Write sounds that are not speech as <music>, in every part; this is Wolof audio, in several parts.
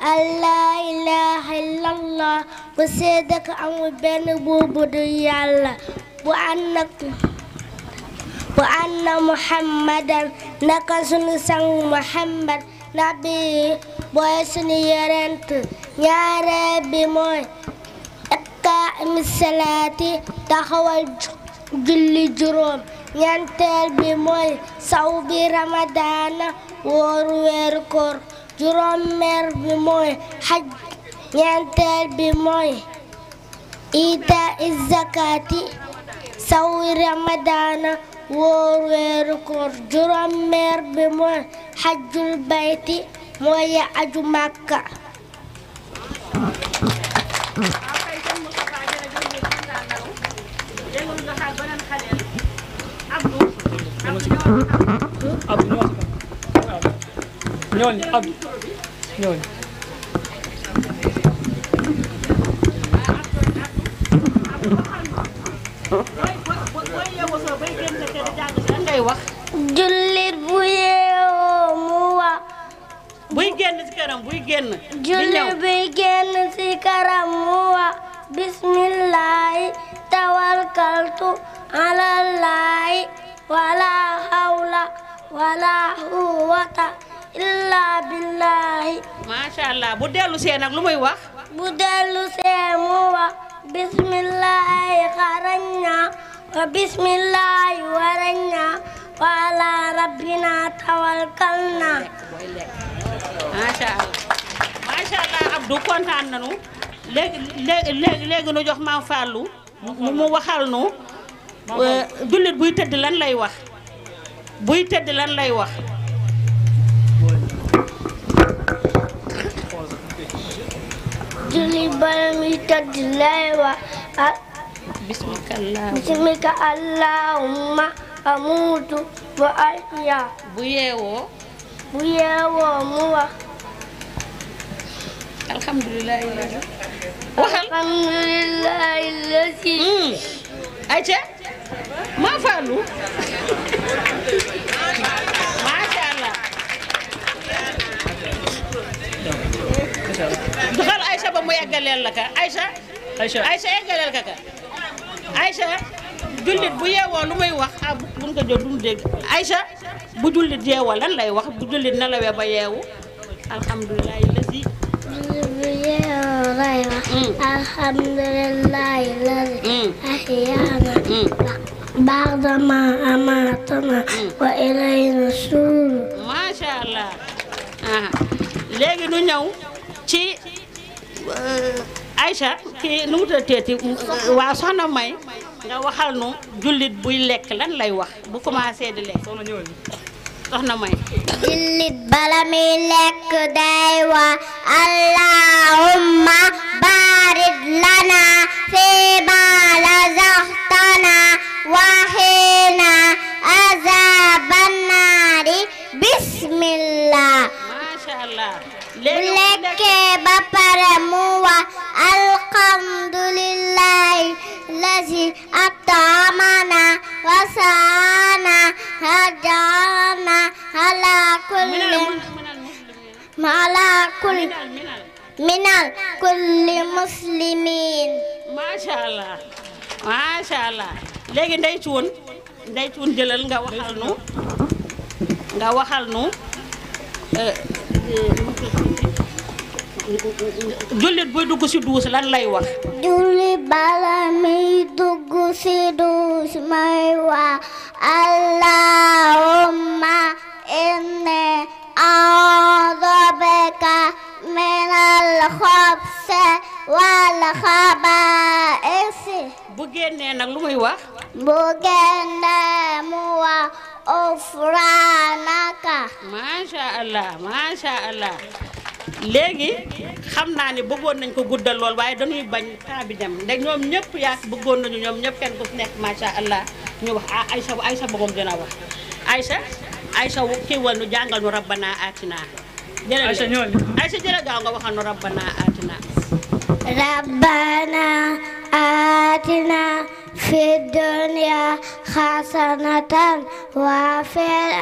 an laa ilaaha illallah bu seede ko amul benn buubu du yàlla bu ànd ak bu ànd ak muhammadan naka sunu sang muhammad nabi booy sunu yonent ñaareel bi mooy iqaami salaati taxawal julli juróom ñeenteel bi mooy saw bi ramadaana wóoru weeru koor juróomeel bi mooy xaj ñeenteel bi mooy ita izakati sawi ramadaana wóor weeru koor juróomeel bi mooy xajjul bayti mooy aju màkka ñooñu ak ñooñu. jullit bu yeewoo mu buy génn si buy génn. jullit buy génn si këram wala hawla wala quwwata illaa billaahi macha allah bu dellu see nag lu muy wax bu dellu see mu wax bismillaahi xarañna wa bismillaahi warañna wa ala rabbina tawakkalna macha allah macha allah Abdou kontaan nañu léegi léegi léegi nu jox maam Fallou mu waxal nu euh, jullit buy tëdd lan lay wax buy tëdd lan lay wax julli baram yi tëdd lay wax amuutu wa ahya bu yeewoo bu yeewoo mu wax alhamdulilah waxal alhamdulilah hmm. faalu macha allah ba mu eggaleel la ka Aïcha Aïcha eggaleel ka ka jullit bu yeewoo lu muy wax ah buñ ko jot duñ dégg Aïcha bu jullit yeewoo lan lay wax bu jullit nelawee ba yeewu alhamdulilah lasi jullit bu yeewoo lay wax alhamdulilah lasi ahyaana mm. ba'dama allah ah. léegi nu ñëw ci Euh, Aïcha kii nu mu tëddeeti waaw soxna May nga waxal nu jullit buy lekk lan lay wax bu commencé di lekk soxna May. jullit bala muy lekk day wax allahumma barik lana fi ma razaqtana wa qina azaban nari bismillah. bu lekkee ba pare mu wax alhamdulillahi lazi at'amana wa saana kulli ala kulli kulli muslimin macha allah léegi ndey cuun ndey cuun jëlal nga waxal nu nga waxal nu jullit buy dugg ci duus lan lay wax. jullit bala mi dugg si duus may wax allahumma inni a'udhu bika min al-khabsi wal-khaba'isi. bu génnee nag lu muy wax. bu génnee mu wax ufranaka. macha allah macha allah. léegi xam naa ne bëggoon nañ ko guddal lool waaye dañuy bañ temps bi dem ndax ñoom ñëpp yaa bëggoon nañu ñoom ñëpp kenn ku ci nekk macha allah ñu wax ah Aïcha Aïcha bëggoon dina wax Aïcha Aïcha kii wal nu nga waxal nu rabbana atina. rabbana atina fi dunya xasanatan wa fil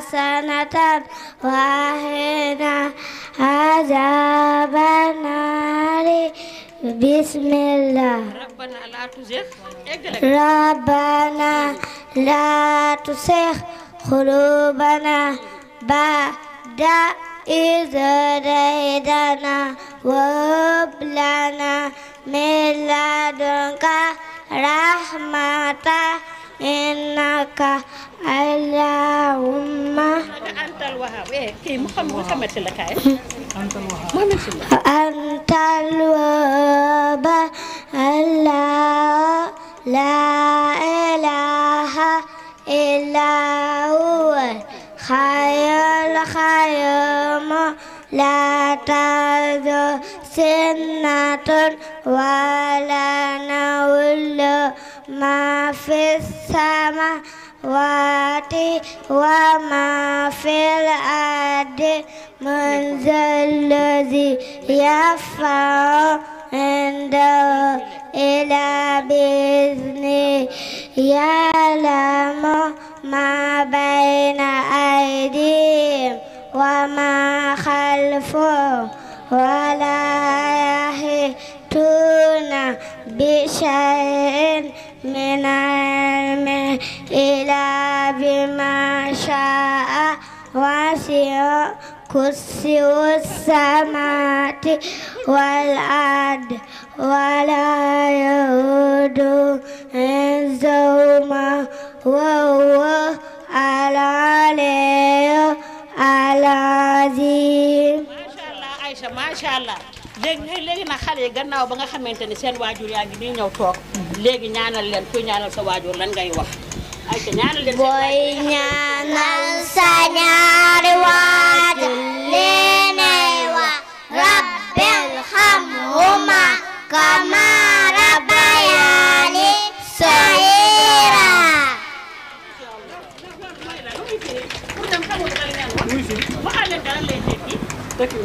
حسنة وقنا عذاب النار بسم الله ربنا لا تزغ قلوبنا بعد إذ هديتنا وهب لنا من لدنك رحمة innaka allahumma antal wahhab allah la ilaha illa huwa khayyul khayyum la tadhu sinatun wa la nawla ما في السماوات وما في الأرض من ذا الذي يشفع عنده إلا بإذنه يعلم ما بين أيديهم وما خلفهم ولا يحيطون بشيء من العلم إلا بما شاء وسع كرسي السماوات والأرض ولا يعود حفظهما وهو العلي العظيم ما شاء الله عائشة ما شاء الله léegi léegi nag xale yi gannaaw ba nga xamante ni seen waajur yaa ngi nii ñëw toog léegi ñaanal leen kuy ñaanal sa waajur lan ngay wax ay ca sa ñaari waajur leenay wa rabbil xamhuma kama rabbayani sagira waxal lay tekki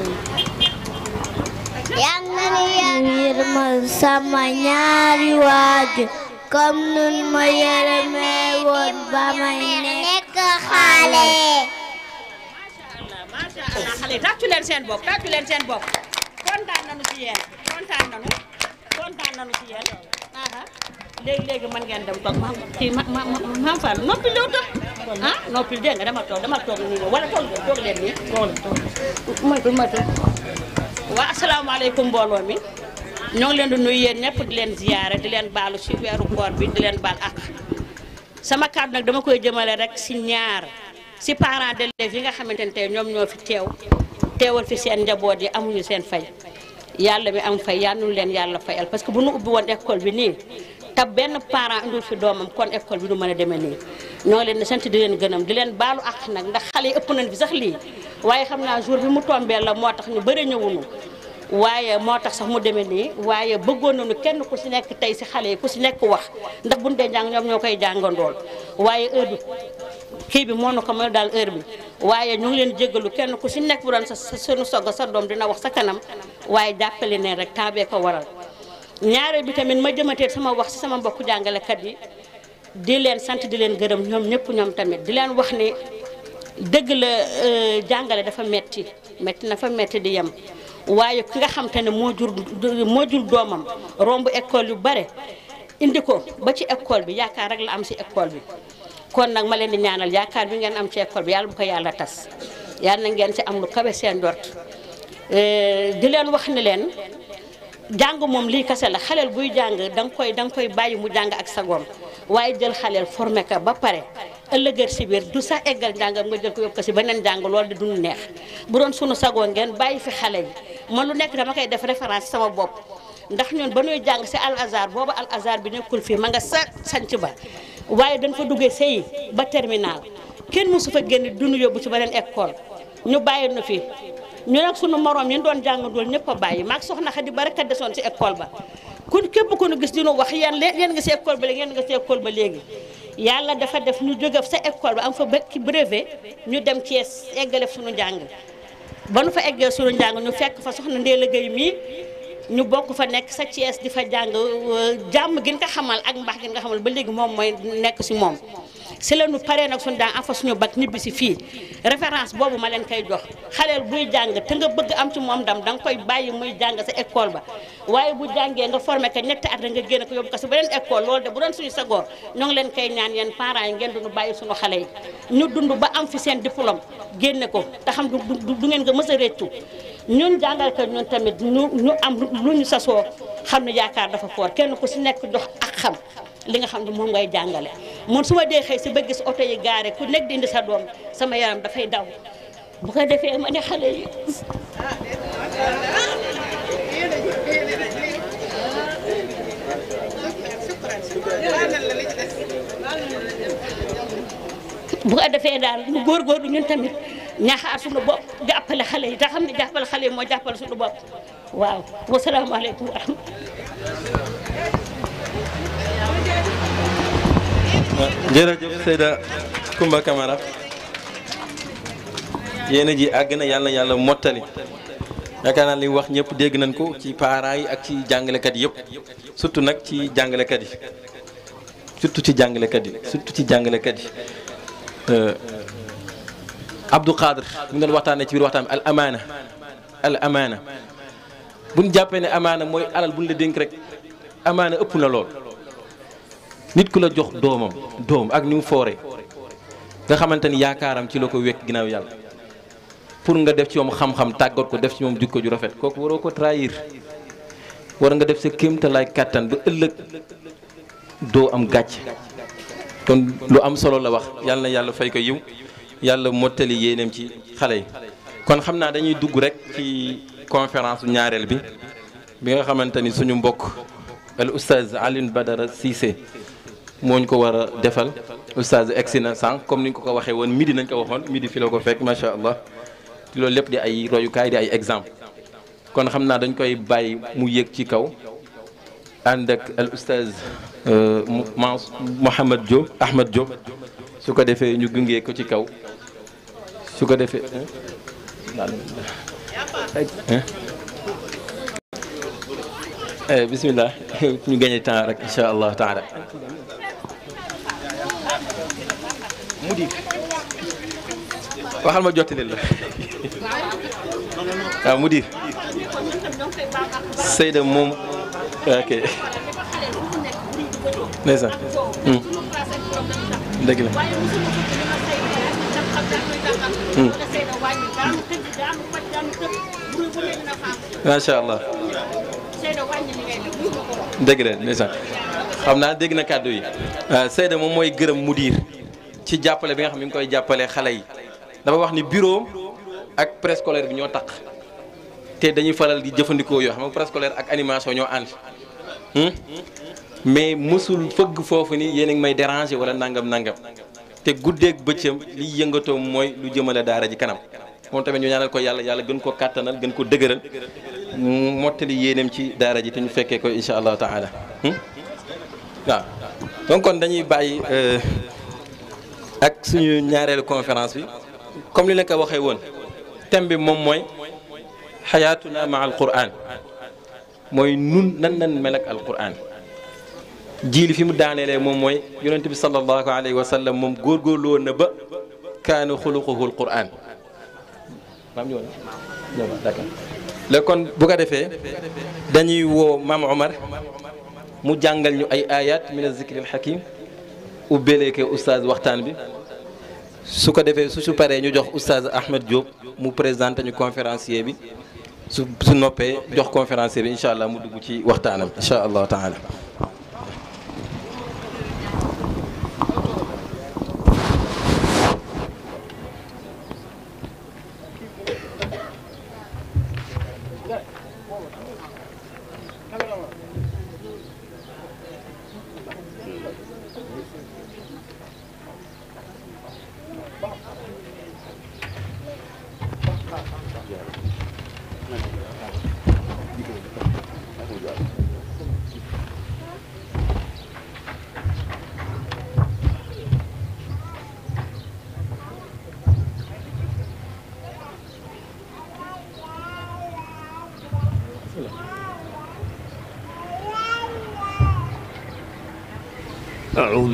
yal na yàlla yërmal sama ñaari waajur comme nun ma yërëmee woon ba may nekk xale. macha leen seen bopp tàccu leen seen bopp kontaan nañu ci yéen kontaan nañu kontaan nañu ci yéen léegi léegi mën ngeen dem toog kii ma ma ma Fall noppi loo toog ah nga dama toog dama toog nii wala toog leen nii waa asalaamaaleykum mbooloo mi ñoo ngi leen di nuyu yéen ñëpp di leen ziyaare di leen baalu ci weeru koor bi di leen baal ak sama kàddu nag dama koy jëmale rek si ñaar si parent d'élèves yi nga xamante ne tey ñoom ñoo fi teew teewal fi seen njaboot yi amuñu seen fay yàlla mi am fay yal nañu leen yàlla fayal parce que bu nu ubbi woon école bi nii te benn parent indul fi am kon école bi nu mën a demee nii ñoo leen di sant di leen gënam di leen baalu àq nag ndax xale yi ëpp nañ fi sax lii waaye xam naa jour bi mu tombee la moo tax ñu bëri ñëwunu waaye moo tax sax mu demee nii waaye bëggoon na nu kenn ku si nekk tey si xale yi ku si nekk wax ndax buñ dee jàng ñoom ñoo koy jàngandool waaye heure bi kii bi moo nu ko may daal heure bi waaye ñoo ngi leen jéggalu kenn ku si nekk bu doon sa sunu sogo sa doom dina wax sa kanam waaye jàppale ne rek temps ko waral ñaare bi tamit ma jëmatee sama wax si sama mbokku jàngalekat yi di leen sant di leen gërëm ñoom ñëpp ñoom tamit di leen wax ni dëgg la euh, jàngale dafa metti metti na fa di yem waaye ki nga xam ne moo jur moo jur doomam romb école yu bare indi ko ba ci école bi yaakaar rek la am si école bi kon nag ma leen di ñaanal yaakaar ngeen am ci école bi yàlla bu ko yàlla tas yàlla na ngeen si am lu kawe seen euh, di leen wax ne leen jàng moom lii kase la xaleel buy jàng da koy da koy bàyyi mu jàng ak sagoom waaye jël xaleel formé ka ba pare ëllëgër si biir du sax eggal njàngam nga jël ko yóbbu ko si beneen njàng loolu di dund neex bu doon sunu sagoo ngeen bàyyi fi xale yi man lu nekk dama koy def référence sama bopp ndax ñun ba ñuy jàng si al azar booba al azar bi nekkul fii ma nga sa sanc ba waaye dañ fa duggee sëyi ba terminal kenn su fa génn dund yóbbu si beneen école ñu bàyyi nu fi ñu nag sunu morom yi doon jàngandool ñëpp a bàyyi maag soxna Xadi ba rek a desoon si école ba ku képp ku nu gis dinu wax yan leen yeen nga si école ba léegi yeen nga si école yàlla dafa def ñu jóge sa école ba am fa bëkki brevet ñu dem Thiès eggale suñu njàng ba nu fa eggee suñu njàng ñu fekk fa soxna ndee liggéey mii ñu bokk fa nekk sa Thiès di fa jàng euh, jàmm gin nga xamal ak mbaax gin nga xamal ba léegi moom mooy nekk si moom si la nu pare nag suñu daan afa suñu bac ñibbi si fii référence boobu ma leen koy jox xaleel buy jàng te nga bëgg am ci moom dam da nga koy bàyyi muy jàng sa école ba waaye bu jàngee nga formé ko ñetti at nga génn ko yóbbu ko si beneen école loolu de bu doon suñu sagoor ñoo ngi leen koy ñaan yeen parents yi ngeen duñu bàyyi suñu xale ñu dund ba am fi seen diplôme génne ko te xam du ngeen nga mës a réccu ñun jàngalkat ñun tamit ñu ñu am lu ñu sasoo xam ne yaakaar dafa foor kenn ku si nekk jox ak xam li nga xam ne moom ngay jàngale man su ma dee si ba gis oto yi gaare ku nekk dindi sa doom sama yaram dafay daw bu ko defee ma ne xale yi bu ko defee daal ñu góorgóorlu ñun tamit ñaaxaar suñu bopp jàppale xale yi te xam ne jàppale xale yi moo jàppale suñu bopp waaw wasalaamaaleykum wa rahmatulah jërëjëf Seyda Kumba Kamara yéen ji àgg na yàlla yàlla mottali yaakaar naa li wax ñëpp dégg nañ ko ci parents yi ak ci jàngalekat yëpp surtout nag ci jàngalekat yi surtout ci jàngalekat yi surtout ci jàngalekat yi euh, Abdou Khadr mu ngi waxtaanee ci biir waxtaan al amaana al amaana buñ jàppee ne amaana mooy alal buñ la dénk rek amaana ëpp na lool. nit ku la jox doomam doom ak ni mu foore nga xamante ni yaakaaram ci la ko wekk ginnaaw yàlla pour nga def ci moom xam-xam tàggat ko def ci moom jikko ju rafet kooku waroo ko trahir war nga def sa kéemtalaay kàttan ba ëllëg doo am gàcc kon lu am solo la wax yàlla yàlla fay ko yiw yàlla mottali yéeneem ci xale yi kon xam naa dañuy dugg rek ci conférence ñaareel bi bi nga xamante ni suñu mbokk al oustaz Alioune Badara Cissé moo ñu ko war a defal oustaz egsi na sànq comme ni ñu ko ko waxee woon midi nañ ko waxoon midi fi la ko fekk macha allah loolu lépp di ay royukaay di ay exemple kon xam naa dañ koy bàyyi mu yëg ci kaw ànd ak al oustaz euh, Mouhamad Diop Ahmed Diop su ko defee ñu gungee ko ci kaw su ko defee eh, bismillah <laughs> ñu gañe temps rek incha allah taala mu di waxal ma jottali la waaw mu di Seyda moom ok ndeysaan hmm. dëgg la hmm. macha naa dégg na kàddu yi ah, Seyda moom mooy gërëm mudiir ci jàppale bi nga xam mi ngi koy jàppale xale yi dafa wax ni bureau ak préscolaire bi ñoo taq te dañuy faral di jëfandikoo yoo xam nga préscolaire ak animation ñoo ànd hmm? mais mosul fëgg foofu ni yéen a ngi may déranger wala nangam nangam te guddeeg bëccëm li yëngatoo mooy lu jëmale daara ji kanam moom tamit ñu ñaanal ko yàlla yàlla gën ko kàttanal gën ko dëgëral mu mottali yéeneem ci daara ji te ñu fekkee ko incha allah taala hmm? waaw donc kon dañuy bàyyi. Euh, ak suñu ñaareelu conférence bi comme li na ko waxee woon thème bi moom mooy xayaatuna ma alquran mooy nun nan nan mel ak alquran jiili fi mu daaneelee moom mooy yonent bi sallallahu alayhi wa sallam moom góor woon na ba kaanu xuluquhu alquran maam ñëw ñëw d'accord kon bu ko defee dañuy woo maam Omar mu jàngal ñu ay ayat min azikri alxakim ubbeleeke oustaz waxtaan bi su ko defee su su paree ñu jox oustaz Ahmed Diop mu présenté ñu conférencier bi su su noppee jox conférencier bi incha allah mu dugg ci waxtaanam incha allah taala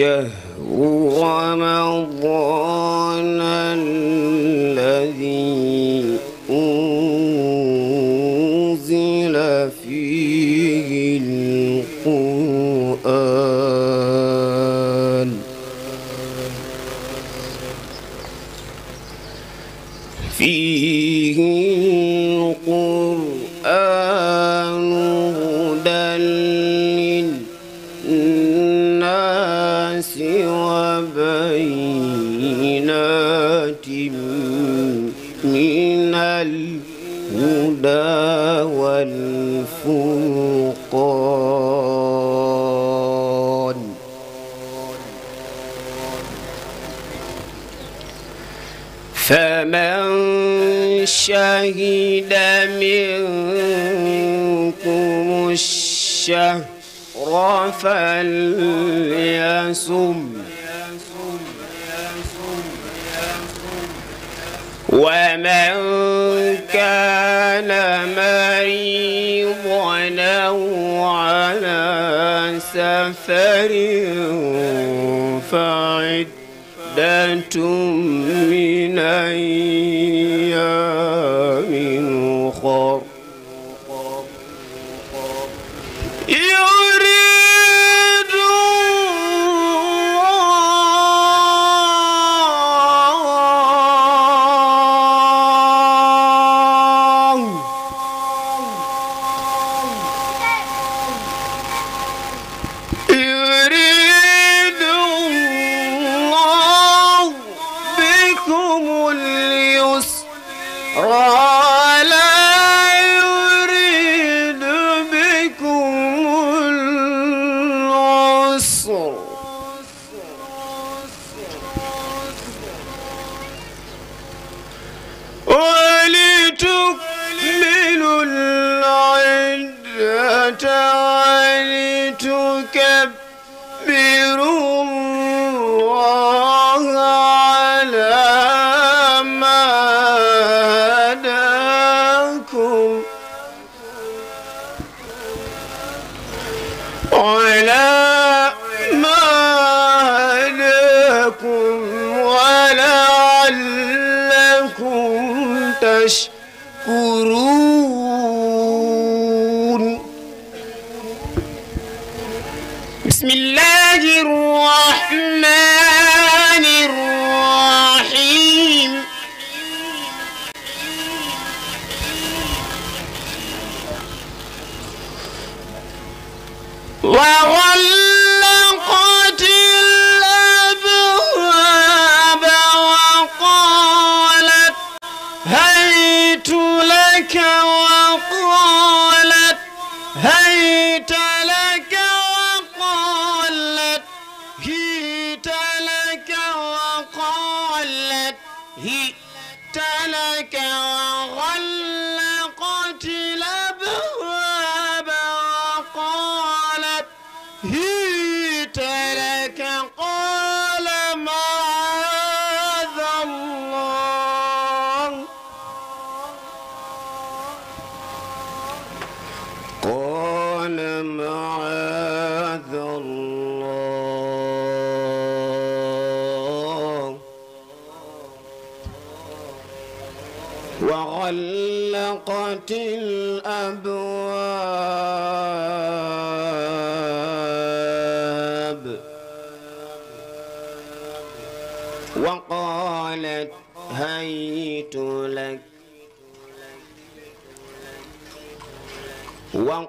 شهر رمضان الذي أنزل فيه القرآن فيه شهد منكم الشهر فليصم ومن كان مريضا او على سفر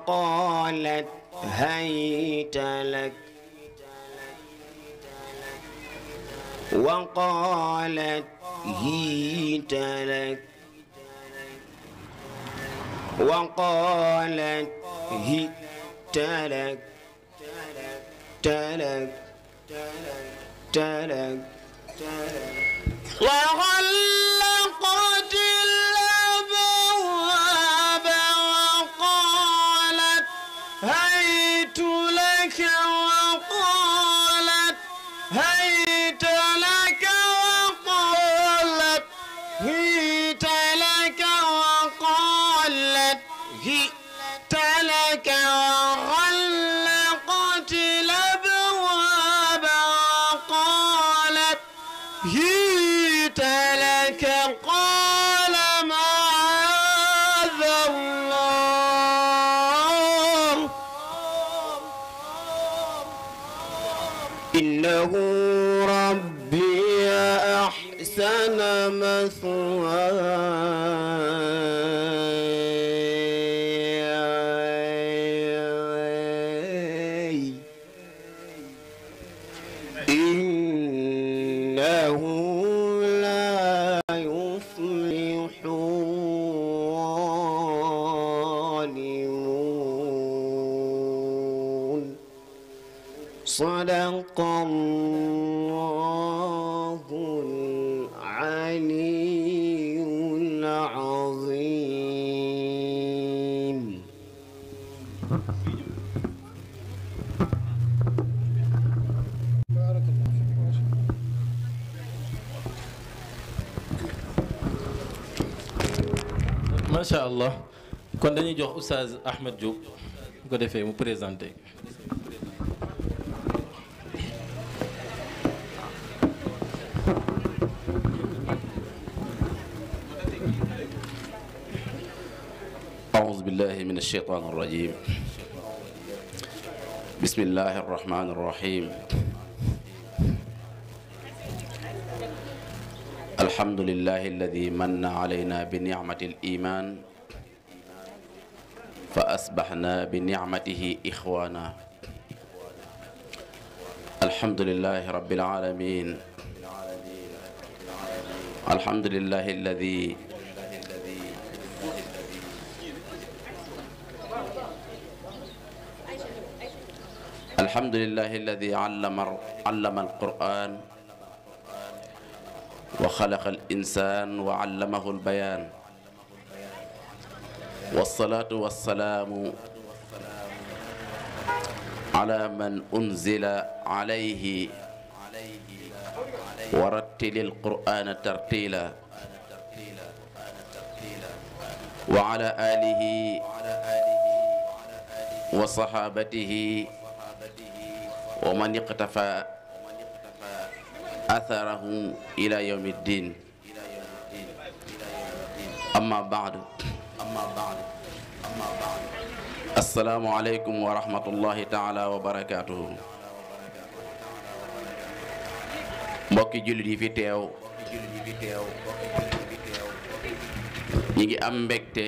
وقالت هيت لك وقالت هيت لك وقالت هيت لك تلك تلك تلك وغلق صدق الله العلي العظيم macha allah kon dañuy jox oustaz Ahmed Diop defee mu présenté. بالله من الشيطان الرجيم بسم الله الرحمن الرحيم الحمد لله الذي من علينا بنعمة الإيمان فأصبحنا بنعمته إخوانا الحمد لله رب العالمين الحمد لله الذي alhamdulillahi alladi allama allama alquran wa xalaqa alinsan wa allamahu albayan wasalaatu wasalaamu ala man unzila alayhi wa rattili alqurana tartila wa ala alihi wa sahabatihi wa man iqtafa atharahum ila yawmi ddin amma baadu amma baadu amma baadu assalaamu aleykum wa rahmatullahi taala wa barakaatuhu mbokki jullit yi fi teew ñi ngi am mbégte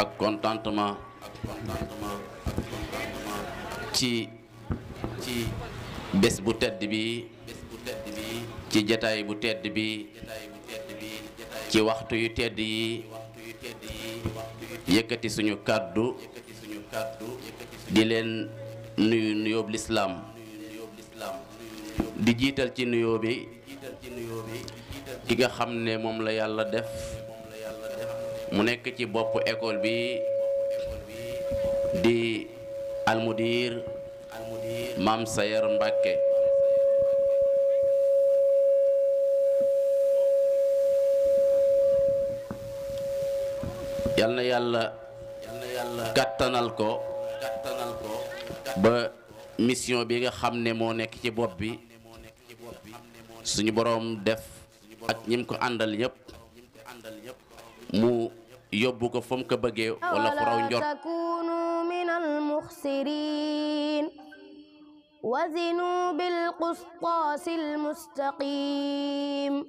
ak contentement ci ci bés bu tedd bi ci jataay bu tedd bi ci waxtu yu tedd yi yëkkati suñu kàddu di leen nuyu nuyoob lislaam di jiital ci nuyoo bi ki nga xam ne moom la yàlla def mu nekk ci bopp école bi di almudir maam Sayer Mbàkke yal na yàlla kàttanal ko ba mission bi nga xam ne moo nekk ci bopp bi suñu boroom def ak ñim ko àndal yépp mu yóbbu ko fa mu ko bëggee wala fu raw njort وزنوا بالقسطاس المستقيم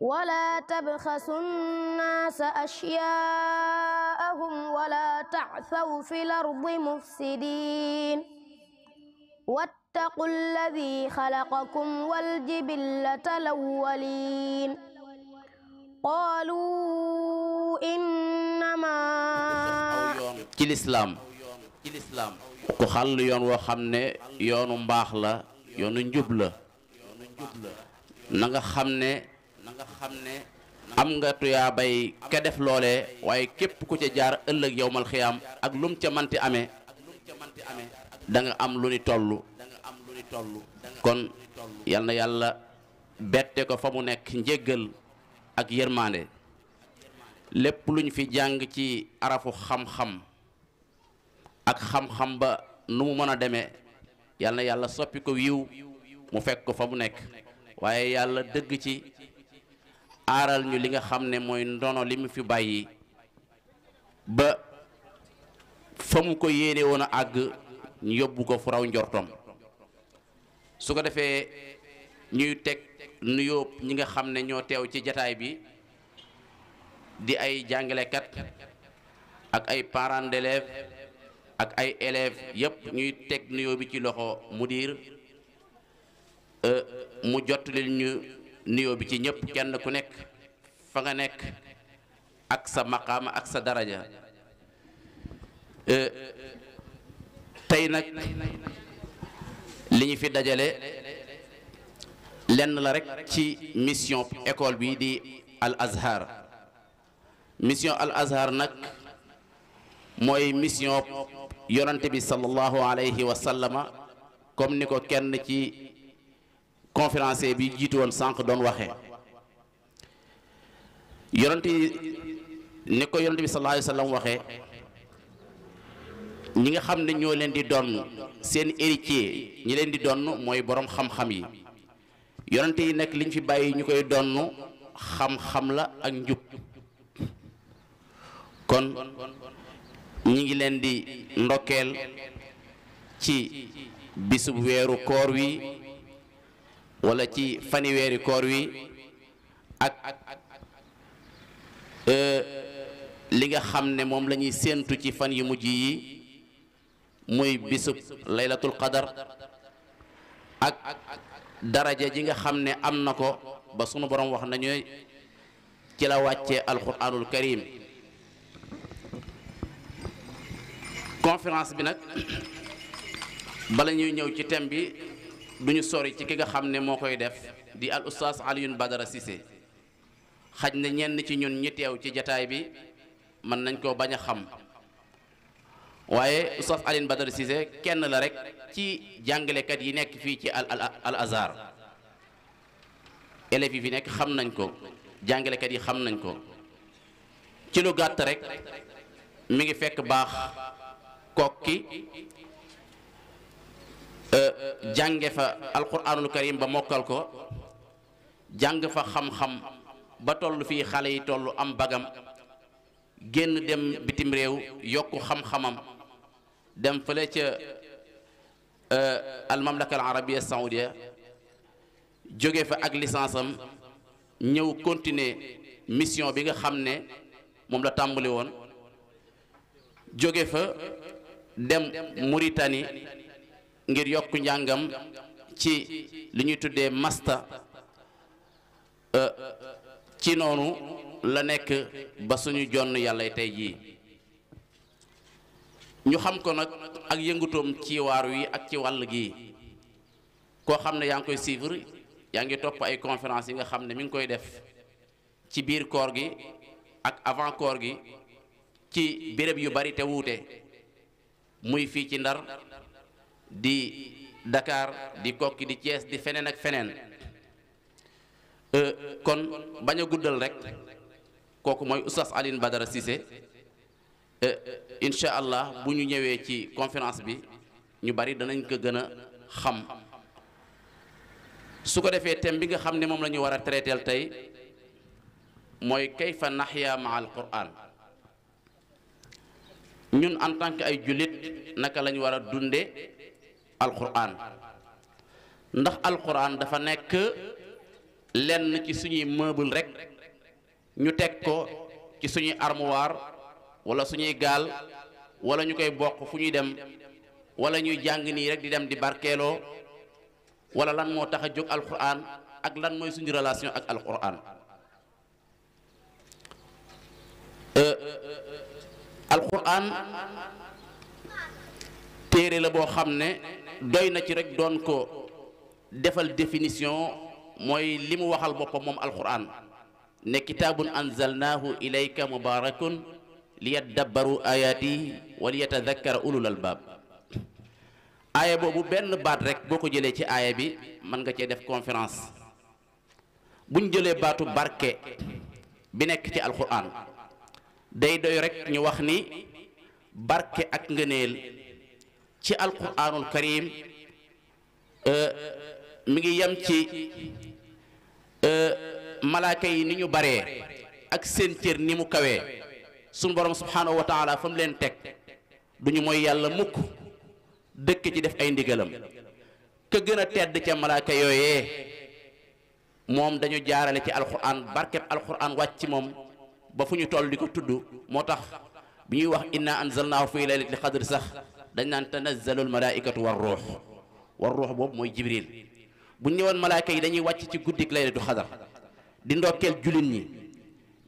ولا تبخسوا الناس أشياءهم ولا تعثوا في الأرض مفسدين واتقوا الذي خلقكم والجبلة الأولين قالوا إنما ci lislaam ci lislaam ku xàll yoon woo xam ne yoonu mbaax la yoonu njub la na nga xam ne am nga tuyaa bay ka def loolee waaye képp ku ca jaar ëllëg yowmal am ak lum ca manti amee da nga am lu ni toll kon yal na yàlla bette ko fa mu nekk njéggal ak yërmaande lépp luñ fi jàng ci arafu xam-xam ak xam-xam ba nu mu mën a demee yal yàlla soppi ko yiw mu fekk ko fa mu nekk waaye yàlla dëgg ci aaral ñu li nga xam ne mooy ndono li mu fi bàyyi ba fa mu ko yéene a àgg ñu yóbbu ko fu raw njortom su ko defee ñuy teg nuyoo ñi nga xam ne ñoo teew ci jataay bi di ay jàngalekat ak ay parents d'élèves ak ay élèves yëpp ñuy teg nuyoo bi ci loxo mudir euh, mu jot leen ñu nuyoo bi ci ñëpp kenn ku nekk fa nga nekk ak sa maqaama ak sa daraja euh, tey nag li ñu fi dajale lenn la rek ci mission école bi di Al Azhar mission Al Azhar nag mooy mission yonante bi sallallahu alayhi wa comme ni ko kenn ci conférencier bi jiitu woon sànq doon waxee yonante ni ko yonante bi sallallahu alayhi wa sallam ñi nga xam ne ñoo leen di donn seen héritier ñi leen di donn mooy boroom xam-xam yi yonante yi nag liñ fi bàyyi ñu koy donn xam-xam la ak njub kon ñi ngi leen di ndokkeel ci bisub weeru koor wi wala ci fani weeri koor wi ak euh, li nga xam ne moom lañuy ñuy séentu ci fan yu mujj yi muy bisub laylatul qadar ak daraja ji nga xam ne am na ko ba sunu borom wax nañu ci la wàccee alquranul karim conférence bi nag bala ñuy ñëw ci thème bi duñu sori ci ki nga xam ne moo koy def di al oustaz Alioune Badara Cissé xaj na ñenn ci ñun ñi teew ci jataay bi mën nañ koo bañ a xam waaye oustaz Alioune Badara Cissé kenn la rek ci jàngalekat yi nekk fii ci al al azar élèves yi fi nekk xam nañ ko jàngalekat yi xam nañ ko ci lu gàtt rek mi ngi fekk baax kokki euh, jànge fa alquranul karim ba mokkal ko jàng fa xam-xam ba toll fii xale yi toll am bagam génn dem bitim réew yokk xam-xamam dem fële ca euh, al mamlaka al arabia jóge fa ak licence ñëw continuer mission bi nga xam ne moom la tàmbali woon jóge fa dem Mauritanie ngir yokk njàngam ci li ñuy tuddee masta euh, ci noonu la nekk ba suñu jonn yàlla tey jii ñu xam ko nag ak yëngutoom ci waar yi ak ci wàll gi koo xam ne yaa ngi koy suivre yaa ngi topp ay conférence yi nga xam ne mi ngi koy def ci biir koor gi ak avant koor gi ci béréb yu bari te wuute muy fii ci Ndar di dakaar di Kokki di Thiès di feneen ak feneen euh, kon bañ a guddal rek kooku mooy Oustaz Alioune Badara Cissé euh, incha allah bu ñu ñëwee ci conférence bi ñu bari danañ ko gën a xam su ko defee thème bi nga xam ne moom la ñu war a traiteel tey mooy kayfa nahya ma al Qur'an ñun en tant que ay jullit naka lañu war a dunde alquran ndax alxuraan dafa nekk lenn ci suñuy meuble rek ñu teg ko ci suñuy armoire wala suñuy gaal wala ñu koy bokk fu ñuy dem wala ñuy jàng nii rek di dem di barkeeloo wala lan moo tax a jóg alquran ak lan mooy suñu relation ak alquran euh, alquran téere la boo xam ne doy na ci rek doon ko defal définition mooy li mu waxal boppam moom alquran ne kitaabun anzalnaahu ilayka mubaarakun liyadabbaru ayaati wa liyatadakkara ulul albaab aaya boobu benn baat rek boo ko jëlee ci aaya bi mën nga cee def conférence buñ jëlee baatu barke bi nekk ci alquran day doy rek ñu wax ni barke ak ngëneel ci alquranul karim euh, mi ngi yem ci euh, malaaka yi ni ñu baree ak seen cër ni mu kawee suñu borom subhaanahu wa taala fa mu leen teg du ñu mooy yàlla mukk dëkk ci def ay ndigalam ka gën tedd ca malaaka yooyee moom dañu jaarale ci alquran barkeb alquran wàcc moom ba fu ñu toll di ko tudd moo tax bi ñuy wax inna anzalnaahu fi laylatil qadri sax dañ naan tanazzalul malaikatu war ruux war ruux boobu mooy jibril bu ñëwoon malaaka yi dañuy wàcc ci guddik laylatu xadar di ndokkeel jullit ñi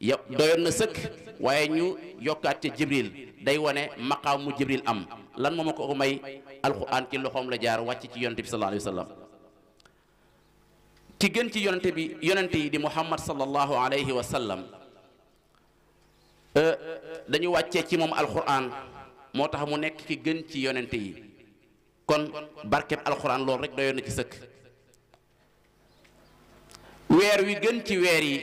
ya doyoon na sëkk waaye ñu yokkaat ci jibril day wane maqam mu jibril am lan moo ma ko may alquran ci loxoom la jaar wàcc ci yonente bi sallallahu alayhi wa sallam ki gën ci yonente yi di muhammad sallallahu alayhi wa sallam Euh, dañu wàccee ci moom alxuraan moo tax mu nekk ki gën ci yonente yi kon barkeb alxuraan loolu rek doyoon na ci sëkk wi gën ci weer yi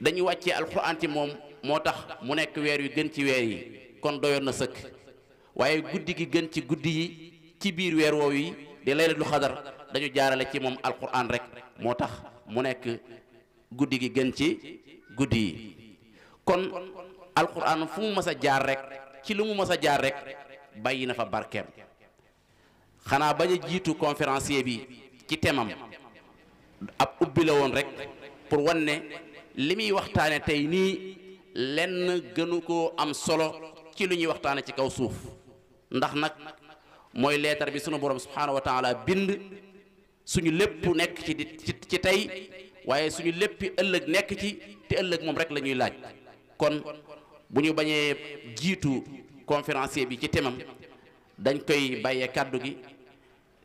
dañu wàccee alxuraan ci moom moo tax mu nekk weer wi gën ci weer yi kon doyoon na sëkk guddi gi gën ci guddi yi ci biir weer woow yi di laylatul xadar dañu jaarale ci moom alxuraan rek moo tax mu nekk guddi gi gën ci guddi yi kon alquran fu mu mës a jaar rek ci lu mu mës a jaar rek bàyyi na fa barkeem xanaa bañ a jiitu conférencier bi ci temam ab ubbi la woon rek pour wan ne li muy waxtaane tey nii lenn gënu ko am solo ci lu ñuy waxtaane ci kaw suuf ndax nag mooy leetar bi sunu borom subhaanahu wa taala bind suñu lépp nekk ci tey waaye suñu léppi ëllëg nekk ci te ëllëg moom rek la ñuy laaj kon bu ñu bañee jiitu conférencier bi ci temam dañ koy bàyyee kàddu gi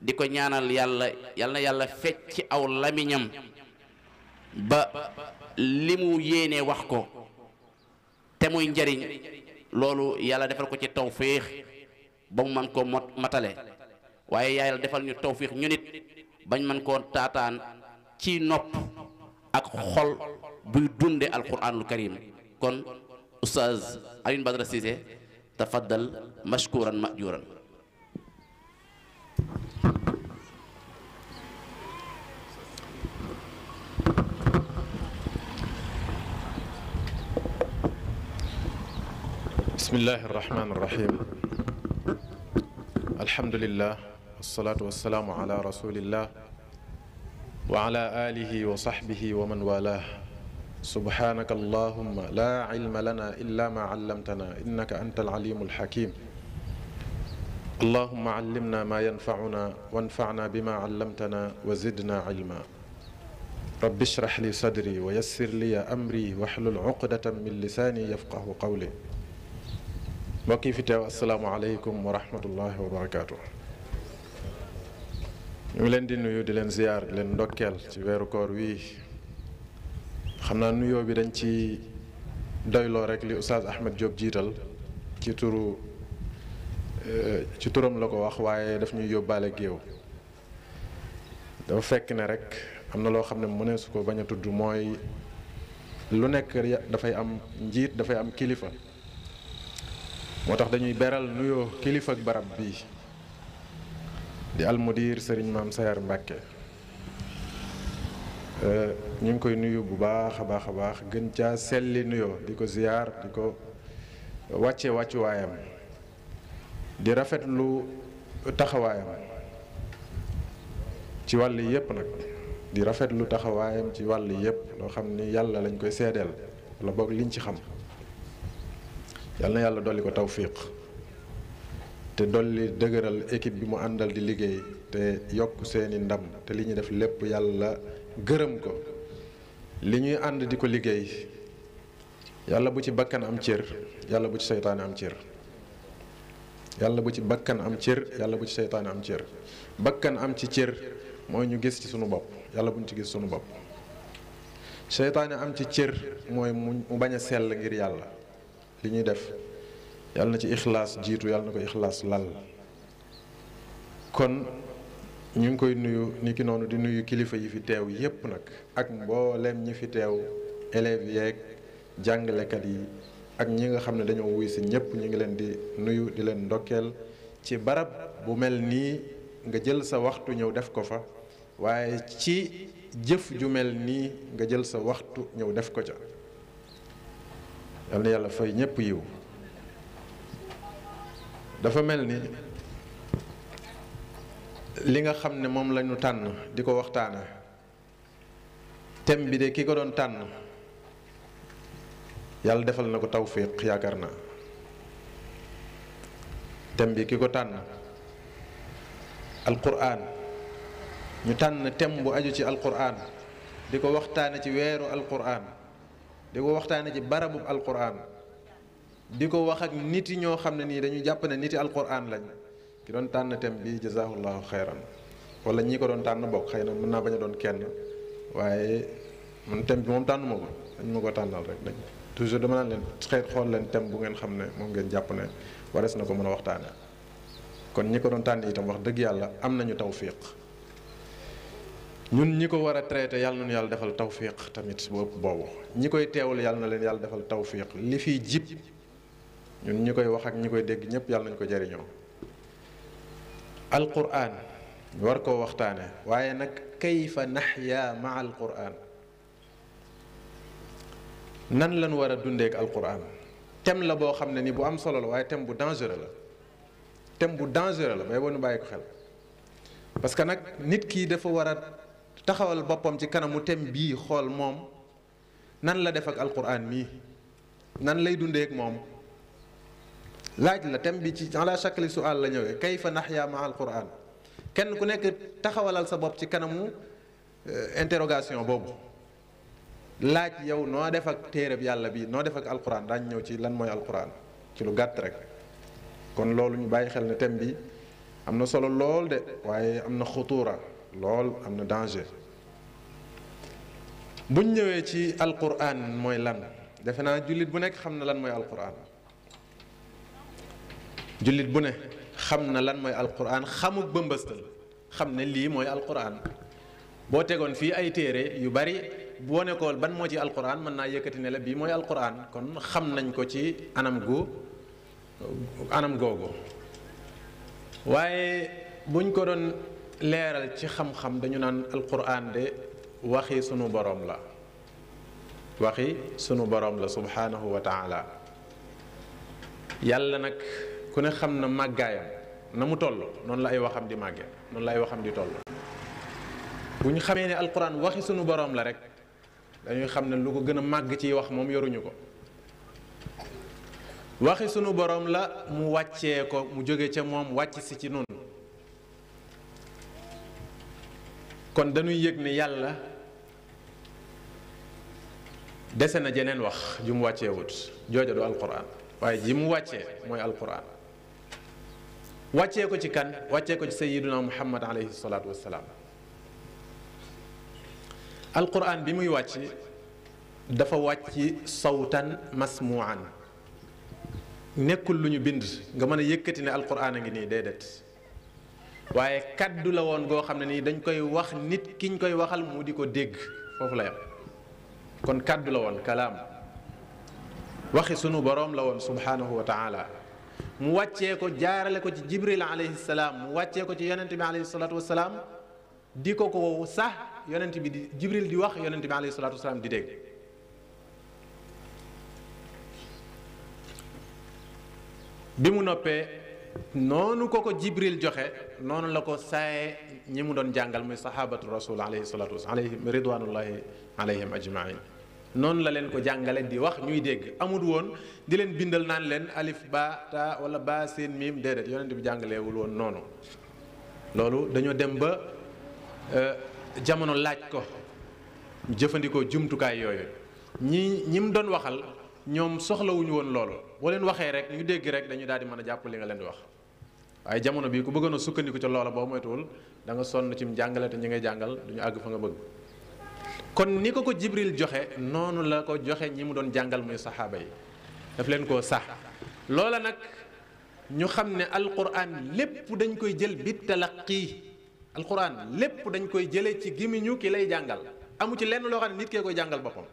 di ko ñaanal yàlla yàlla na yàlla fecc aw lamiñam ba li mu yéenee wax ko te muy njariñ loolu yàlla defal ko ci tawfiix ba mu man koo mot matale waaye yàlla defal ñu tawfiix ñu nit bañ man koo taataan ci nopp ak xol buy dunde alquranul karim kon Oustaz Alioune Badara Cissé tafaddal mashkuran majuran bismillahi irrahmani irrahim alhamdulilah walsalaatu walsalaamu ala rasulillah wa ala alihi wa sahbihi wa man walah subhaanaka allahumma laa ilma lana illa ma allamtana innaka anta alalimu alxakim allahumma allimna ma yanfacuna wanfacna bima allamtana wa zidna ilma rabbi shrah li sadri wa yassir li amri waxlul cuqdatan min lisaani yafqahu qawli mbokk yi fi teew asalaamu aleykum wa rahmatullahi wa barakaatu ñu ngi leen di nuyu di leen ziyaar di leen ndokkeel ci weeru koor wii xam naa nuyo bi dañ ci doyloo rek li Oustaz Ahmed Diop jiital ci turu ci turam la ko wax waaye daf ñuy yóbbaale géew dafa fekk ne rek am na loo xam ne mu ne su ko bañ a tudd mooy lu nekk dafay am njiit dafay am kilifa moo tax dañuy beral nuyoo kilifa ak barab bii di almudir sëriñ maam Sayar Mbàkke Euh, ñu ngi koy nuyu bu baax a baax a baax gën caa selli nuyoo di ko ziyaar di ko wàcce wàccuwaayam di rafetlu taxawaayam ci wàll yépp nag di rafet lu taxawaayam ci wàll yépp loo xam ni yàlla lañ koy seedeel la boog liñ ci xam yàlla na yàlla dolli ko tawfiq te dolli dëgëral équipe bi mu àndal di liggéey te yokk seeni ndam te li ñu def lépp yàlla gërëm ko li ñuy ànd di ko liggéey yàlla bu ci bakkan am cër yàlla bu ci seytaane am cër yàlla bu ci bakkan am cër yàlla bu ci seytaane am cër bakkan am ci cër mooy ñu gis ci sunu bopp yàlla bu ci gis sunu bopp seytaane am ci cër mooy mu bañ a sell ngir yàlla li ñuy def yàlla na ci ixlaas jiitu yàlla na ko ixlaas lal kon ñu ngi koy nuyu ni ki noonu di nuyu kilifa yi fi teew yépp nag ak mboolem ñi fi teew élèves yeeg jàngalekat yi ak ñi nga xam ne dañoo wuy si ñépp ñu ngi leen di nuyu di leen ndokkeel ci barab bu mel nii nga jël sa waxtu ñëw def ko fa waaye ci jëf ju mel nii nga jël sa waxtu ñëw def ko ca yal na yàlla fay ñépp yiw dafa mel ni li nga xam ne moom lañu tànn di ko waxtaana thème bi de ki ko doon tànn yàlla defal na ko tawfiq yaakaar na thème bi ki ko tànn alquran ñu tànn tem bu aju ci alquran di ko waxtaane ci weeru alquran di ko waxtaane ci barabub alquran di ko wax ak nit yi ñoo xam ne nii dañu jàpp ne nit niti alquran lañ ki doon tànn thème bi jazaahullahu xayran wala ñii ko doon tànn bokk xëy na mën naa bañ a doon kenn waaye mën thème bi moom tànn ma ko dañ ma ko tànnal rek dañ toujours dama naan leen xëy xool leen thème bu ngeen xam ne moom ngeen jàpp ne warees na ko mën a waxtaane kon ñi ko doon tànn itam wax dëgg yàlla am nañu tawfiq ñun ñi ko war a traité yàlla na ñu yàlla defal tawfiq tamit boobu boobu ñi koy teewul yàlla na leen yàlla defal tawfiq li fiy jib ñun ñi koy wax ak ñi koy dégg ñëpp yàlla nañu ko jariñoo alquran ñu war koo waxtaanee waaye nag kayfa naxyaa ma alquran nan lan war a dundeek alquran tem la boo xam ne ni bu am solo la waaye thème bu dangereux la thème bu dangereux la bay boo ñu bàyyi ko xel parce que nag nit kii dafa war a taxawal boppam ci kanamu tem bii xool moom nan la def ak alquran mii nan lay dundeek moom laaj la thème bi ci ala shakli su'al la ñëwee kayfa nahya ma al quran kenn ku nekk taxawalal sa bopp ci kanamu euh, interrogation boobu laaj yow noo def ak téere bi yàlla bi noo def ak alquran daañ ñëw ci lan mooy alquran ci lu gàtt rek kon loolu ñu bàyyi xel ne thème bi am na solo lool de waaye am na xutuura lool am na danger buñ ñëwee ci alquran mooy lan defe naa jullit bu nekk xam na lan mooy alquran jullit bu ne xam na lan mooy alquran xamuk bëmbëstal xam ne lii mooy alquran boo tegoon fii ay téere yu bari boo nekkool ban moo ci alquran mën naa yëkkati ne la bii mooy alquran kon xam nañ ko ci anam gu anam googu waaye buñ ko doon leeral ci xam-xam dañu naan alquran de waxi sunu boroom la waxi sunu boroom la subhanahu wa taala yàlla nag ku ne xam na màggaayam na mu toll noonu la ay waxam di màggee noonu la ay waxam di toll bu ñu xamee ne alquran waxi sunu boroom la rek dañuy xam ne lu ko gën a màgg ci wax moom yoruñu ko waxi sunu boroom la mu wàccee ko mu jóge ca moom wàcc si ci noonu kon dañuy yëg ne yàlla dese na jeneen wax ju mu wàccee wut jooja du alquran waaye ji mu wàccee mooy alquran wàccee ko ci kan wàccee ko ci sayyiduna muhammad alayhi salaatu wassalaam alquran bi muy wàcc dafa wàcc sawtan masmuan nekkul lu ñu bind nga mën a yëkkati ne alquran a ngi nii déedéet waaye kaddu la woon goo xam ne nii dañ koy wax nit ki ñu koy waxal mu di ko dégg foofu la yam kon kaddu la woon kalaam waxi sunu boroom la woon subhaanahu wa taala mu wàccee ko jaarale ko ci jibril alayhi salaam mu wàccee ko ci yonent bi alayhi salaatu salaam di ko ko sax yonent bi di jibril di wax yonent bi alayhi salaatu wasalaam di dégg bi mu noppee noonu ko ko jibril joxe noonu la ko saaye ñi mu doon jàngal muy sahabatu rasul alayhi salaatu wasalaam alayhim ridwanullahi alayhim ajmain noonu la leen ko jàngale di wax ñuy dégg amul woon di leen bindal naan leen alif ba ta wala ba seen miim déedéet yonent bi jàngalewul woon noonu loolu dañoo dem ba euh, jamono laaj ko jëfandikoo jumtukaay yooyu ñii ñi mu doon waxal ñoom soxlawuñu woon loolu boo leen waxee rek ñu dégg rek dañu daal di mën a jàpp li nga leen di wax waaye jamono bi ku bëggoon sukkandiku ca loola boo moytuwul da nga sonn ci mu jàngale te ñi ngay jàngal du ñu àgg fa nga kon ni ko ko Jibril joxe noonu la ko joxe ñi mu doon jàngal muy saxaaba yi daf leen koo sax loola nag ñu xam ne alquran lépp dañ koy jël bi talaqi alquran lépp dañ koy jële ci gémmiñu ki lay jàngal amu ci lenn loo xam ne nit kee koy jàngal boppam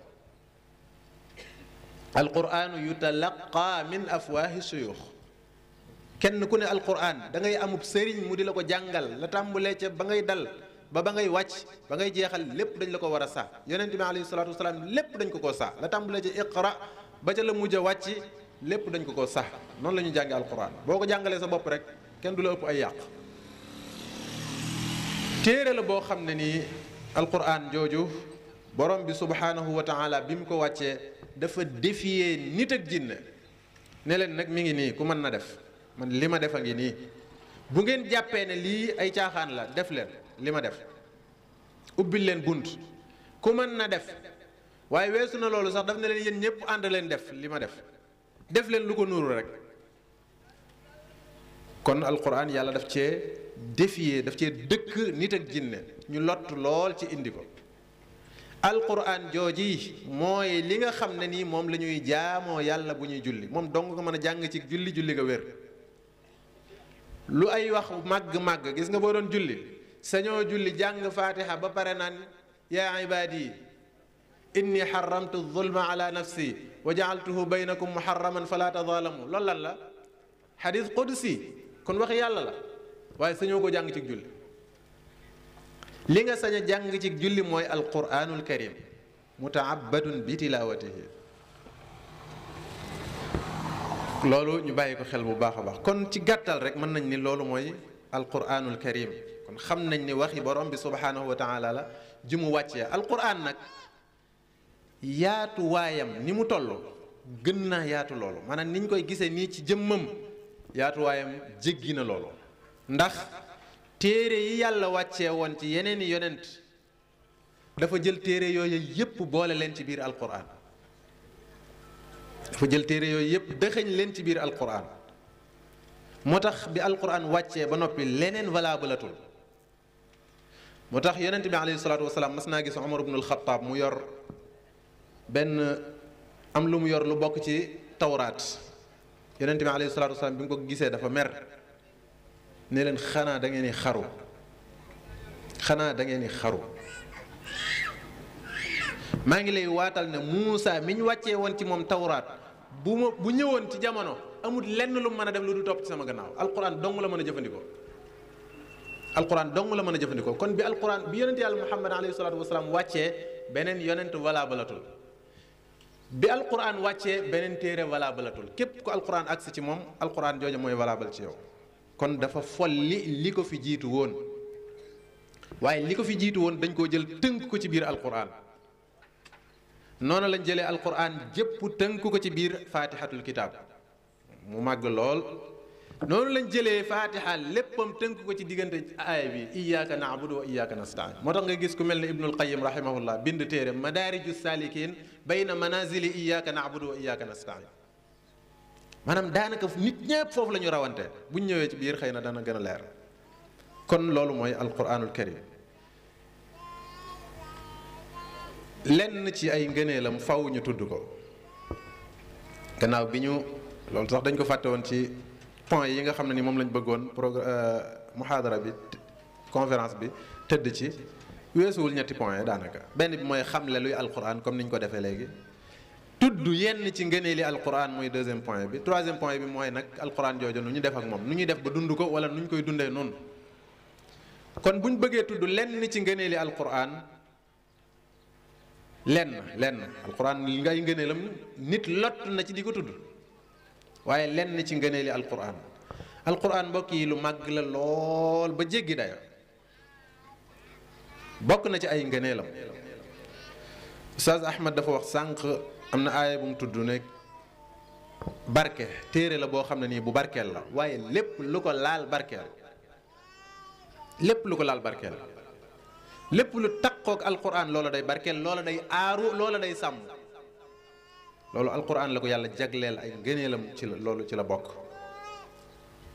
alquranu yutalaqa min afwahi suyux kenn ku ne alquran dangay amut amub sëriñ mu di la ko jàngal la tàmbulee ca ba ngay dal ba ba ngay wàcc ba ngay jeexal lépp dañ la ko war a saa yonent bi alayhi salaatu wasalaam lépp dañ ko koo saa la tàmbalee ci iqra ba ca la mujj a lépp dañ ko koo saa noonu lañuy ñu jàngee boo ko jàngalee sa bopp rek kenn du la ëpp ay yàq téere la boo xam ne nii alquran jooju borom bi subhaanahu wa taala bi mu ko wàccee dafa défier nit ak jinne ne leen nag mi ngi nii ku mën na def man li ma def a ngi nii bu ngeen jàppee ne lii ay caaxaan la def leen li ma def ubbil leen bunt ku mën na def waaye weesu na loolu sax daf na leen yéen ñëpp ànd leen def li ma def def leen lu ko nuuru rek kon alquran yàlla daf cee défier daf cee dëkk nit ak jinne ñu lott lool ci indi ko alquran jooji mooy li nga xam ne nii moom lañuy jaamoo yàlla bu ñuy julli moom dong ko mën a jàng ci julli julli nga wér lu ay wax màgg màgg gis nga boo doon julli sañoo julli jàng faatiha ba pare naan yaa ibaadi inni xaramtu zulma ala nafsi wa jaaltuhu baynakum muharraman fala tazaalamu loolu kon wax yàlla la waaye sañoo ko jàng ci julli li nga sañ jàng ci julli mooy alquranul karim mutaabadun bi tilaawatihi loolu ñu bàyyi ko xel bu baax a baax kon ci gàttal rek mën nañ ni loolu mooy alquranul karim xam nañ ne waxi borom bi subhaanahu wa la ji mu wàcce alquran nag yaatuwaayam ni mu toll gën na yaatu loolu maanaam niñ koy gisee nii ci jëmmam yaatuwaayam waayam jéggi na loolu ndax téere yi yàlla wàccee woon ci yeneen yonent dafa jël téere yooyu yépp boole leen ci biir alquran dafa jël téere yooyu yépp dëxëñ leen ci biir alquran moo tax bi alquran wàccee ba noppi leneen valable atul moo tax yonent bi alayhi salaatu wasalaam mas naa gis Omar ibnul Xattaab mu yor benn am lu mu yor lu bokk ci tawraat yonent bi alayhi salaatu wasalaam bi mu ko gisee dafa mer ne leen xanaa da ngeen di xaru xanaa dangeen ngeen di xaru maa ngi lay waatal ne Muusa mi ñu wàccee woon ci moom tawraat bu ma bu ñëwoon ci jamono amul lenn lu mu mën a def lu du topp ci sama gannaaw alquran dong la mën a jëfandikoo. alquran dong la mën a jëfandikoo kon bi alquran bi yonent yàlla muhammad alayhi salaatu wasalaam wàccee beneen yonent walaabalatul bi alquran wàccee beneen téere walaabalatul képp ku alquran agsi ci moom alquran jooja mooy walaabal ci yow kon dafa folli li ko fi jiitu woon waaye li ko fi jiitu woon dañ koo jël tënk ko ci biir alquran noonu lañ jëlee alquran jëpp tënk ko ci biir faatihatul kitaab mu màgg lool noonu lañ jëlee faatiha léppam tënk ko ci diggante aaya bi iyyaka na'budu wa iyyaka nasta'in moo tax nga gis ku mel ne ibnul qayim rahimahullah bind téere madaariju saalikin bayna manazili iyyaka na'budu wa iyyaka nasta'in maanaam daanaka nit ñëpp foofu lañu ñu rawante buñ ñëwee ci biir xëy na dana gën a leer kon loolu mooy alquranul karim lenn ci ay ngëneelam faw ñu tudd ko gannaaw bi ñu loolu sax dañ ko fàtte woon ci point yi nga xam ne ni moom lañu bëggoon programme euh, muhaadara bi conférence bi tëdd ci weesuwul ñetti point daanaka benn bi mooy xamle luy alquran comme ni ñu ko defee léegi tudd yenn ci ngëneeli alquran mooy deuxième point bi troisième point bi mooy nag alquran jooju nu ñu def ak moom nu ñuy def ba dund ko wala nu ñu koy dundee noonu kon bu ñu bëggee tudd lenn ci ngëneeli alquran lenn lenn alquran ngay ngëneelam nit lott na ci di ko tudd waaye lenn ci ngëneeli alquran alquran mbokk yi lu màgg la lool ba jéggi dayo bokk na ci ay ngëneelam Oustaz Ahmad dafa wax sànq am na aaya bu mu tudd ne barke téere la boo xam ne nii bu barkeel la waaye lépp lu ko laal barkeel lépp lu ko laal barkeel lépp lu taqoog alquran loola day barkeel loola day aaru loola day sàmm loolu alquran la ko yàlla jagleel ay ngëneelam ci la loolu ci la bokk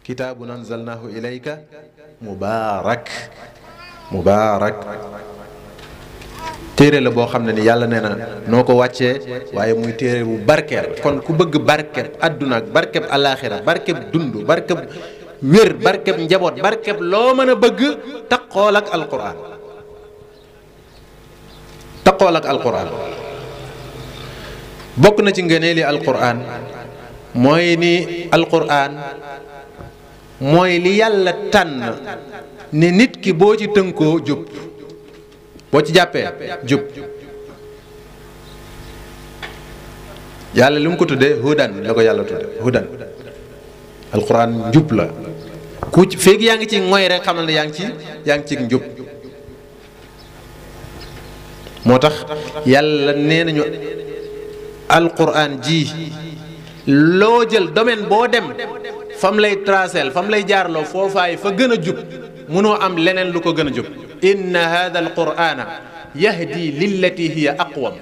kitaabun anzalnaahu ilayka mubaarak mubaarak téere la boo xam ne ni yàlla nee na noo ko wàccee waaye muy téere bu barkeel kon ku bëgg barkeb àdduna ak barkeb alaaxira barkeb dund barkeb wér barkeb njaboot barkeb loo mën a bëgg taqool ak alquran taqool ak alquran bokk na ci ngëneeli alquran mooy ni alquran mooy li yàlla tànn ne nit ki boo ci tënkoo jub boo ci jàppee jub yàlla li mu ko tudde hudan la ko yàlla tudde hudan alquran njub la ku feeg yaa ngi ci ngoy rek xamal ne yaa ngi ci yaa ngi ci njub moo tax yàlla nee nañu alquran ji loo jël domaine boo dem fam lay tracel fam lay jaarloo foofaay fa gën a jub munoo am leneen lu ko gën a jub inna yax di yahdi lillati hiya aqwam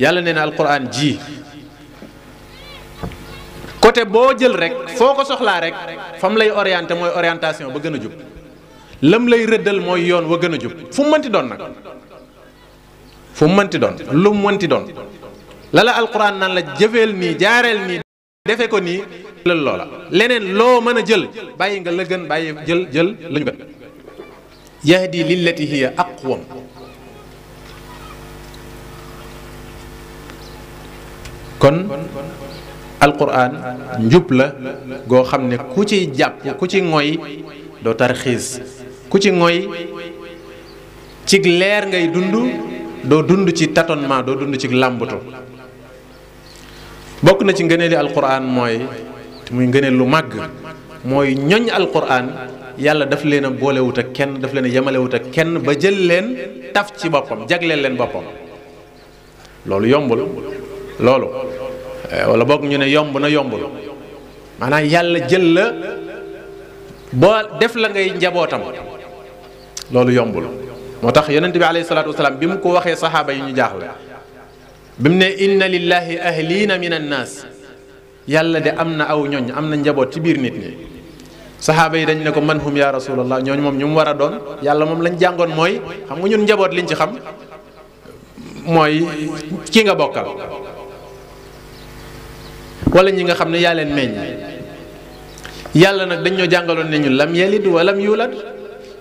yàlla nee na alquran ji côté boo jël rek foo ko soxlaa rek fam lay orienté mooy orientation ba gën a jub lam lay rëddal mooy yoon wa gën a jub fu mu mënti doon nag fu mu mënti doon lu mu mënti doon lala alquran naan la jëfeel nii jaareel nii defe ko nii lël loola leneen loo mën a jël bàyyi nga la gën bàyyi jël jël lañu gën yahdi lillati hiya aqwam kon alquran njub la goo xam ne ku ci jàpp ku ci ngoy doo tarxiis ku ci ngoy ci leer ngay dund doo dund ci tâtonnement doo dund ci làmbatu bokk na ci ngëneeli alquran mooy muy ngëneel lu màgg mooy ñoñ alquran yàlla daf leen a boolewut ak kenn daf leen a yemalewut ak kenn ba jël leen taf ci boppam jagleen leen boppam loolu yombul loolu eh, wala boog ñu ne yomb na yombul maanaam yàlla jël la boo def la ngay njabootam loolu yombul moo tax yonent bi alayhi salaatu wasalaam bi mu ko waxee saxaaba yi ñu jaaxle bi mu ne inna lillahi ahliina min annaas yàlla de am na aw ñoñ am na njaboot ci biir nit ñi saxaaba yi dañ ne ko man hum yaa rasulallah ñooñ moom ñu mu war a doon yàlla moom lañ jàngoon mooy xam nga ñun njaboot liñ ci xam mooy ki nga bokkal wala ñi nga xam ne yaa leen meññ yàlla nag dañ ñoo jàngaloon ne ñu lam yalid walam yulad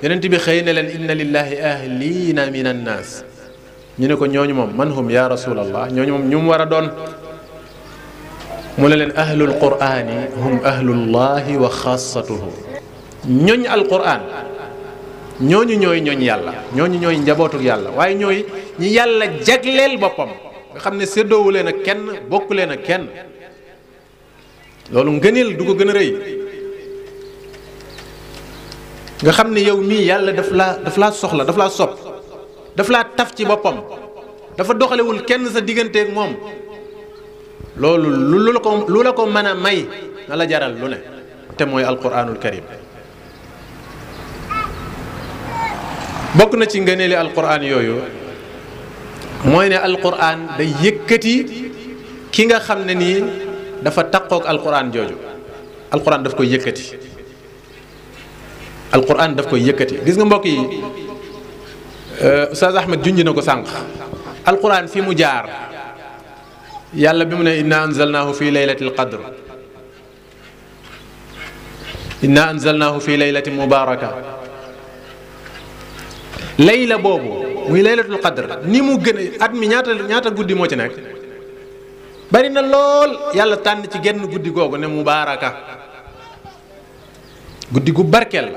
yonent bi xëy ne leen inna lillahi ahliina min ñu ne ko ñooñu moom man hum ya rasulallah ñooñu moom ñu mu war a doon mu ne leen ahlul qur'ani hum ahlullahi wa xaasatuhu ñooñ alqur'an ñooñu ñooy ñooñ yàlla ñooñu ñooy njabootu yàlla waaye ñooy ñi yàlla jagleel boppam nga xam ne séddoowu leen ak kenn bokku leen ak kenn loolu ngëneel du ko gën a rëy nga xam ne yow mii yàlla daf laa daf laa soxla daf laa sopp daf laa taf ci boppam dafa doxalewul kenn sa digganteeg moom loolu lu la ko lu la ko mën a may na la jaral lu ne te mooy alquranul karim bokk na ci ngëneeli alquran yooyu mooy ne alquran day yëkkati ki nga xam ne nii dafa taqoog alquran jooju alquran daf ko yëkkati alquran daf koy yëkkati gis nga mbokk yi Euh, Oustaz Ahmed junj na ko sànq alquran fi mu jaar yàlla bi mu ne inna anzalnaahu fi laylatil qadr inna anzalnaahu fi laylati mubaraka layla boobu muy laylatul qadr ni mu gën a at mi ñaata ñaata guddi moo ci nekk bari na lool yàlla tànn ci genn guddi googu ne mubaraka guddi gu barkeel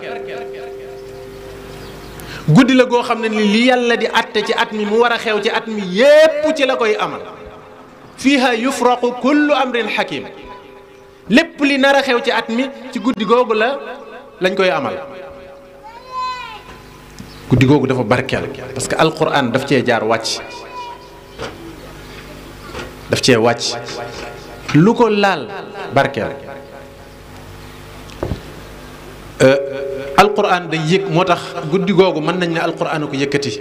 guddi la goo xam ne ni li yàlla di àtte ci at mi mu war a xew ci at mi yépp ci la koy amal fiiha yufraqu kullu amrin hakim lépp li nar a xew ci at mi ci guddi googu la lañ koy amal guddi googu dafa barkeel parce que alquran daf cee jaar wàcc daf cee wàcc lu ko laal barkeel euh, alquran day yëg moo tax guddi googu mën nañ ne alquran a ko yëkkati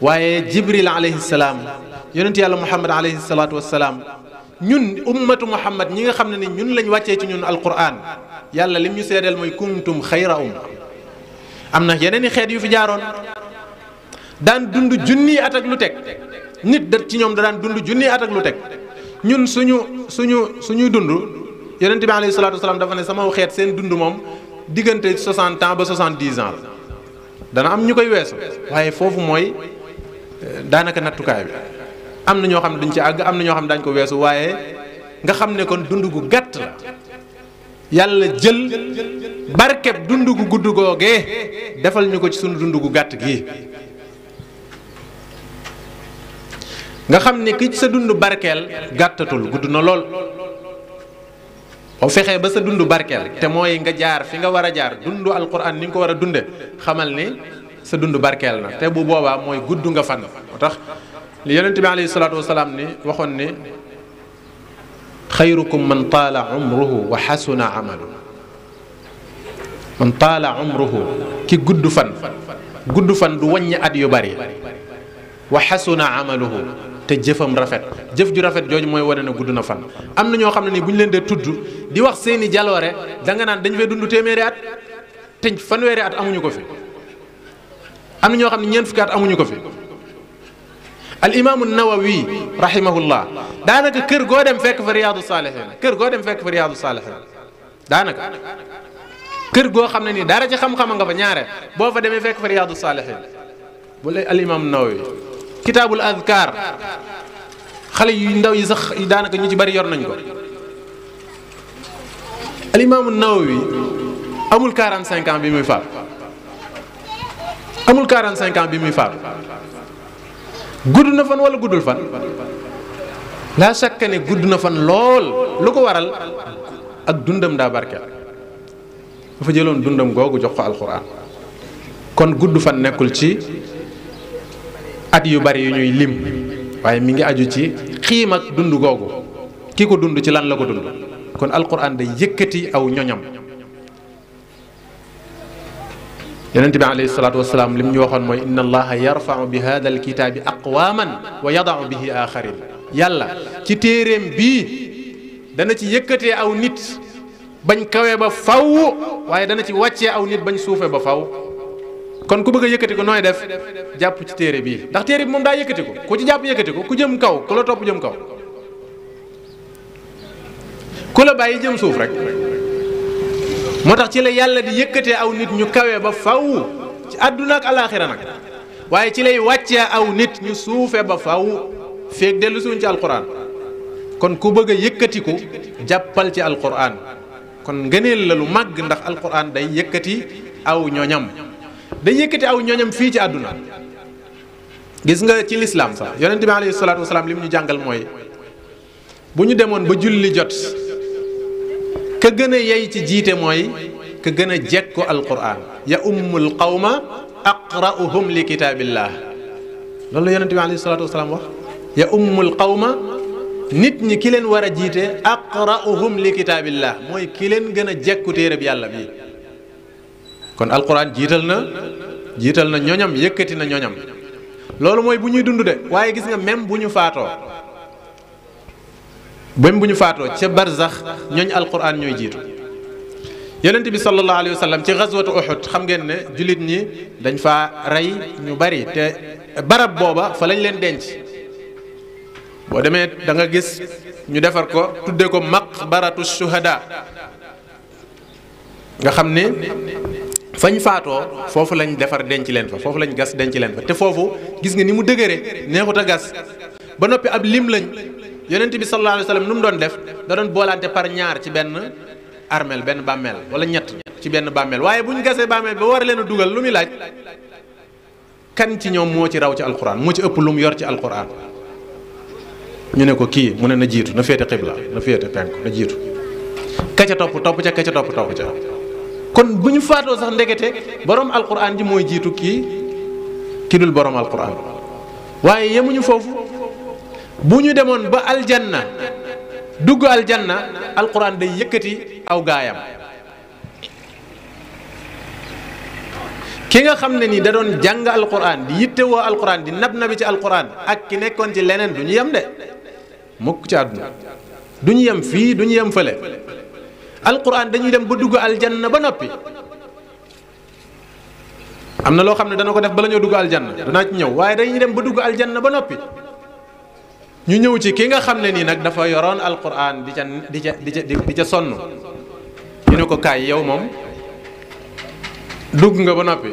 waaye jibril alayhi salaam yonent yàlla muhammad alayhi salaatu wassalaam ñun ummatu muhammad ñi nga xam ne ni ñun lañ wàccee ci ñun alquran yàlla lim ñu seedeel mooy kuntum xayra umma am na yeneen i xeet yu fi jaaroon daan dund junni at ak lu teg nit da ci ñoom da daan dund junni at ak lu ñun suñu suñu suñuy dund yonent bi alayhi salaatu wassalaam dafa ne sama xeet seen dund moom diggante 60 ans ba 70 ans la dana am ñu koy weesu waaye foofu mooy euh, daanaka nattukaay bi am na ñoo xam ne duñ ci àgg am na ñoo xam ne daañu ko weesu waaye nga xam ne kon dund gu gàtt la yàlla jël barkeb dund gu gudd googee defal ñu ko ci sunu dund gu gàtt gii nga xam ne ki ci sa dund barkeel gàttatul gudd na lool boo fexee ba sa dund barkeel te mooy nga jaar fi nga war a jaar dund alquran ni nga ko war a dunde xamal ni sa dund barkeel na te bu boobaa mooy gudd nga fan moo tax li yonente bi alayhi salaatu wasalaam ni waxoon ni xayrukum man taala umruhu wa xasuna amalu man taala umruhu ki gudd fan gudd fan du wàññi at yu bari wa xasuna amaluhu te jëfam rafet jëf ju rafet jooju mooy wane ne gudd na fan am na ñoo xam ne nii bu ñu leen dee tudd di wax seeni jaloore da nga naan dañu fee dund téeméeri at te fanweeri at amuñu ko fi am na ñoo xam ne ñeent fukki at amuñu ko fi al imaamu nawawi rahimahullah daanaka kër goo dem fekk fa riyaadu saalihin kër goo dem fekk fa riyaadu saalihin daanaka kër goo xam ne nii dara ci xam-xam nga fa ñaare boo fa demee fekk fa riyaadu saalihin bu lay kitaabul azkar xale yu ndaw yi sax daanaka ñu ci bari yor nañ ko alimaamu Nawawi amul 45 ans bi muy faatu amul 45 bi muy faatu gudd na fan wala guddul fan laa chaque ne gudd na fan lool lu ko waral ak dundam daa barkeel dafa jëloon dundam googu jox ko alxuraan kon gudd fan nekkul ci at yu bari yu ñuy lim waaye mi ngi aju ci xiim ak dund googu ki ko dund ci lan la ko dund kon alquran day yëkkati aw ñoñam yonent bi alayhi salaatu wasalaam lim ñu waxoon mooy inna allaha yarfau bi hada alkitaabi aqwaman wa yadau bihi axarin yàlla ci téeréem bii dana ci yëkkatee aw nit bañ kawee ba faw waaye dana ci wàccee aw nit bañ suufe ba faw kon ku bëgg a yëkkati ko nooy def jàpp ci téere bi ndax téere bi moom daa yëkkati ko ku ci jàpp yëkkati ko ku jëm kaw ku la topp jëm kaw ku la bàyyi jëm suuf rek moo tax ci la yàlla di yëkkatee aw nit ñu kawe ba faw ci àdduna ak alaaxira nag waaye ci lay wàccee aw nit ñu suufe ba faw feeg dellu suñ ci kon ku bëgg a yëkkatiku jàppal ci alquran kon ngëneel la lu màgg ndax alquran day yëkkati aw ñoñam day yëkkati aw ñoñam fii ci àdduna gis nga ci lislaam sax yonent bi alayhi salaatu wasalaam li mu ñu jàngal mooy bu ñu demoon ba julli jot ka gën a yey ci jiite mooy ka gën a jekko alquran ya ummul qawma aqra'uhum li kitaabillah loolu la yonent bi alayhi salaatu wasalaam wax ya ummul qawma nit ñi ki leen war a jiite aqra'uhum li kitaabillah mooy ki leen gën a jekku bi yàlla bi kon alquran jiital na jiital na ñoñam yëkkati na ñoñam loolu mooy bu ñuy dund de waaye gis nga même bu ñu faatoo même bu ñu faatoo ca barzax ñooñ alquran ñooy jiitu yonent bi sallallahu alayhi wa sallam ci xaswatu Uhud xam ngeen ne jullit ñi dañ fa rey ñu bari te barab booba fa lañ leen denc boo demee da nga gis ñu defar ko tuddee ko maqbaratu shuhada nga xam ni fañ faatoo foofu lañu defar denc leen fa foofu lañu gas denc leen fa te foofu gis nga ni mu dëgëre neexut a gas ba noppi ab lim lañ yonent bi sallallahu alayhi wa sallam nu mu doon def da doon boolaante ñaar ci benn armel benn bàmmeel wala ñett ci benn bàmmeel waaye bu ñu gasee bàmmeel ba war leen dugal lu muy laaj kan ci ñoom moo ci raw ci alquran moo ci ëpp lu mu yor ci alquran ñu ne ko kii mu ne na jiitu na féete xibla na féete penku na jiitu ka ca topp topp ca ka ca topp topp ca kon bu ñu faatoo sax ndegete borom alquran ji mooy jiitu kii ki dul borom alquran waaye yemuñu foofu bu ñu demoon ba aljanna dugg aljanna alquran day yëkkati aw gaayam ki nga xam ne nii da doon jàng alquran di yittewoo alquran di nab nabi ci alquran ak ki nekkoon ci leneen du ñu yem de mukk ci àdduna du ñu yem fii du ñu yem fële. alquran dañuy dem ba dugg na ba noppi am na loo xam ne dana ko def bala ñoo dugg aljanna danaa ci ñëw waaye dañuy dem ba dugg na ba noppi ñu ñëw ci ki nga xam ne nii nag dafa yoroon alquran di ca di ca di ca di ca sonn ñu ne ko kaay yow moom dugg nga ba noppi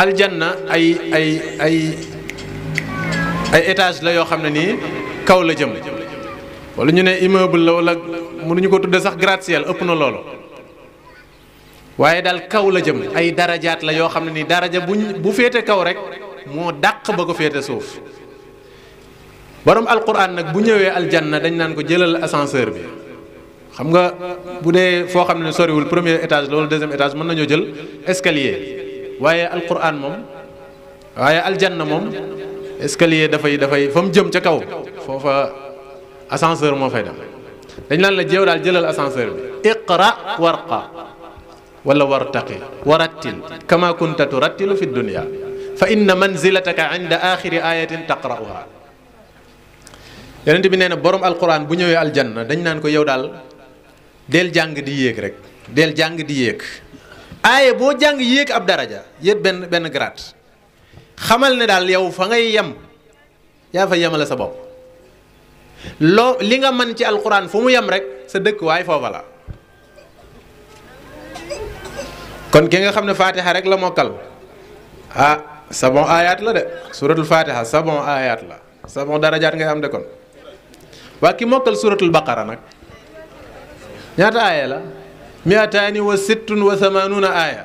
aljanna ay ay ay ay étage la yoo xam ne nii kaw la jëm wala ñu ne immeuble la wala mënuñu ko tudde sax gratte ëpp na loolu waaye daal kaw la jëm ay darajaat la yoo xam ne ni daraja buñ bu féete kaw rek moo dàq ba ko féete suuf borom alquran nag bu ñëwee na dañ naan ko jëlal ascenseur bi xam nga bu dee foo xam ne soriwul premier étage loolu deuxième étage mën nañoo jël escalier waaye alquran moom waaye aljan na moom escalier dafay dafay fa mu jëm ca kaw foofa assenseur moo fay dem dañ naan la jéew daal jëlal ascenseur bi iqra warqa wala wartaqi warattil kama kunta turattilu fi dunya fa inna manzilataka inda axiri ayatin taqra'uha yonent bi nee na borom alquran bu ñëwee aljanna dañ naan ko yow daal del jàng di yéeg rek del jàng di yéeg aaye boo jàng yéeg ab daraja yéeg benn benn grade xamal ne daal yow fa ngay yem yaa fa yemale sa bopp loo li nga man ci alxuraan fu mu yem rek sa dëkk waaye foofa la kon ki nga xam ne faatiha rek la mokkal ah sabon aayaat la de suratul faatiha sabon aayaat la sabon darajaat ngay am de kon waa ki mokkal suratul baqara nag ñaata aaya la miataani wa sittun wa samanuuna aaya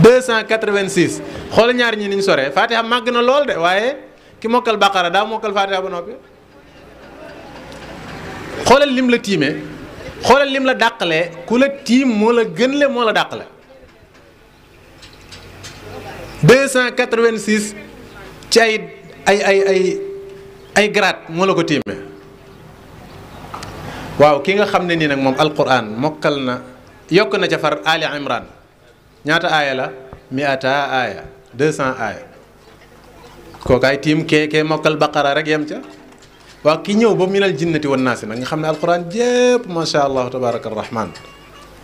286 xool ñaar ñi niñ soree faatiha màgg na lool de waaye ki mokkal baqara daa mokkal faatiha noppi xoolal lim la tiimee xoolal lim la dàqale ku la tiim moo la gën le moo la dàqale ci ay ay ay ay grade moo la ko tiimee waaw ki nga xam ne nii nag moom alquran mokkal na yokk na ca far Ali Imran ñaata aaya la mi ata aaya kookaay tiim keekee mokkal baqara rek yem ca waa ki ñëw ba minal jinnati wan naasi nag nga xam ne alquran jépp macha allah tabaraka rahman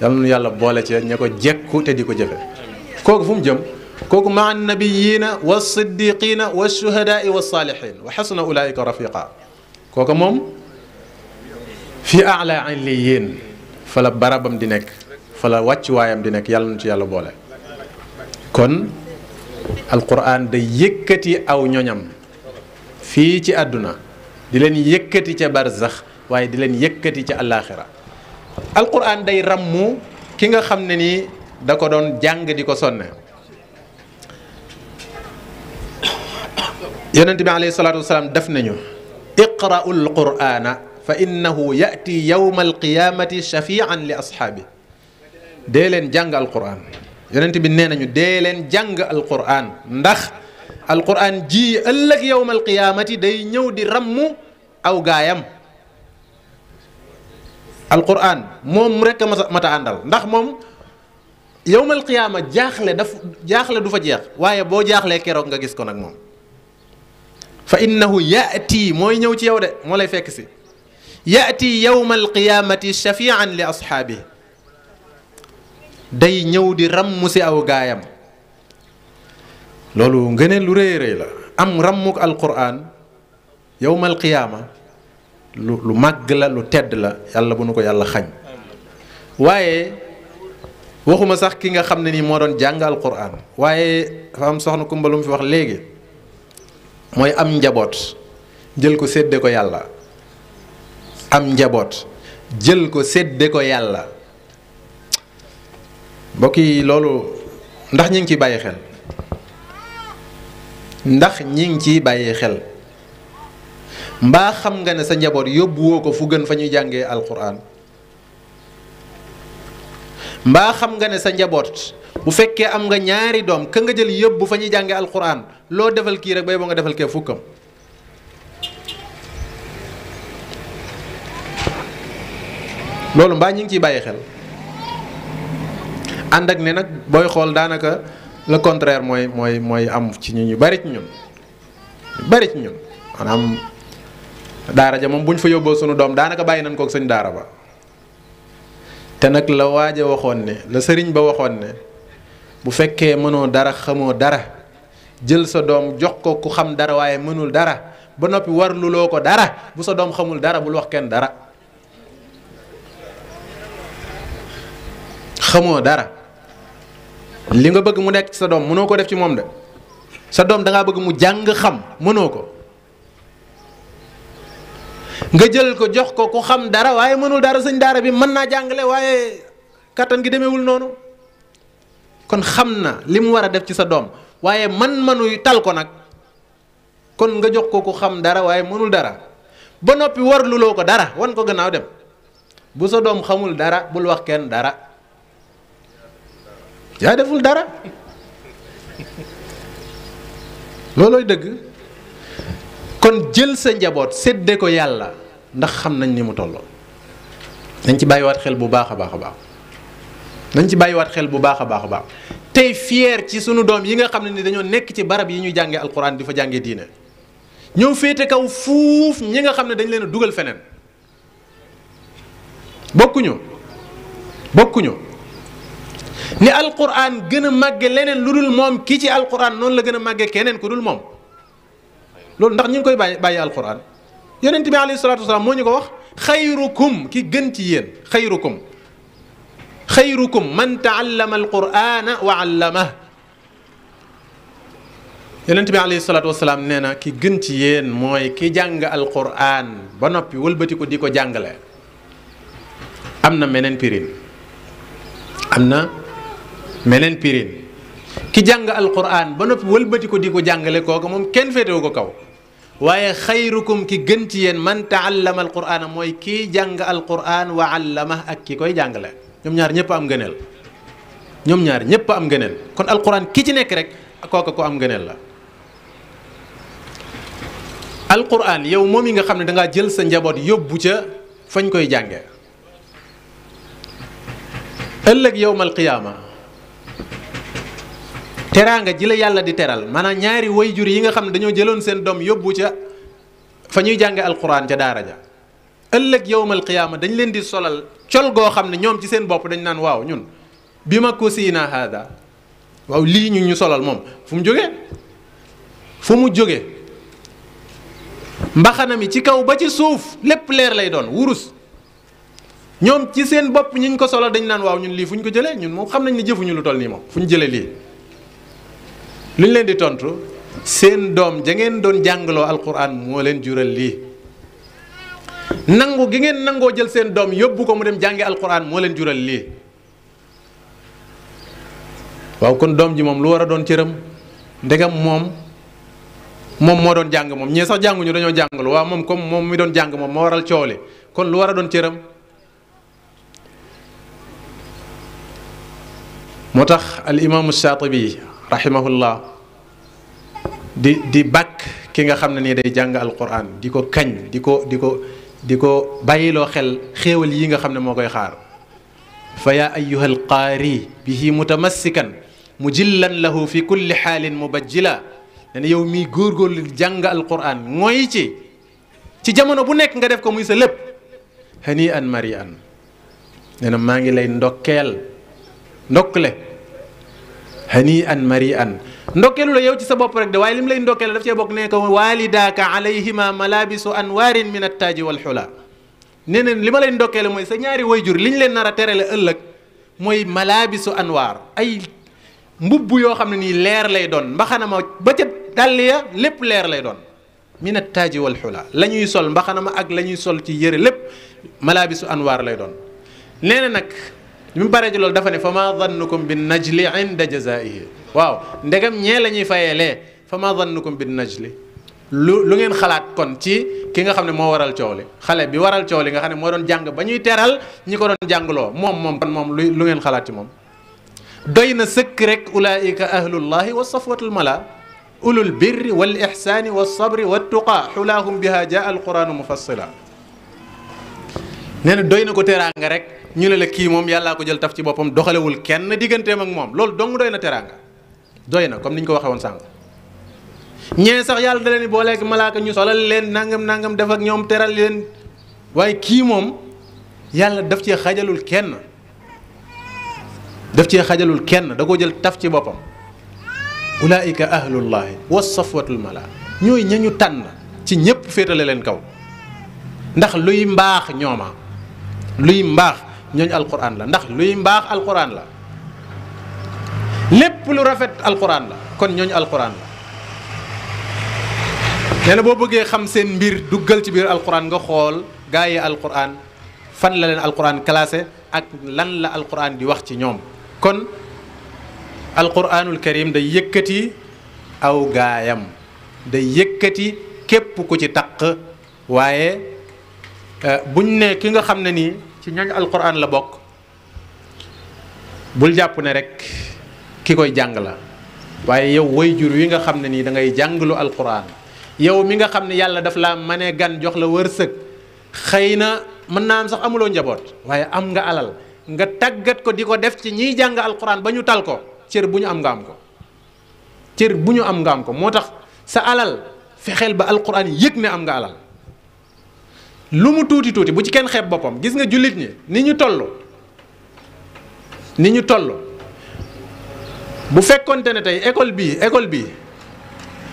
yal na yàlla boole ci ña ko jekku te di ko jëfe kooku fu mu jëm kooku ma maa nabiyina wa siddiqina wa shuhadaai wa saalihin wa xasuna ulaika rafiqa kooku moom fi ala illiyin fa la barabam di nekk fa la wàccuwaayam di nekk yàlla na ci yàlla boole kon alquran day yëkkati aw ñoñam fii ci àdduna di leen yëkkati ca barzax waaye di leen yëkkati ca àllaaxira alquran day ràmmu ki nga xam ne nii da ko doon jàng di ko sonne yonent bi alayhi salaatu wasalaam def nañu iqra'u alqur'ana fa innahu ya'ti yawma alqiyamati shafi'an li ashaabi dee leen jàng alquran yonent bi nee nañu dee leen jàng alquran ndax alquran ji ëllëg yowmal qiyaamati day ñëw di rammu aw gaayam alquran moom rek mat a àndal ndax moom yowmal qiyaama jaaxle daf jaaxle du fa jeex waaye boo jaaxlee keroog nga gis ko nag moom fa innahu yaati mooy ñëw ci yow de moo lay fekk si yaati yowmal qiyaamati shafian li ashaabihi day ñëw di ràmm ci aw gaayam loolu ngëneel lu rëy rëy la am ràmmuk alquran yowmal qiyaama lu lu màgg la lu tedd la yàlla bu nu ko yàlla xañ waaye waxuma sax ki nga xam ne nii moo doon jàng alquran waaye dafa am soxna Kumba lu mu fi wax léegi mooy am njaboot jël ko sédde ko yàlla am njaboot jël ko sédde ko yàlla mbokk yi loolu ndax ñi ngi ciy bàyyi xel ndax ñi ngi ciy bàyyi xel mbaa xam nga ne sa njaboot yóbbu woo ko fu gën fa ñuy jàngee alxuraan mbaa xam nga ne sa njaboot bu fekkee am nga ñaari doom ka nga jël yóbbu fa ñuy jàngee alquran loo defal kii rek bay boo nga defal kee fukkam loolu mbaa ñi ngi ciy bàyyi xel ànd ak ne nag booy xool daanaka la contraire mooy mooy mooy am ci ñu ñu bari ci ñun bari ci ñun daara ja moom bu ñu fa yóbboo sunu doom daanaka bàyyi nañ kook sëñ daara ba te nag la waaja waxoon ne la sëriñ ba waxoon ne bu fekkee mënoo dara xamoo dara jël sa doom jox ko ku xam dara waaye mënul dara ba noppi war luloo ko dara bu sa doom xamul dara bul wax kenn dara xamoo dara li nga bëgg mu nekk ci sa doom mënoo ko def ci moom de sa doom da bëgg mu jàng xam mënoo ko nga jël ko jox ko ku xam dara waaye mënul dara sëñ daara bi mën naa jàngale waaye kattan gi demewul noonu kon xam na li mu war a def ci sa doom waaye man-manuy tal ko nag kon nga jox ko ku xam dara waaye mënul dara ba noppi warluloo ko dara wan ko gannaaw dem bu sa doom xamul dara bul wax kenn dara yaa deful dara loolooy dëgg kon jël sa njaboot sédde ko yàlla ndax xam nañ ni mu tolloo dañ ci bàyyiwaat xel bu baax a baax a baax dañ ci bàyyiwaat xel bu baax a baax a baax tey fier ci sunu doom yi nga xam ne ni dañoo nekk ci barab yi ñuy jàngee alquran di fa jàngee diine ñëw féete kaw fuuf ñi nga xam ne dañ leen dugal feneen bokkuñu bokkuñu. ni alquran gën a màgge leneen lu dul moom kii ci alquran noonu la gën a màgge keneen ku dul moom loolu ndax ñu ngi koy bàyyi bàyyi alquran yonent bi alayhi salaatu wasalaam moo ñu ko wax xayrukum ki gën ci yéen xayrukum xayrukum man taallama alqurana wa allamah yonent bi alayhi salaatu wasalaam na ki gën ci yéen mooy ki jàng alquran ba noppi wëlbati ko di ko jàngale am na meneen pirin am na meneen pirin ki jàng alquran ba noppi wëlbati ko di ko jàngale kooka moom kenn féetewu ko kaw waaye xayrukum ki gën ci yéen man taallama alqur'ana mooy kii jàng alqur'an wa allama ak ki koy jàngale ñoom ñaar ñëpp am gëneel ñoom ñaar ñëpp am gëneel kon alqur'an ki ci nekk rek kooka ko am gëneel la. alqur'an yow moom yi nga xam ne da jël sa njaboot yóbbu ca fañ koy jàngee ëllëg yowmal qiyaama teraanga ji la yàlla di teral maanaam ñaari wayjur yi nga xam ne dañoo jëloon seen doom yóbbu ca fa ñuy jànge alquran ca daara ja ëllëg yowmal qiyaama dañ leen di solal col goo xam ne ñoom ci seen bopp dañ naan waaw ñun bi ma ko siina haada waaw lii ñu ñu solal moom fu mu jógee fu mu jógee mbaxana mi ci kaw ba ci suuf lépp leer lay doon wurus ñoom ci seen bopp ñi ko solal dañ naan waaw ñun lii fu ñu ko jëlee ñun moom xam nañ ne jëfuñu lu toll nii moom fu ñu jëlee lii lu ñu leen di tontu seen doom jangeen ngeen doon jàngaloo alquran moo leen jural lii nangu gi ngeen nangoo jël seen doom yóbbu ko mu dem jàngi alquran moo leen jural lii waaw kon doom ji moom lu war a doon cëram ndegam moom moom moo doon jàng moom ñee sax jànguñu dañoo jàngalu waaw moom comme moom mi doon jàng moom moo waral coow li kon lu war a doon cëram moo tax al imaamu Shaatibi rahimahullah di di bàkk ki nga xam ne nii day jàng alquran di ko kañ di ko di ko di ko bàyyiloo xel xéewal yi nga xam ne moo koy xaar fa yaa ayuha alqaari bihi mutamassikan mujillan lahu fi kulli xaalin mubajjila ne yow miy góorgóorlu jàng alquran mooy ci ci jamono bu nekk nga def ko muy sa lépp hani an mari an nee maa ngi lay ndokkeel ndokkle hani an mari an ndokkeelu la yow ci sa bopp rek de waaye lim lay ndokkeela daf cee bokk ne ko waalidaaka alayhima malabisu anwaarin min attaaji wal xula nee na li ma lay ndokkeele mooy sa ñaari way jur li ñu leen nar a terale ëllëg mooy malabisu anwaar ay mbubb yoo xam ne nii leer lay doon mbaxana ma ba ca lépp leer lay doon min attaaji wal xula la ñuy sol mbaxana ma ak la ñuy sol ci yëre lépp malaabisu anwaar lay doon nee nag bi mu paree ci loolu dafa ne fa maa zannukum bi najli inda jazaihi waaw ndegam ñee la ñuy fayeelee fa maa zannukum bi najli lu lu ngeen xalaat kon ci ki nga xam ne moo waral coow li xale bi waral coow li nga xam ne moo doon jàng ba ñuy teral ñi ko doon jàngloo moom moom kon moom lu lu ngeen xalaat ci moom doy na sëkk rek ulaayika ahlullahi wa safwatul mala ulul birri wal ihsaani wa sabri wa tuqaa xulaahum biha jaa alquraanu mufassila nee na doy na ko teraanga rek ñu ne la kii moom yàllaa ko jël taf ci boppam doxalewul kenn digganteem ak moom loolu dong doy na teraanga doy na comme ni ñu ko waxee woon sànq. ñee sax yàlla da leen booleeg malaaka ñu solal leen nangam nangam def ak ñoom teral leen waaye kii moom yàlla daf cee xajalul kenn daf cee xajalul kenn da ko jël taf ci boppam. ulaayika ahlullahi wa safwatul mala ñooy ñu tànn ci ñépp féetale leen kaw ndax luy mbaax ñooma luy mbaax ñooñu alquran la ndax luy mbaax alquran la lépp lu rafet alquran la kon ñooñu alxuraan la nee na boo bëggee xam seen mbir duggal ci biir alquran nga xool gaa yi alquran fan la leen alquran classé ak lan la alquran di wax ci ñoom kon alquranul karim day yëkkati aw gaayam day yëkkati képp ku ci taq waaye eh, buñ ne ki nga xam ne nii ci ñooñ alquran la bokk bul jàpp ne rek ki koy jàng la waaye yow way jur wi nga xam ne nii dangay ngay jàngalu alquran yow mi nga xam ne yàlla daf laa mane gan jox la wërsëg xëy na mën naa am sax amuloo njaboot waaye am nga alal nga tàggat ko di ko def ci ñiy jàng alquran ba ñu tal ko cër bu ñu am nga am ko cër bu ñu am nga am ko moo tax sa alal fexeel ba alquran yëg ne am nga alal lu mu tuuti tuuti bu ci kenn xeeb boppam gis nga jullit ñi ni ñu toll ni ñu toll bu fekkonte ne tey école bii école bi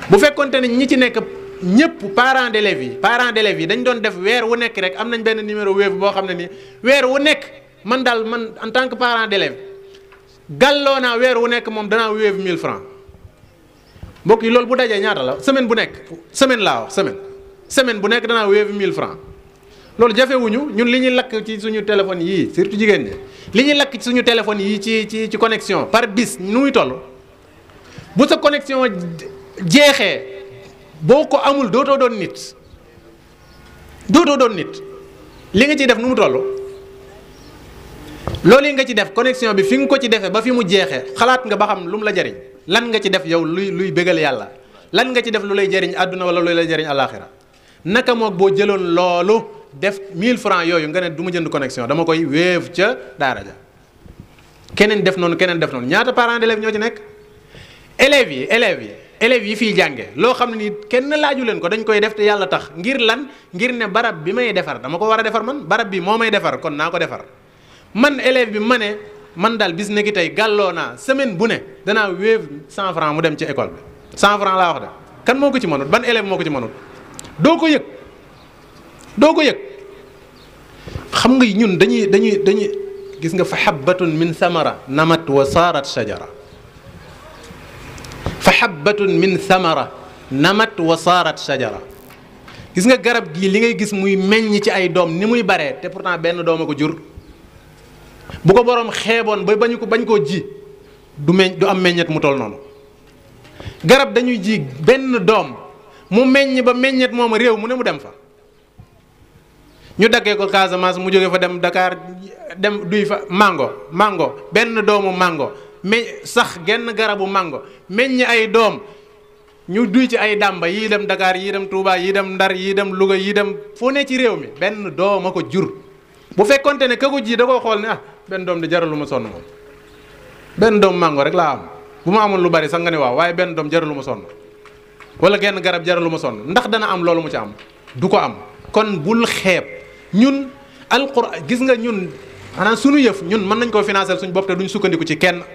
bu fekkonte ne ñi ci nekk ñëpp parents d'élèves yi parents d'élèves yi dañ doon def weer wu nekk rek am nañ benn numéro wéef boo xam ne ni weer wu nekk man daal man en tant que parent d'élève gàlloo naa weer wu nekk moom danaa wéef 1000 francs mbokk yi loolu bu dajee ñaata la semaine bu nekk semaine laa wax semaine semaine bu nekk danaa wéef 1000 francs loolu jafewuñu ñun li ñuy lakk ci suñu téléphone yi surtout jigéen ñi li ñuy lakk ci suñu téléphone yii ci ci ci connexion par bis nu muy toll bu sa connexion jeexee boo ko amul dootoo doon nit dootoo doon nit li nga ciy def nu mu toll loolu yi nga ci def connexion bi fi nga ko ci defee ba fi mu jeexee xalaat nga ba xam lu mu la jariñ lan nga ci def yow luy luy bégal yàlla lan nga ci def lu lay jariñ àdduna wala lu lay jariñ àllaaxira naka moog boo jëloon loolu. def mille francs yooyu nga ne du ma jënd connexion dama koy wéev ca daara ja keneen def noonu keneen def noonu ñaata parents d'élèves ñoo ci nekk élèves yi élèves yi élèves yi fii jànge loo xam ne ni kenn laaju leen ko dañ koy def te yàlla tax ngir lan ngir ne barab bi may defar dama ko war a defar man barab bi moo may defar kon naa ko defar man élève bi ma ne man daal bis ne ki tey gàlloo naa semaine bu ne danaa wéev 100 francs mu dem ci école bi 100 francs laa kan moo ko ci mënut ban élève moo ko ci mënut doo ko yëg doo ko yëg xam nga ñun dañuy dañuy dañuy gis nga fa min samara namat wa saarat sajara fa xabbatun min samara namat wa saarat sajara gis nga garab gii li ngay gis muy meññ ci ay doom ni muy baree te pourtant benn doom a ko jur bu ko boroom xeeboon ba bañ ko bañ koo ji du meññ du am meññet mu toll noonu garab dañuy ji benn doom mu meññ ba meññet moom réew mu ne mu dem fa ñu daggee ko Casamance mu jóge fa dem dakaar dem duy fa mango mango benn doomu mango mais sax genn garabu mango meññ ay doom ñu duy ci ay dàmba yii dem dakaar yii dem tuubaay yii dem Ndar yi dem Louga yii dem foo ne ci réew mi benn doom a ko jur. bu fekkonte ne ka ko ji da koo xool ne ah benn doom di jaralu ma sonn moom benn doom mango rek laa am bu ma amoon lu bari sax nga ne waaw waaye benn doom jaralu ma sonn wala genn garab jaralu ma sonn ndax dana am loolu mu ci am du ko am kon bul xeeb. ñun alquran gis nga ñun xanaa suñu yëf ñun mën nañ koo financer suñ bopp te duñ sukkandiku ci kenn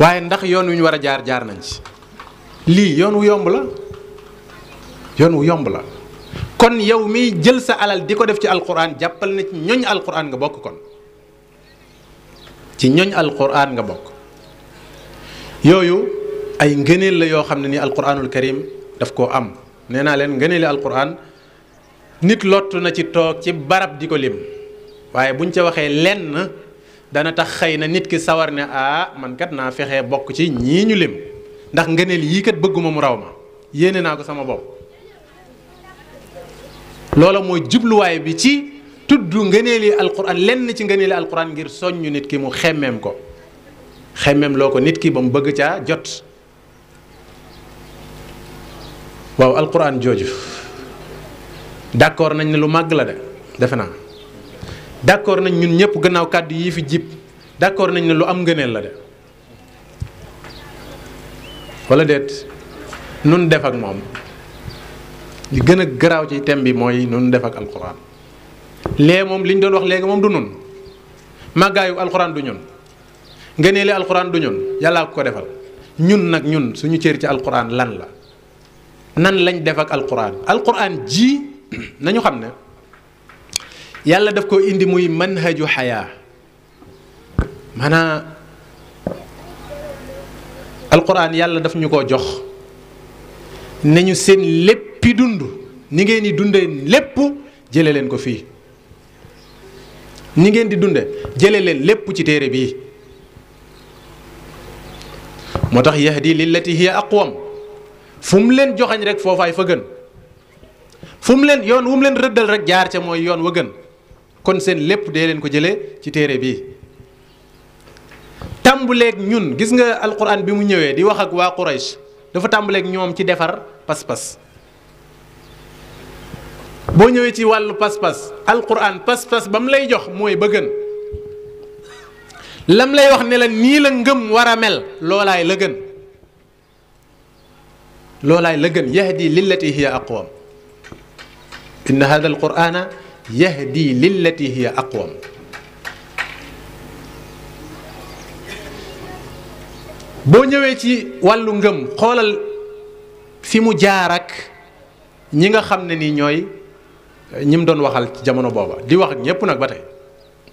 waaye ndax yoon wu ñu war a jaar jaar nañ ci lii yoon wu yomb la yoon wu yomb la kon yow miy jël sa alal di ko def ci alquran jàppal na ci ñoñ alquran nga bokk kon ci ñoñ alquran nga bokk yooyu ay ngëneel la yoo xam ne ni alquranul karim daf koo am nee naa leen ngëneeli alquran nit lottu na ci toog ci barab di ko lim waaye buñ ca waxee lenn dana tax xëy na nit ki sawar ne ah man kat naa fexe bokk ci ñii ñu lim ndax ngëneel yii kat bëgguma mu raw ma yéene naa ko sama bopp loola mooy jubluwaay bi ci tudd al alquran lenn ci ngëneeli alquran ngir soññu nit ki mu xemmeem ko xemmeem loo ko nit ki ba mu bëgg ca jot waaw alquran jooju d'accord nañ ne lu màgg la de defe naa d'accord nañ ñun ñëpp gannaaw kàddu yii fi jib d'accord nañ ne lu am ngëneel la de wala déet nun def ak moom li gën a garaaw ci thème bi mooy nun def ak alxuraan lee moom li ñu doon wax léegi moom du nun màggaayu alxuraan du ñun ngëneeli alxuraan du ñun yàllaa ko defal ñun nag ñun suñu cër ci alxuraan lan la nan lañ def ak alxuraan alxuraan ji <clears throat> nañu xam ne yàlla daf ko indi muy manhaju xayaa maanaa alxuraan yàlla daf ñu ko jox nañu seen léppi dund ni ngeen di dunde lépp jële leen ko fii ni ngeen di dunde jële leen lépp ci téere bi moo tax di lillati hiya aqwam fu mu leen joxañ rek foofaay fa gën fu mu leen yoon wu mu leen rëddal rek jaar ca mooy yoon wa gën kon seen lépp dee leen ko jële ci téere bi tàmbuleek ñun gis nga alquran bi mu ñëwee di wax ak waa Quraysh dafa tàmbuleeg ñoom ci defar pas-pas boo ñëwee ci wàllu pas-pas alquran pas-pas ba mu lay jox mooy ba gën lam lay wax ne la nii la ngëm war a mel loolaay la gën loolaay la gën di lillati ak aqwam inna hada al qurana di lillati hiya aqwam boo ñëwee ci wàllu ngëm xoolal fi mu jaar ak ñi nga xam ne ni ñooy ñi mu doon waxal ci jamono booba di wax ak ñépp nag ba tey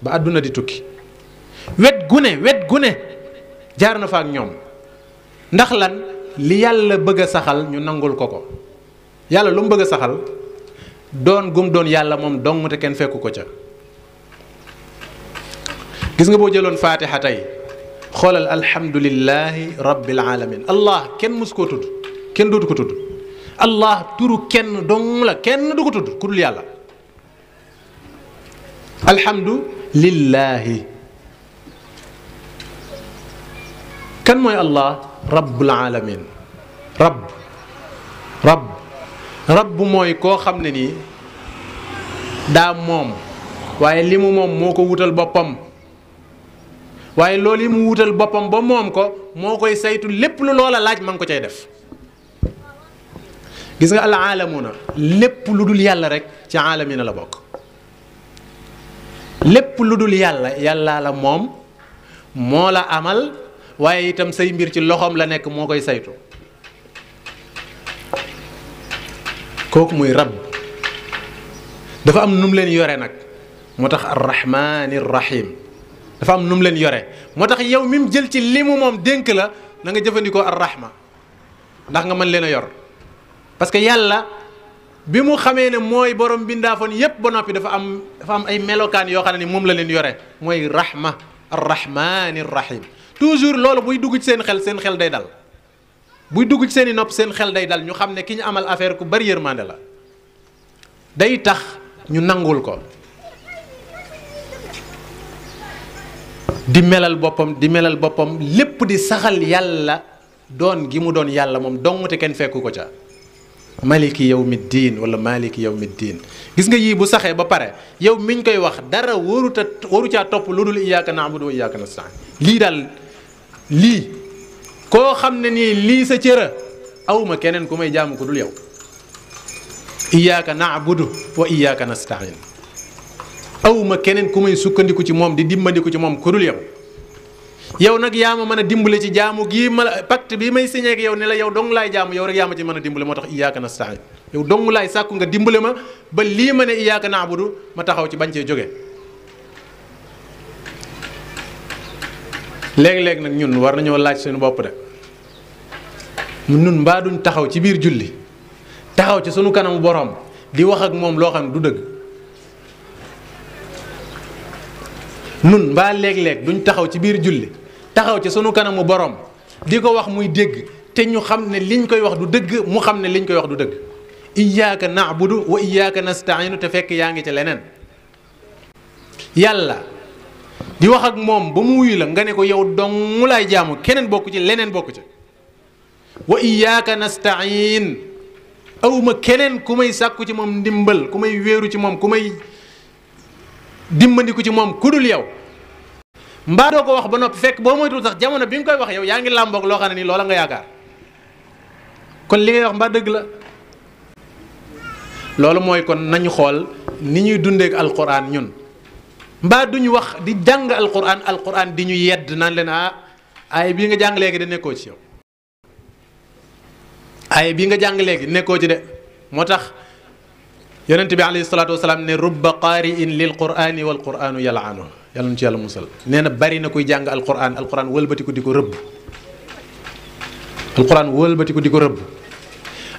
ba àdduna di tukki wet gu wet gune jaar na fa ak ñoom ndax lan li yàlla bëgg a saxal ñu nangul ko ko yàlla lu mu bëgg a saxal doon gum doon yàlla moom dong te kenn fekku ko ca gis nga boo jëloon faatiha tey xoolal alhamdulillahi rabbil alamin allah kenn mus koo tudd kenn dootu ko tudd allah turu kenn dong la kenn du ko allah rabbul alamin rab bu mooy koo xam ne nii daa moom waaye li mu moom moo ko wutal boppam waaye loolu yi mu wutal boppam ba moom ko moo koy saytu lépp lu loola laaj ma ngi ko cay def gis nga al aalamuna lépp lu dul yàlla rek ci aalamina la bokk lépp lu dul yàlla yàllaa la moom moo la amal waaye itam say mbir ci loxoom la nekk moo koy saytu kooku muy rab dafa am nu mu leen yore nag moo tax arrahmaani rahim dafa am nu mu leen yore moo tax yow mi mu jël ci li mu moom dénk la na nga jëfandikoo arrahma ndax nga mën leen a yor parce que yàlla bi mu xamee ne mooy borom bindaafoon yépp ba noppi dafa am dafa ay melokaan yoo xam ne ni moom la leen yore mooy rahma arrahmaani rahim toujours loolu buy dugg ci seen xel seen xel day dal. buy dugg ci seeni nopp seen xel day dal ñu xam ne ki ñu amal affaire ku bari yërmande la day tax ñu nangul ko di melal boppam di melal boppam lépp di saxal yàlla doon gi mu doon yàlla moom dong kenn fekku ko ca maliki yow mi diin wala yow mi gis nga yii bu saxee ba pare yow miñ koy wax dara waruta waru caa topp lu dul iyaaka naabudu wa iyaaka nastaan lii daal lii koo xam ne nii lii sa cëra awma keneen ku may jaamu ko dul yow iyaaka naabudu wa iyaaka nastain awma keneen ku may sukkandiku ci moom di dimbandiku ci moom ku dul yow yow nag yaa ma mën a dimbale ci jaamu gii ma pacte bi may signé ak yow ne la yow dong laay jaamu yow rek yaa ma ci mën a dimbale moo tax iyaaka nastain yow dong laay sàkku nga dimbale ma ba lii ma ne iyaaka naabudu ma taxaw ci bañ cee jóge léeg-léeg nag ñun war nañoo laaj suñu bopp de mbaa duñ taxaw ci biir julli taxaw ci sunu kanamu borom di wax ak moom loo xam ne du dëgg nun mbaa léeg duñ taxaw ci biir julli taxaw ci sunu kanamu borom di ko wax muy dégg te ñu xam ne liñ koy wax du dëgg mu xam ne liñ koy wax du dëgg iyaaka naabudu wa iyaaka nastainu te fekk yaa ngi ci leneen yàlla di wax ak moom ba mu wuyu la nga ne ko yow dong laay jaamu keneen bokku ci leneen bokk ci wa iyyaka nasta'in awma keneen ku may sàkku ci moom ndimbal ku may wéeru ci moom ku may dimbandiku ci moom ku dul yow mbaa doo ko wax ba nopp fekk boo moytuwul sax jamono bi nga koy wax yaa ngi làmboog loo xam ne nii loola nga yaakaar kon li ngay wax mbaa dëgg la loolu mooy kon nañu xool ni ñuy dundeek alquran ñun mbaa duñu wax di jàng alquran alquran di ñu yedd naan leen ah aaya bii nga jàng léegi de nekkoo ci yow aaya bii nga jàng léegi nekkoo ci de moo tax yonent bi alayhi salaatu wasalaam ne rubba qaari'in lil qurani wal quranu yalaanu yàlla nu ci yàlla musal nee na bari na kuy jàng alquran alquran wëlbati ko di ko rëbb alquran wëlbati ko di ko rëbb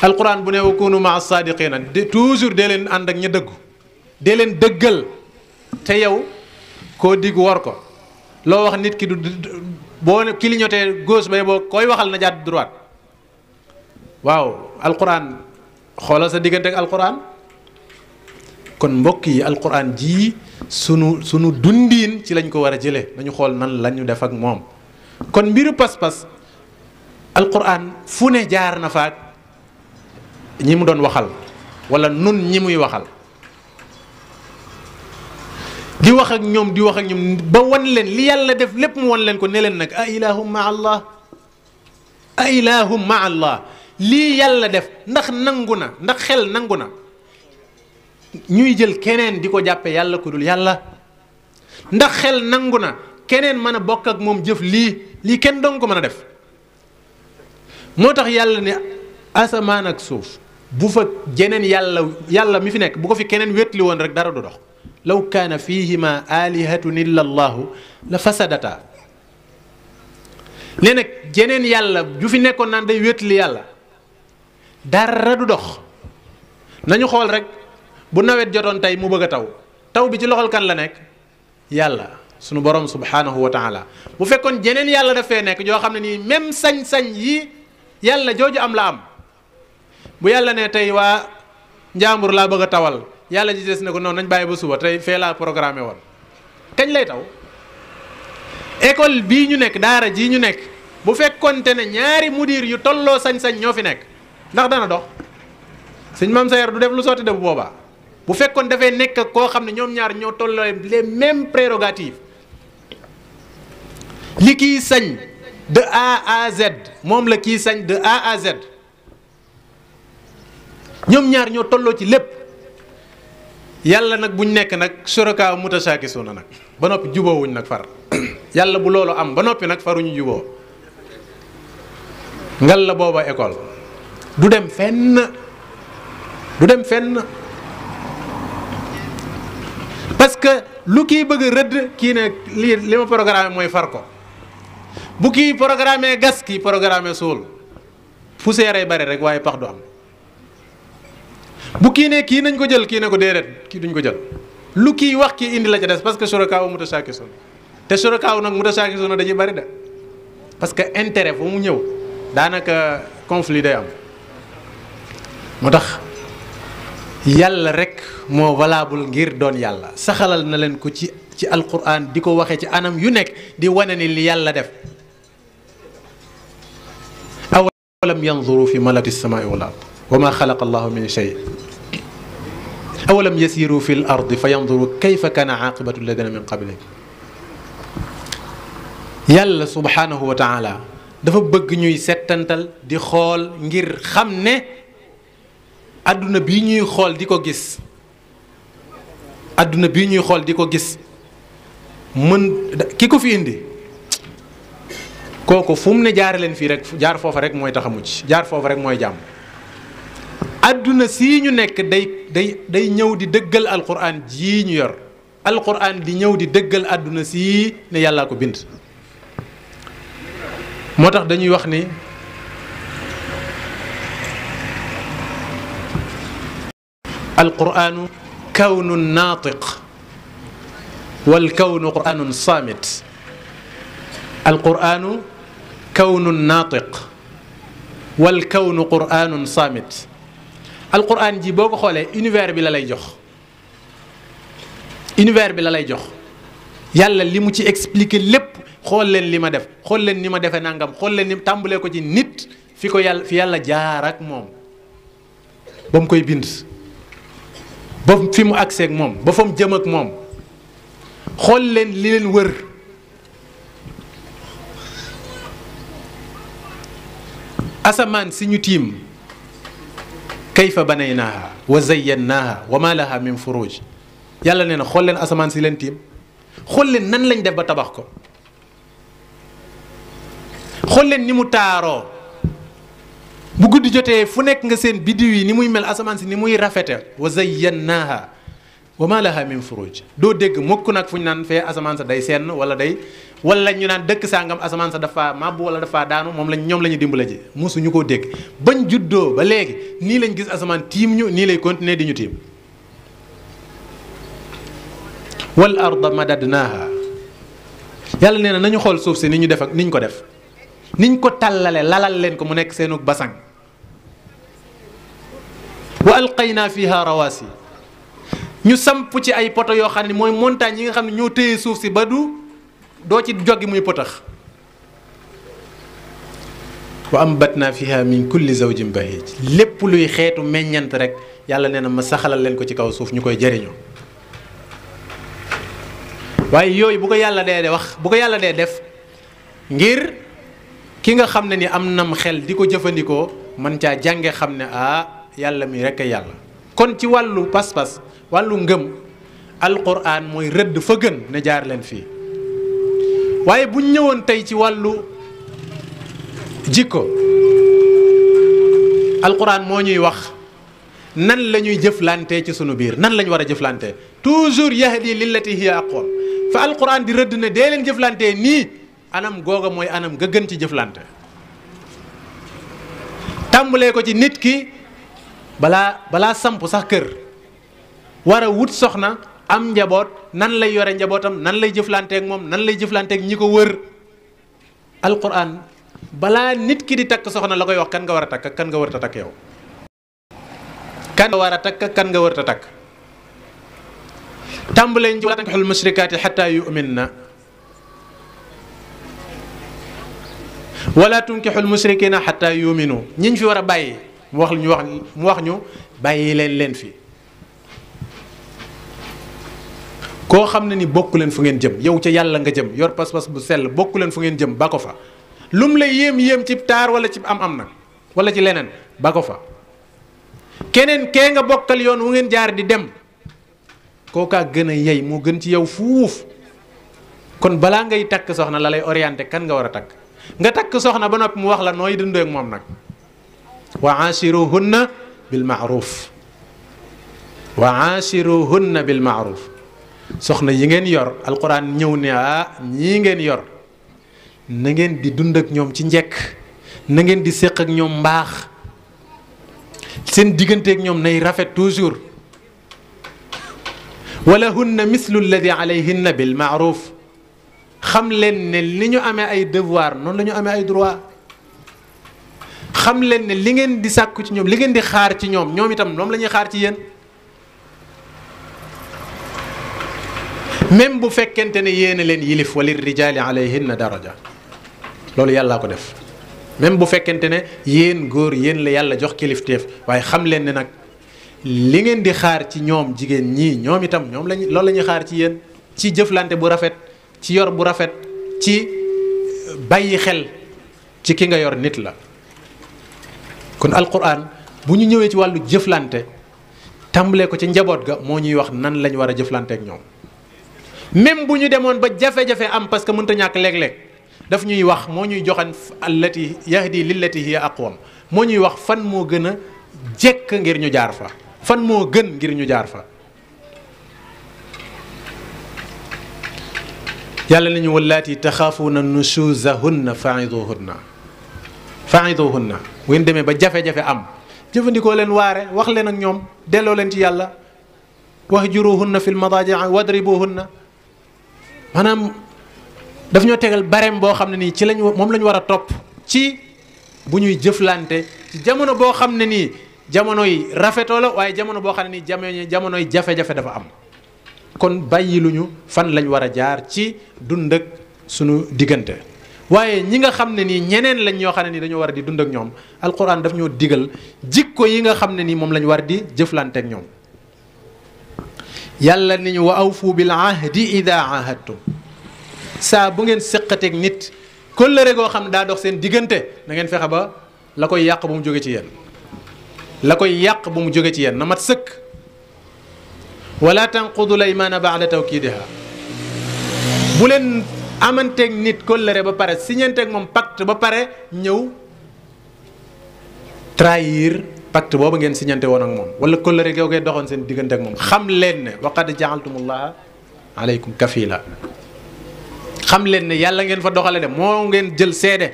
alquran bu ne wa kunu maa saadiqina de toujours dee leen ànd ak ña dëggu dee leen dëggal te yow koo digg war ko loo wax nit ki du boo clignoté gauche bay boo koy waxal na jàdd droite waaw alxuraan xoolal sa diggante ak alxuraan kon mbokk yi alxuraan jii sunu sunu dundiin ci lañ ko war a jëlee dañu xool nan lañu def ak moom kon mbiru pas-pas alquran fu ne jaar na faak ñi mu doon waxal walla nun ñi muy waxal di wax ak ñoom di wax ak ñoom ba wan leen li yàlla def lépp mu wan leen ko ne leen nag a ilahum ma allah a ilahum ma allah lii yàlla def ndax nangu na ndax xel nangu na ñuy jël keneen di ko jàppe yàlla ku dul yàlla ndax xel nangu na keneen mën a bokk ak moom jëf lii lii kenn dong ko mën a def moo tax yàlla ne asamaan ak suuf bu fa jeneen yàlla yàlla mi fi nekk bu ko fi keneen wétli woon rek dara du dox law kaana fihima alihatun illa allahu la fasadata nee nag jeneen yàlla ju fi nekkoon naan day wétli yàlla dara du dox nañu xool rek bu nawet jotoon tey mu bëgg a taw taw bi ci loxol kan la nekk yàlla sunu borom subhaanahu wa taala bu fekkoon jeneen yàlla dafee nekk joo xam ne nii même sañ-sañ yi yàlla jooju am la am bu yàlla nee tey waa njaambur laa bëgg a tawal yàlla ji des ne ko noonu nañ bàyyi ba suba tey fee laa programmé woon kañ lay taw école bii ñu nekk daara jii ñu nekk bu fekkonte ne ñaari mudir yu tolloo sañ-sañ ñoo fi nekk ndax dana dox sëñ Mame Sayar du def lu sotti de boobaa bu fekkoon dafay nekk koo xam ne ñoom ñaar ñoo tolloo les mêmes prérogatives li kii sañ de à Z moom la kii sañ de à Z ñoom ñaar ñoo tolloo ci lépp. yàlla nag bu ñu nekk nag surakaa mutasaakisuuna nag ba noppi wuñ nag far <clears throat> yàlla bu loolu am ba noppi nag faruñu juboo ngal la booba école du dem fenn du dem fenn parce que lu kii bëgg rëdd kii ne lii li ma programme mooy far ko bu kii programme gas kii programme suul poussière ay bare rek waaye pax du am bu kii ne kii nañ ko jël kii ne ko déedéet kii duñ ko jël lu kiy wax kii indi la ca des parce que surakaaw mutasaakisoon te surakaaw nag mutasaakisoon dañuy bari da parce que intérêt fu mu ñëw daanaka conflit day am moo tax yàlla rek moo valable ngir doon yàlla saxalal na leen ko ci ci alquran di ko waxee ci anam yu nekk di wane ni li yàlla def awalam yanzuru fi malati samaa'i wal ard wa ma xalaqa awalam yasiru fi l ardi fa yanduru kayfa kaana aqibatu alladina min qablihim yàlla subhaanahu wa taala dafa bëgg ñuy setantal di xool ngir xam ne àdduna bi ñuy xool di ko gis àdduna bi ñuy xool di ko gis mën ki ko fi indi kooku fu mu ne jaare leen fii rek jaar foofa rek mooy tax a mucc jaar foofa rek mooy jàmm àdduna sii ñu nekk day day day ñëw di dëggal alquran jii ñu yor alquran di ñëw di dëggal àdduna sii ne yàllaa ko bind moo tax dañuy wax ni alquranu kawnun naatiq wal kawnu quranun wal kawnu quranun saamit alquran ji boo ko xoolee univers bi la lay jox univers bi la lay jox yàlla li mu ci expliquer lépp xool leen li ma def xool leen li ma defe nangam xool leen ni tàmbalee ko ci nit fi ko yàlla yàlla jaar ak moom ba mu koy bind ba fi mu agsee ak moom ba fa mu jëm ak moom xool leen li leen wër asamaan si ñu tiim kayfa banaynaaha wa zayyannaaha wa maa laha min furuj yàlla nee na xool leen asamaan si leen tiim xool leen nan lañ def ba tabax ko xool leen ni mu taaroo bu guddi jotee fu nekk nga seen biddiw yi ni muy mel asamaan si ni muy rafete wa zayyannaaha wa maa laha min furuj doo dégg mukk nag fu ñu naan fee asamaan sa day seen wala day wala ñu naan dëkk sangam asamaan sa dafa màbb wala dafa daanu moom lañu ñoom la ñu dimbala ji mosuñu koo dégg bañ juddoo ba léegi nii lañ gis asamaan tiim ñu nii lay continuer di ñu tiim wal arda madadnaaha yàlla nee na nañu xool suuf si ni ñu def ak ni ko def niñ ko tàllale lalal leen ko mu nekk seenu basang wa alqaynaa fiha rawaasi ñu samp ci ay poto yoo xam ne mooy montagne yi nga xam ne ñoo téye suuf si ba du doo ci joggi muy potax wa ambatna fiha min kulli zawjin bahij lépp luy xeetu meññant rek yàlla nee na ma saxalal leen ko ci kaw suuf ñu koy jariñoo waaye yooyu bu ko yàlla dee wax bu ko yàlla dee def ngir ki nga xam ne ni am nam xel di ko jëfandikoo man caa jànge xam ne ah yàlla mii rek a yàlla kon ci wàllu pas-pas wàllu ngëm alquran mooy rëdd fa gën ne jaar leen fii waaye bu ñëwoon tey ci wàllu jikko alquran moo ñuy wax nan lañuy ñuy jëflante ci sunu biir nan la ñu war a jëflante toujours yahdi lillati hiya aqwam fa alquran di rëdd ne dee leen jëflante nii anam googa mooy anam nga gën ci jëflante tàmbalee ko ci nit ki balaa balaa samp sax kër war wut soxna am njaboot nan lay yore njabootam nan lay jëflanteek moom nan lay jëflanteek ñi ko wër alquran balaa nit ki di takk soxna la koy wax kan nga war a takk kan nga war a takk kan nga war a takk kan nga war a takk tàmbalee ji wala tankixul musrikaati xataa yuminna wala tunkixul musrikina xataa fi war a bàyyi mu wax ñu wax mu wax ñu bàyyi leen leen fi koo xam ne ni bokku leen fu ngeen jëm yow ca yàlla nga jëm yor pas-pas bu sell bokku leen fu ngeen jëm ba ko fa lum la yéem yéem ci taar wala ci am-am na wala ci leneen ba ko fa keneen kee nga bokkal yoon wu ngeen jaar di dem kookaa gën a yey moo gën ci yow fuuf kon balaa ngay takk soxna la lay orienté kan nga war a takk nga takk soxna ba noppi mu wax la nooy dundee moom nag wa aashiruhunna bil maaruf wa aashiruhunna bil maaruf soxna yi ngeen yor alxuraan ñëw ne ah ñii ngeen yor nangeen di dund ak ñoom ci njekk na ngeen di séq ak ñoom mbaax seen diggante ak ñoom nay rafet toujours wala hunna mislu alladi alayhinna bil maaruf xam leen ne li ñu amee ay devoir noonu la ñu amee ay droit xam leen ne li ngeen di sàkku ci ñoom li ngeen di xaar ci ñoom ñoom itam moom la ñuy xaar ci yéen même bu fekkente ne yéena leen yilif wali rijaali alayhinna daraja loolu yàllaa ko def même bu fekkente ne yéen góor yéen la yàlla jox kilifteef waaye xam leen ne nag li ngeen di xaar ci ñoom jigéen ñi ñoom itam ñoom lañu loolu la ñuy xaar ci yéen ci jëflante bu rafet ci yor bu rafet ci bàyyi xel ci ki nga yor nit la kon alquran bu ñu ñëwee ci wàllu jëflante tàmbalee ko ca njaboot ga moo ñuy wax nan lañu war a ak ñoom même bu ñu demoon ba jafe-jafe am parce que mënta ñàkk léeg-léeg daf ñuy wax moo ñuy joxan allati yahdi lillati hiya aqwam moo ñuy wax fan moo gën a jekk ngir ñu jaar fa fan moo gën ngir ñu jaar fa yàlla nañu wallaati taxaafuuna nusuuzahunna fa'iduhunna fa'iduhunna bu ngeen demee ba jafe-jafe am jëfandikoo leen waare wax leen ak ñoom delloo leen ci yàlla wahjuruhunna fil madaaji wadribuhunna maanaam daf ñoo tegal barem boo xam ne nii ci lañ moom lañu war a topp ci bu ñuy jëflante ci jamono boo xam ne nii jamono yi rafetoo la waaye jamono boo xam ne nii jamono jamonoy jafe-jafe dafa am kon bàyyi lu ñu fan lañ war a jaar ci dund ak sunu diggante waaye ñi nga xam ne nii ñeneen lañ ñoo xam ne nii dañoo war a di dund ak ñoom alquran daf ñoo diggal jikko yi nga xam ne nii moom lañ war di jëflante ak ñoom yàlla nañu ñu wa awfu bil ahdi ida ahadtum saa bu ngeen séqateeg nit kóllëre goo xam daa dox seen diggante na ngeen fexe ba la koy yàq bu mu jóge ci yéen la koy yàq bu mu jóge ci yéen na mat sëkk wala tanqudu l aymaana baada tawkiidiha bu leen amanteeg nit kóllëre ba pare siñanteeg moom pacte ba pare ñëw trahir pacte booba ngeen siñante woon ak moom wala kóllëre goo koy doxoon seen diggante ak moom xam leen ne waqad jaaltumullaha aleykum kafila xam leen ne yàlla ngeen fa doxale de moo ngeen jël seede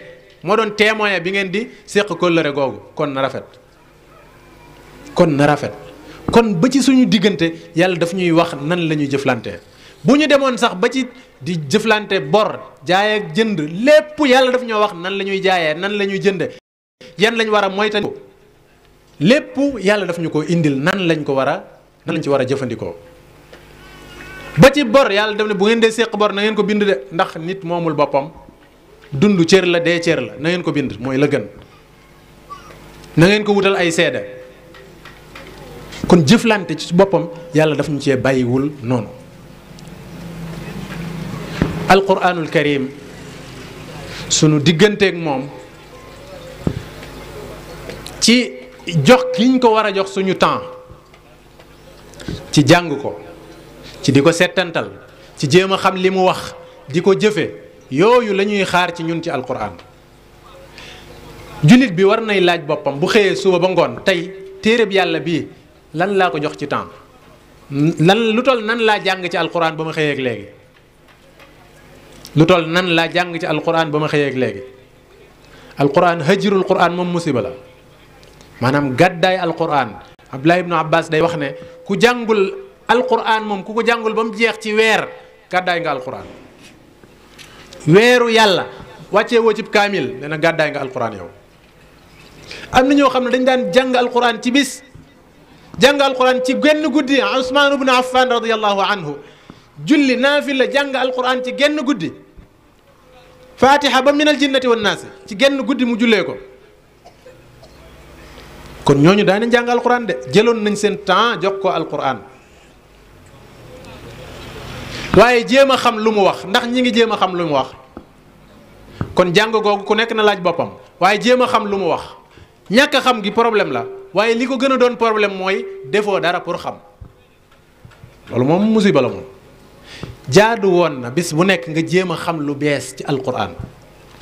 moo doon témoin bi ngeen di séq kóllëre googu kon na rafet kon na rafet kon ba ci suñu diggante yàlla daf ñuy wax nan lañuy ñuy jëflante bu ñu demoon sax ba ci di jëflante bor jaay ak jënd lépp yàlla daf ñoo wax nan la ñuy jaayee nan la ñuy jënde yan lañ war a moytandiku lépp yàlla daf ñu ko indil nan lañ ko war a nan lañ ci war a jëfandikoo ba ci bor yàlla dem ne bu ngeen dee séq bor nangeen ko bind de ndax nit moomul boppam dund cër la dee cër la nangeen ko bind mooy la gën nangeen ko wutal ay seede kon jëflante ci boppam yàlla daf ñu cee bàyyiwul noonu alquranul karim sunu digganteek moom ci jox kiñ ko war a jox suñu temps ci jàng ko ci di ko settantal ci jéem a xam li mu wax di ko jëfe yooyu la ñuy xaar ci ñun ci alquran jullit bi war nay laaj boppam bu xëyee suba ba ngoon tey téereb yàlla bii lan laa ko jox ci temps lan lu toll nan laa jàng ci alquran ba ma xëyee ak léegi lu toll nan laa jàng ci alquran ba ma xëyee ak léegi alquran hajirul quran moom musiba la maanaam gàddaay alquran abdullah ibnu abbas day wax ne ku jàngul alquran moom ku ko jàngul ba mu jeex ci weer gàddaay nga alquran weeru yàlla wàccee woo cib kaamil dana gàddaay nga alquran yow am na ñoo xam ne dañ daan jàng alquran ci bis jàng alquran ci genn guddi usmaan ibnu affan radiallahu anhu julli naafil la jàng alquran ci genn guddi fatiha ba minal jinnati wan ci genn guddi mu jullee ko kon ñooñu daan nañ jàng alquran de jëloon nañ seen temps jox ko al alquran waaye jéem a xam lu mu wax ndax ñi ngi jéem a xam lu mu wax kon jàng googu ku nekk na laaj boppam waaye jéem a xam lu mu wax ñàkk xam gi problème la waaye li ko gën a doon problème mooy defoo dara pour xam loolu moom musiba la moom jaadu woon na bis bu nekk nga jéem a xam lu bees ci alquran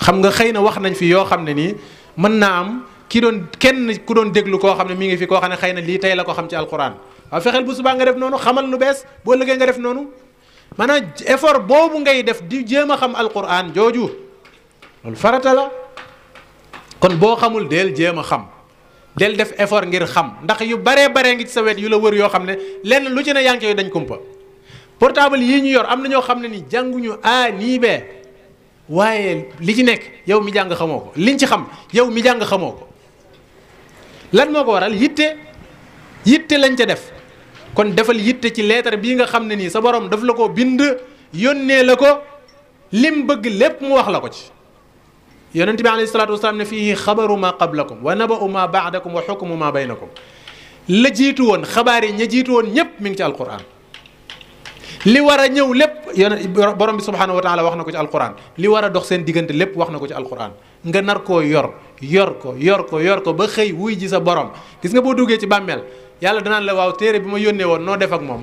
xam nga xëy na wax nañ fi yoo xam ne nii mën naa am. ki doon kenn ku doon déglu koo xam ne mu ngi fi koo xam ne xëy na lii tey la ko xam ci alquran waaw fexeel bu subaa nga def noonu xamal lu bees boo liggéey nga def noonu maanaam effort boobu ngay def di jéem a xam alquran jooju loolu faratala kon boo xamul del jéem a xam del def effort ngir xam ndax yu baree baree ngi ci sa wet yu la wër yoo xam ne lenn lu ci ne yaa ngi dañ kumpa portable yi ñu yor am na ñoo xam ne ni jànguñu a nii bee waaye li ci nekk yow mi jàng xamoo liñ ci xam yow mi jàng xamoo lan moo ko waral yitte yitte lañ ca def kon defal yitte ci leetar bii nga xam ne nii sa borom daf la ko bind yónnee la ko lim bëgg lépp mu wax la ko ci yonent bi alayhi salaatu wasalaam ne fii xabaru ma qablakum wa naba'u ma ba'dakum wa xukmu ma baynakum la jiitu woon xabaar yi ña jiitu woon ñépp mi ngi ci alquran li war a ñëw lépp yoon borom bi subhaanahu wa taala wax na ko ci alquran li war a dox seen diggante lépp wax na ko ci alquran nga nar koo yor yor ko yor ko yor ko ba xëy wuy ji sa borom gis nga boo duggee ci bàmmeel yàlla danaan la waaw téere bi ma yónnee woon noo def ak moom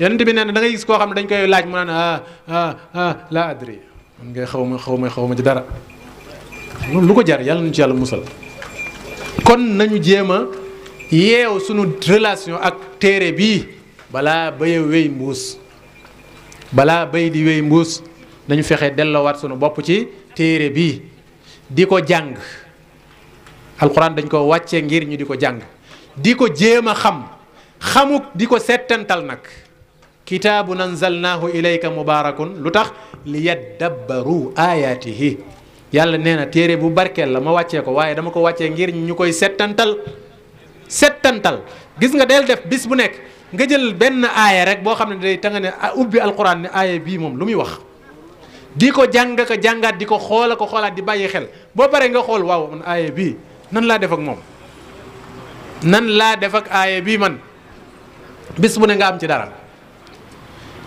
yonent bi nee na dangay ngay gis koo xam ne dañ koy laaj mu naan ah, ah, ah la adri man ngay xaw ma xaw ma xaw ma ci dara loolu lu ko jar yàlla nañu ci yàlla musal kon nañu jéem a yeew suñu relation ak téere bii balaa baye wéy mbuus balaa bay di wéy mbuus nañu fexe dellowaat sunu bopp ci téere bi di ko jàng alxuraan dañ ko wàcce ngir ñu di ko jàng di ko jéem a xam xamuk di ko setantal nag kitaabun anzalnaahu ilayka mubaarakun lu tax li yaddabbaru ayaatihi yàlla nee na téere bu barkeel la ma wàccee ko waaye dama ko wàccee ngir ñu koy settantal settantal gis nga del def bis bu nekk nga jël benn aaya rek boo xam ne day ta nga ne ubbi alquran ne aaya bii moom lu muy wax di ko jàng ko jàngaat di ko xoola ko xoolaat di bàyyi xel boo baree nga xool waaw man aaya bii nan laa def ak moom nan laa def ak aaya bii man bis bu ne nga am ci dara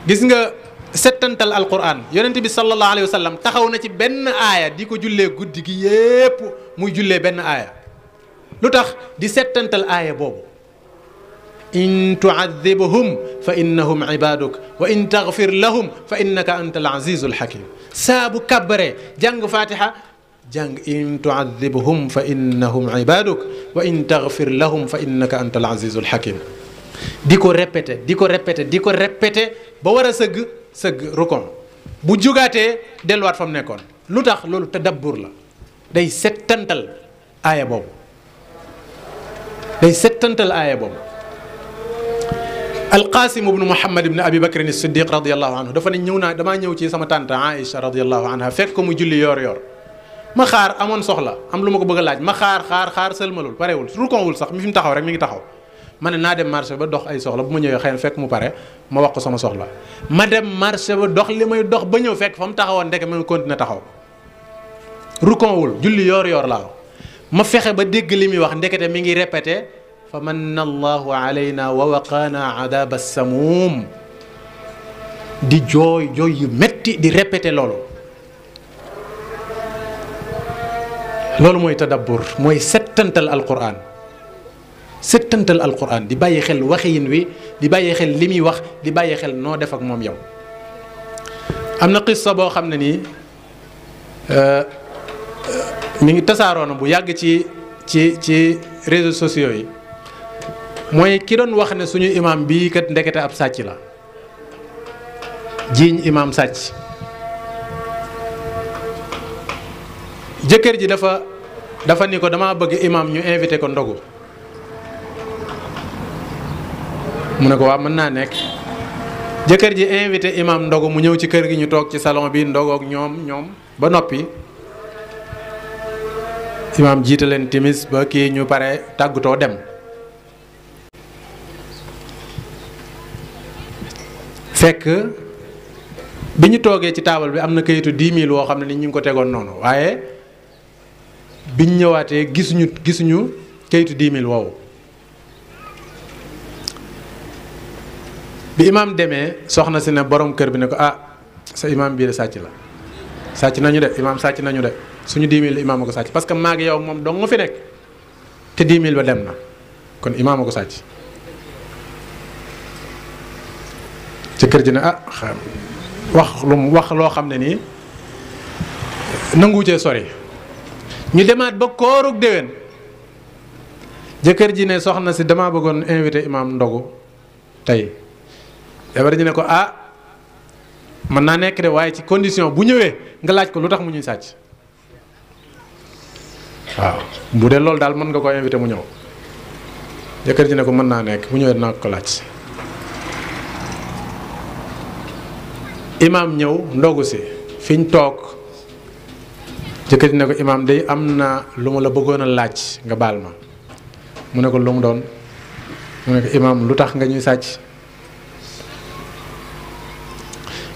gis nga settantal alquran yonent bi sallallahu alayhi wa taxaw na ci benn aaya di ko jullee guddi gi yépp muy jullee benn aaya lu tax di settantal aaya boobu in tuadibhum fa innahum ibaduk wa in taghfir lahum fa innaka anta al azizu al hakim saa bu kàbbaree jàng fatiha jàng in tuadibhum fa innahum ibaduk wa in taghfir lahum fa innaka anta al azizu al hakim di ko répété di ko répété di ko répété ba war a sëgg sëgg rukon bu jugaatee delluwaat fa mu nekkoon lu tax loolu tadabbur la day settantal aaya boobu day settantal aaya boobu alqaasim ibnu muhammad ibnu abi bakrin siddiq radiallahu anhu dafa ne ñëw naa damaa ñëw ci sama tante aïcha radiallahu anha fekk ko mu julli yoor yoor ma xaar amoon soxla am lu ma ko bëgg laaj ma xaar xaar xaar sëlmalul parewul rukonwul sax mi fi mu taxaw rek mi ngi taxaw ma ne naa dem marché ba dox ay soxla bu ma ñëwee mu pare ma wax ko sama soxla ma dem marché ba dox li may dox ba ñëw fekk fa mu taxawoon ndeke ma ngi continuer taxaw rukonwul julli yoor yoor laa ma fexe ba dégg li muy wax ndekete mi ngi répété fa manna allahu alayna wa waqaana adaba samuum di jooy jooy yu metti di répété loolu loolu mooy tadabbur mooy settantal alquran settantal alquran di bàyyi xel waxiin wi di bàyyi xel li muy wax di bàyyi xel noo def ak moom yow am na qissa boo xam ne nii euh, euh, mu ngi tasaaroona bu yàgg ci ci ci réseaux sociaux yi mooy ki doon wax ne suñu imaam bii kat ndekete ab sàcc la jiiñ imaam sàcc jëkkër ji dafa dafa ni ko dama bëgg imaam ñu invité ko ndogu mu ne ko waa mën naa nekk jëkkër ji invité imaam ndogu mu ñëw ci kër gi ñu toog ci salon bi ndogook ñoom ñoom ba noppi imaam jiite leen timis ba kii ñu pare tàggatoo dem fekk bi ñu toogee ci taabal bi am na kayitu 10 000 woo xam ne ni ñu ngi ko tegoon noonu waaye biñ ñëwaatee gisuñu gisuñu kayitu 10 000 woowu. bi imaam demee soxna si ne borom kër bi ne ko ah sa imaam biir de sàcc la sàcc nañu de imaam sàcc nañu de suñu 10 000 imaam a ko sàcc parce que maa ngi yow moom dong nga fi nekk te 10 000 ba dem na kon imaam a ko sàcc. ci ji ne ah wax lu mu wax loo xam ne nii nangu cee sori ñu demaat ba koorug déwén jëkkër ji ne soxna si dama bëggoon invité imaam ndogu tey jabar ji ne ko ah mën naa nekk de waaye ci condition bu ñëwee nga laaj ko lu tax mu ñuy sàcc waaw bu dee loolu daal mën nga ko invité mu ñëw jëkkër ji ne ko mën naa nekk bu ñëwee dinaa ko laaj imaam ñëw ndogu si fiñ toog jëkkati ne ko imaam day am na lu ma la bëggoon a laaj nga baal ma mu ne ko lu mu doon mu ne ko imaam lu tax nga ñuy sàcc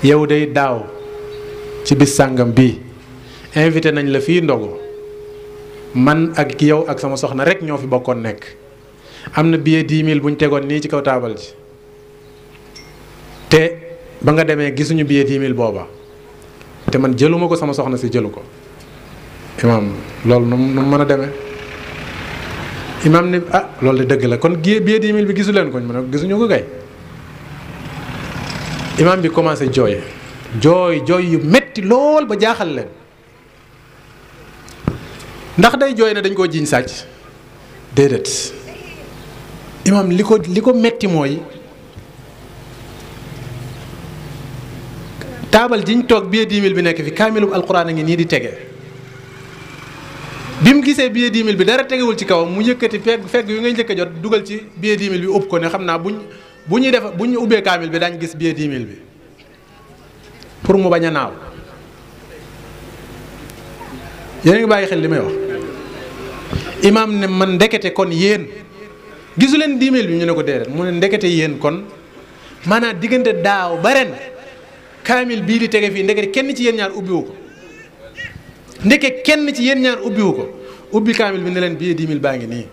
yow day daaw ci bis sàngam bi invité nañ la fii ndogu man ak yow ak sama soxna rek ñoo fi bokkoon nekk am na billet 10 000 bu ñu tegoon nii ci kaw taabal ji te ba nga demee gisuñu billet 10 000 booba te man jëluma ko sama soxna si jëlu ko imaam loolu nu mu mën a demee imaam ni ah loolu de dëgg la kon billet billet 10 bi gisu leen ko ma ne gisuñu ko kay imaam bi commencé jooye jooy jooy yu metti lool ba jaaxal leen ndax day jooy ne dañ koo jiiñ sàcc déedéet imaam li ko li ko metti mooy taabal ñu toog billet 10 bi nekk fi kaamilu alxuraan a ngi nii di tege bi mu gisee billet 10 bi dara tegewul ci kawam mu yëkkati fekk fekk yu ngay njëkk jot dugal ci billet 10 000 bi ub ko ne xam naa buñ bu ñuy def bu ñu ubbee kaamil bi dañ gis billet 10 000 bi pour mu bañ a naaw yéen ngi bàyyi xel li may wax imaam ne man ndekete kon yéen gisu leen 10 bi ñu ne ko déedéet mu ne ndekete yéen kon maanaam diggante daaw ba ren kaamil bii di tege fii ndeke kenn ci yéen ñaar ubbiwu ko ndeke kenn ci yéen ñaar ubbiwu ko ubbi kaamil bi ne leen billet dix mille baa ngi nii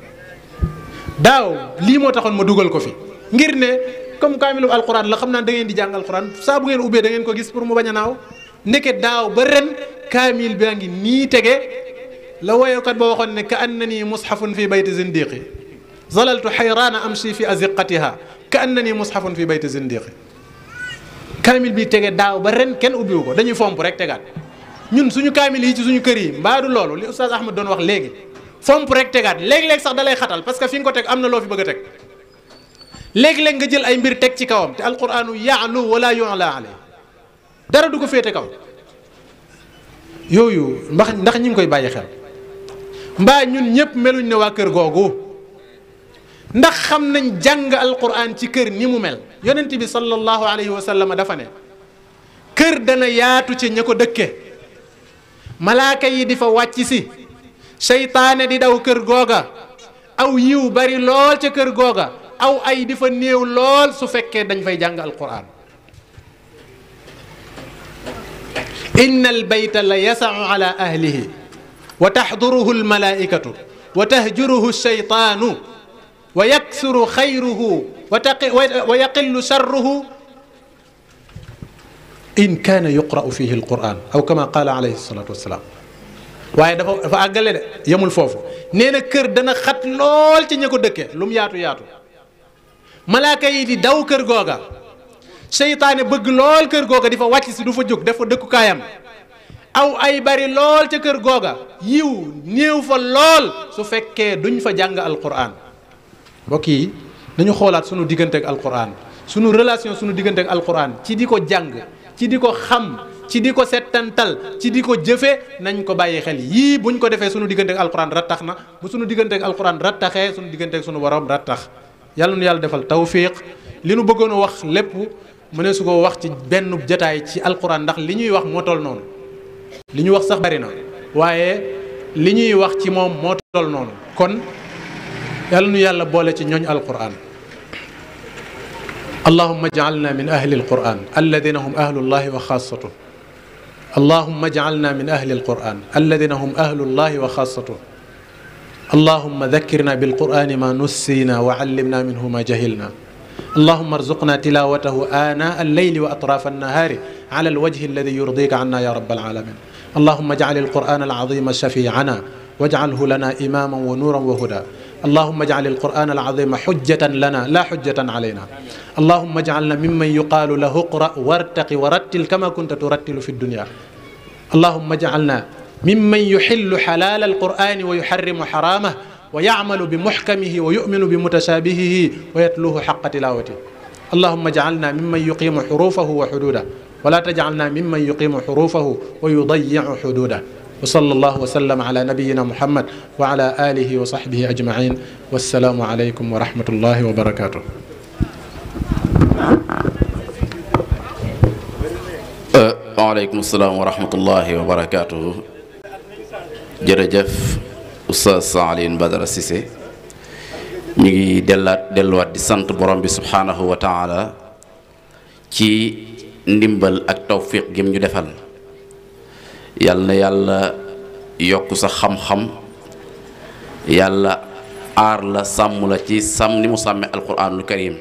daaw lii moo taxoon ma dugal ko fi ngir ne comme kaamilu alxuraan la xam naa da ngeen di jàng alxuraan saabu bu ngeen ubbee da ngeen ko gis pour mu bañ a naaw ndeke daaw ba ren kaamil baa ngi nii tege la woyokat ba waxoon ne ka annani mushafun fi bayti zindiqi zalaltu xayraana amshi fi aziqatiha ka annani mushafun fi bayti zindiqi kaamil bi tege daaw ba ren kenn ubbiwu ko dañuy fomp rek tegaat ñun suñu kaamil yi ci suñu kër yi mbaa du loolu li oustaz Ahmad doon wax léegi fomp rek tegaat léeg-léeg sax dalay xatal parce que fi nga ko teg am na loo fi bëgg a teg léeg-léeg nga jël ay mbir teg ci kawam te alquranu yaalu wala yu'la alay dara du ko féete kaw yooyu ndax ndax ñi ngi koy bàyyi xel mbaa ñun ñëpp meluñ ne waa kër googu ndax xam nañ jàng alquran ci kër ni mu mel yonent bi sallallahu alayhi wa sallam dafa ne kër dana yaatu ci ña ko dëkke malaaka yi di fa wàcc si seytaane di daw kër googa aw yiw bari lool ca kër googa aw ay di fa néew lool su fekkee dañ fay jàng alquran inna albayta la yasaau ala ahlihi wa taxduruhu almalaikatu wa tahjuruhu alseytaanu wa yaksuru xayruhu wa taqi wa yaqillu sharruhu in kaana yuqra'u waaye dafa dafa àggale de yemul foofu nee na kër dana xat lool ci ña ko dëkkee lu mu yaatu yaatu malaaka yi di daw kër googa seytaane bëgg lool kër googa di wàcc si du fa jóg def dëkkukaayam aw ay bari lool ca kër googa yiw néew fa lool su fekkee duñ fa jàng alquran mbokk yi nañu xoolaat sunu diggante ak alquran sunu relation sunu diggante ak alquran ci di ko jàng ci di ko xam ci di ko setantal ci di ko jëfee nañ ko bàyyi xel yii buñ ko defee sunu diggante ak alquran rattax na bu sunu diggante ak alquran rattaxee sunu diggante sunu borom rattax yàlla nu yàlla defal tawfiq li nu bëggoon a wax lépp mu ne su ko wax ci benn jataay ci alquran ndax li ñuy wax moo toll noonu li ñu wax sax bari na waaye li ñuy wax ci moom moo toll noonu yàlla nu yàlla boole ci ñooñ alquran allahuma jaalna min ahli alquran alladina hum ahlullahi wa xaasatu allahuma jaalna min ahli alquran alladina hum ahlullahi wa xaasatu allahuma dakkirna bilqurani ma nussina wa allimna minhu ma jahilna allahuma arzuqna tilawatahu ana alleyli wa atrafa annahaari ala alwajhi alladi yurdika anna ya rabbal alamin allahuma jacal alquran alazima shafiana wajcalhu lana imaman wa nuuran wa huda allahuma ajcal alquran alazima xujjatan lana la xujjatan alayna allahuma ajcalna mimman yuqaalu lahu qra wartaqi wa rattil kama kunta turattilu fi dunya allahuma ajcalna mimman yuxillu xalaala alqurani wa yuxarrimu xaraamah wa yacmalu bi muxkamihi wa yuminu bi mutasaabihihi wa yatluhu xaqa tilaawati allahuma ajcalna mimman yuqiimu xuruufahu wa xuduudah wala tajcalna mimman yuqiimu xuruufahu wa yudayicu xuduudah wa sallallahu wa sallam ala nabiyyina muhammad wa ala alihi wa sahbihi ajmain wassalaamu aleykum salaam wa rahmatullahi wa barakaatu jërëjëf ñu ngi dellaat delluwaat di sant borom bi subhaanahu wa taala ci ndimbal ak tawfiq gim ñu defal yal na yàlla yokk sa xam-xam yàlla aar la sàmm la ci sàmm ni mu sàmmee alquranul karim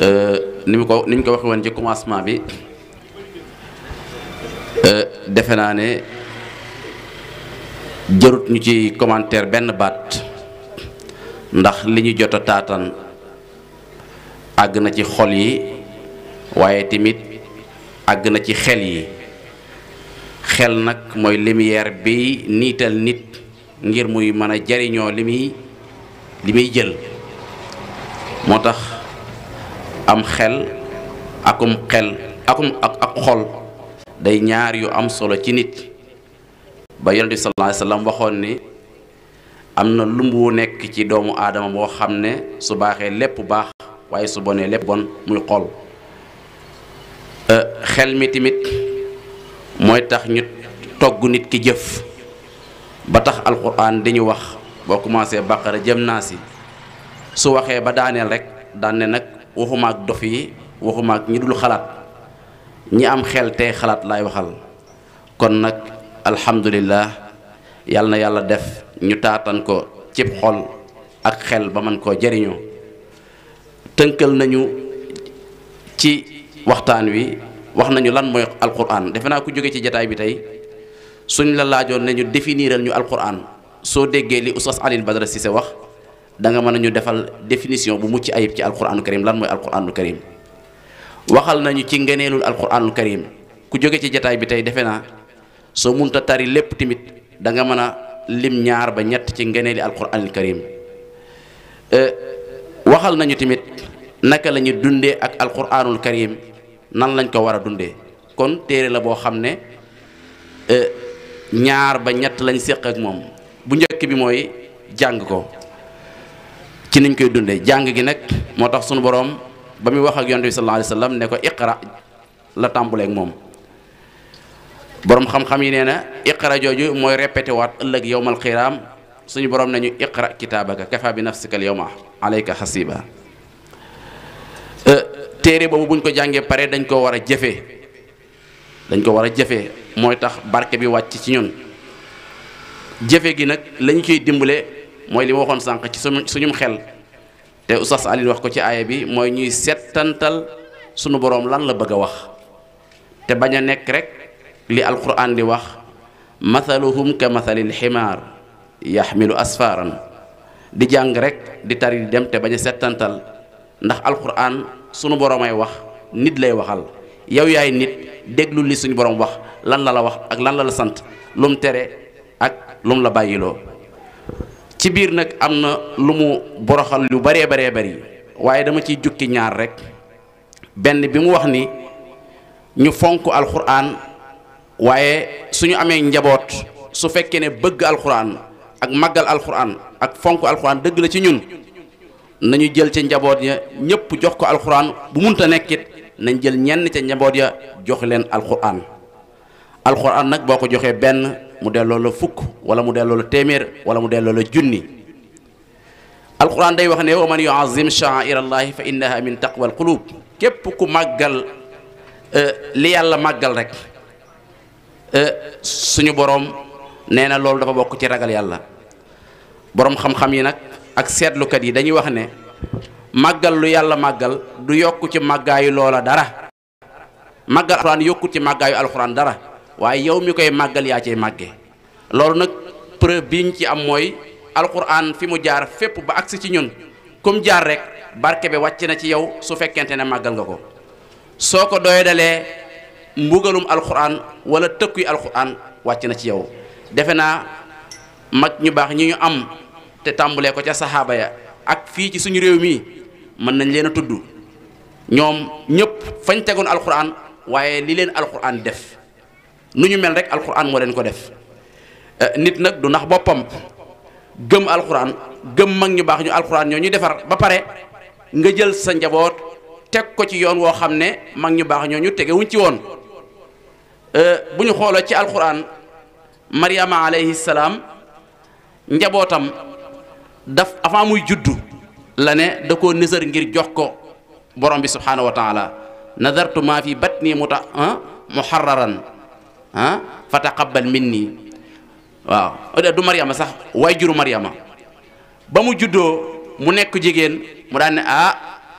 euh, ni mu ko ni ñu ko waxee woon ci commencement bi euh, defe naa ne jarut ñu ci commentaire benn baat ndax li ñu jot a taataan àgg na ci xol yi waaye timit àgg na ci xel yi. xel nag mooy lumière bi niital nit ngir muy mën a jariñoo li muy li muy jël moo tax am xel akum xel akum ak xol day ñaar yu am solo ci nit ba yonent bi sallallahu waxoon ni am na lumb wu nekk ci doomu aadama boo xam ne su baaxee lépp bu baax waaye su bonee lépp bon muy xol xel mi mooy tax ñu togg nit ki jëf ba tax alquran di ñu wax boo commencé baqara jëm naa si su waxee ba daaneel rekk danne nag waxumaak dof yi waxumaak ak ñi dul xalaat ñi am xel tey xalaat lay waxal kon nag alhamdulillah yàlla na yàlla def ñu taatan ko cib xol ak xel ba mën koo jariñoo tënkal nañu ci waxtaan wi wax nañu lan mooy alquran defe naa ku jóge ci jataay bi tey suñ la laajoon ne ñu définiral ñu alquran soo déggee li oustaz Alioune Badara Cissé wax da nga mën a ñu defal définition bu mucc ayib ci alquranu karim lan mooy alquranu karim waxal nañu ci ngeneelul alquranu karim ku jóge ci jataay bi tey defe naa soo munta tari lépp tamit da mën a lim ñaar ba ñett ci ngeneeli alquranu karim euh, waxal nañu tamit naka la ñu dundee ak alquranul karim nan lañ ko war a dundee kon téere la boo xam ne e, ñaar ba ñett lañ séq ak moom bu njëkk bi mooy jàng ko ci niñ koy dundee jàng gi nag moo tax suñu boroom ba muy wax ak yonent bi sallallahu alayhi wasallam ne ko iqra la tàmbuleek moom boroom xam-xam yi nee na iqra jooju mooy répété waat ëllëg yowmal xiiraam suñu boroom nañu iqra kitaabaka kafa bi nafsika al yowma alayka xasiba e, téere boobu bu buñ ko jàngee pare dañ ko war a jëfee dañ ko war a jëfee mooy tax barke bi wàcc ci ñun jëfe gi nag lañ koy dimbale mooy li waxoon sànq ci suñu suñum xel te Oustaz Alioune wax ko ci aaya bi mooy ñuy settantal sunu boroom lan la bëgg a wax te bañ a nekk rek li alquran di wax mathaluhum ka mathalil ximaar yaxmilu asfaran di jàng rek di tari di dem te bañ a settantal ndax alquran sunu boromay wax nit lay waxal yow yaay nit déglu li suñu boroom wax lan la la wax ak lan la la sant lum tere ak lum la bàyyiloo ci biir nag am na lu mu boroxal lu baree baree bari waaye dama ciy jukki ñaar rek benn bi mu wax ni ñu fonk alxuraan waaye suñu amee njaboot su fekkee ne bëgg alxuraan ak màggal alxuraan ak fonk alxuraan dëgg la ci ñun nañu jël ca njaboot ya ñëpp jox ko alxuraan bu munta nekkit nañ jël ñenn ca njaboot ya jox leen alxuraan alxuraan nag boo ko joxee benn mu delloo la fukk wala mu delloo la téeméer wala mu delloo la junni alxuraan day wax ne wa man yuazim sha'airallaahi fa innaha min taqwal qulub képp ku màggal euh, li yàlla màggal rek euh, suñu boroom nee na loolu dafa bokk ci ragal yàlla boroom xam-xam yi nag ak seetlukat yi dañuy wax ne màggal lu yàlla màggal du yokk ci màggaayu loola dara màggal alxuraan yokkut ci màggaayu alxuraan dara waaye yow mi koy màggal yaa cay màgge loolu nag preuve biñ ci am mooy alxuraan fi mu jaar fépp ba agsi ci ñun comme jaar rek barke bi wàcc na ci yow su fekkente ne màggal nga ko soo ko doy dalee mbugalum alxuraan wala tëkkuy alxuraan wàcc na ci yow defe naa mag ñu baax ñi ñu am te tàmbulee ko ca saxaaba ya ak fii ci suñu réew mii mën nañ leen a tudd ñoom ñëpp fañ tegoon alxuraan waaye li leen alquran def nu ñu mel rek alquran moo leen ko def eh, nit nag du ndax boppam gëm alquran gëm mag ñu baax ñu alquran ñoo ñu defar ba pare nga jël sa njaboot teg ko ci yoon woo xam ne mag ñu baax ñoo ñu tegewuñ ci woon eh, bu ñu xooloo ci alxuraan Mariama alayhi salaam njabootam. daf avant muy juddu la ne da nësër ngir jox ko borom bi subhaanahu wa taala nadartu maa fi batni mu ah, muharraran ah fa taqabbal nii waaw du Mariama sax waay juru Mariama ba mu juddoo mu nekk jigéen mu daan ne ah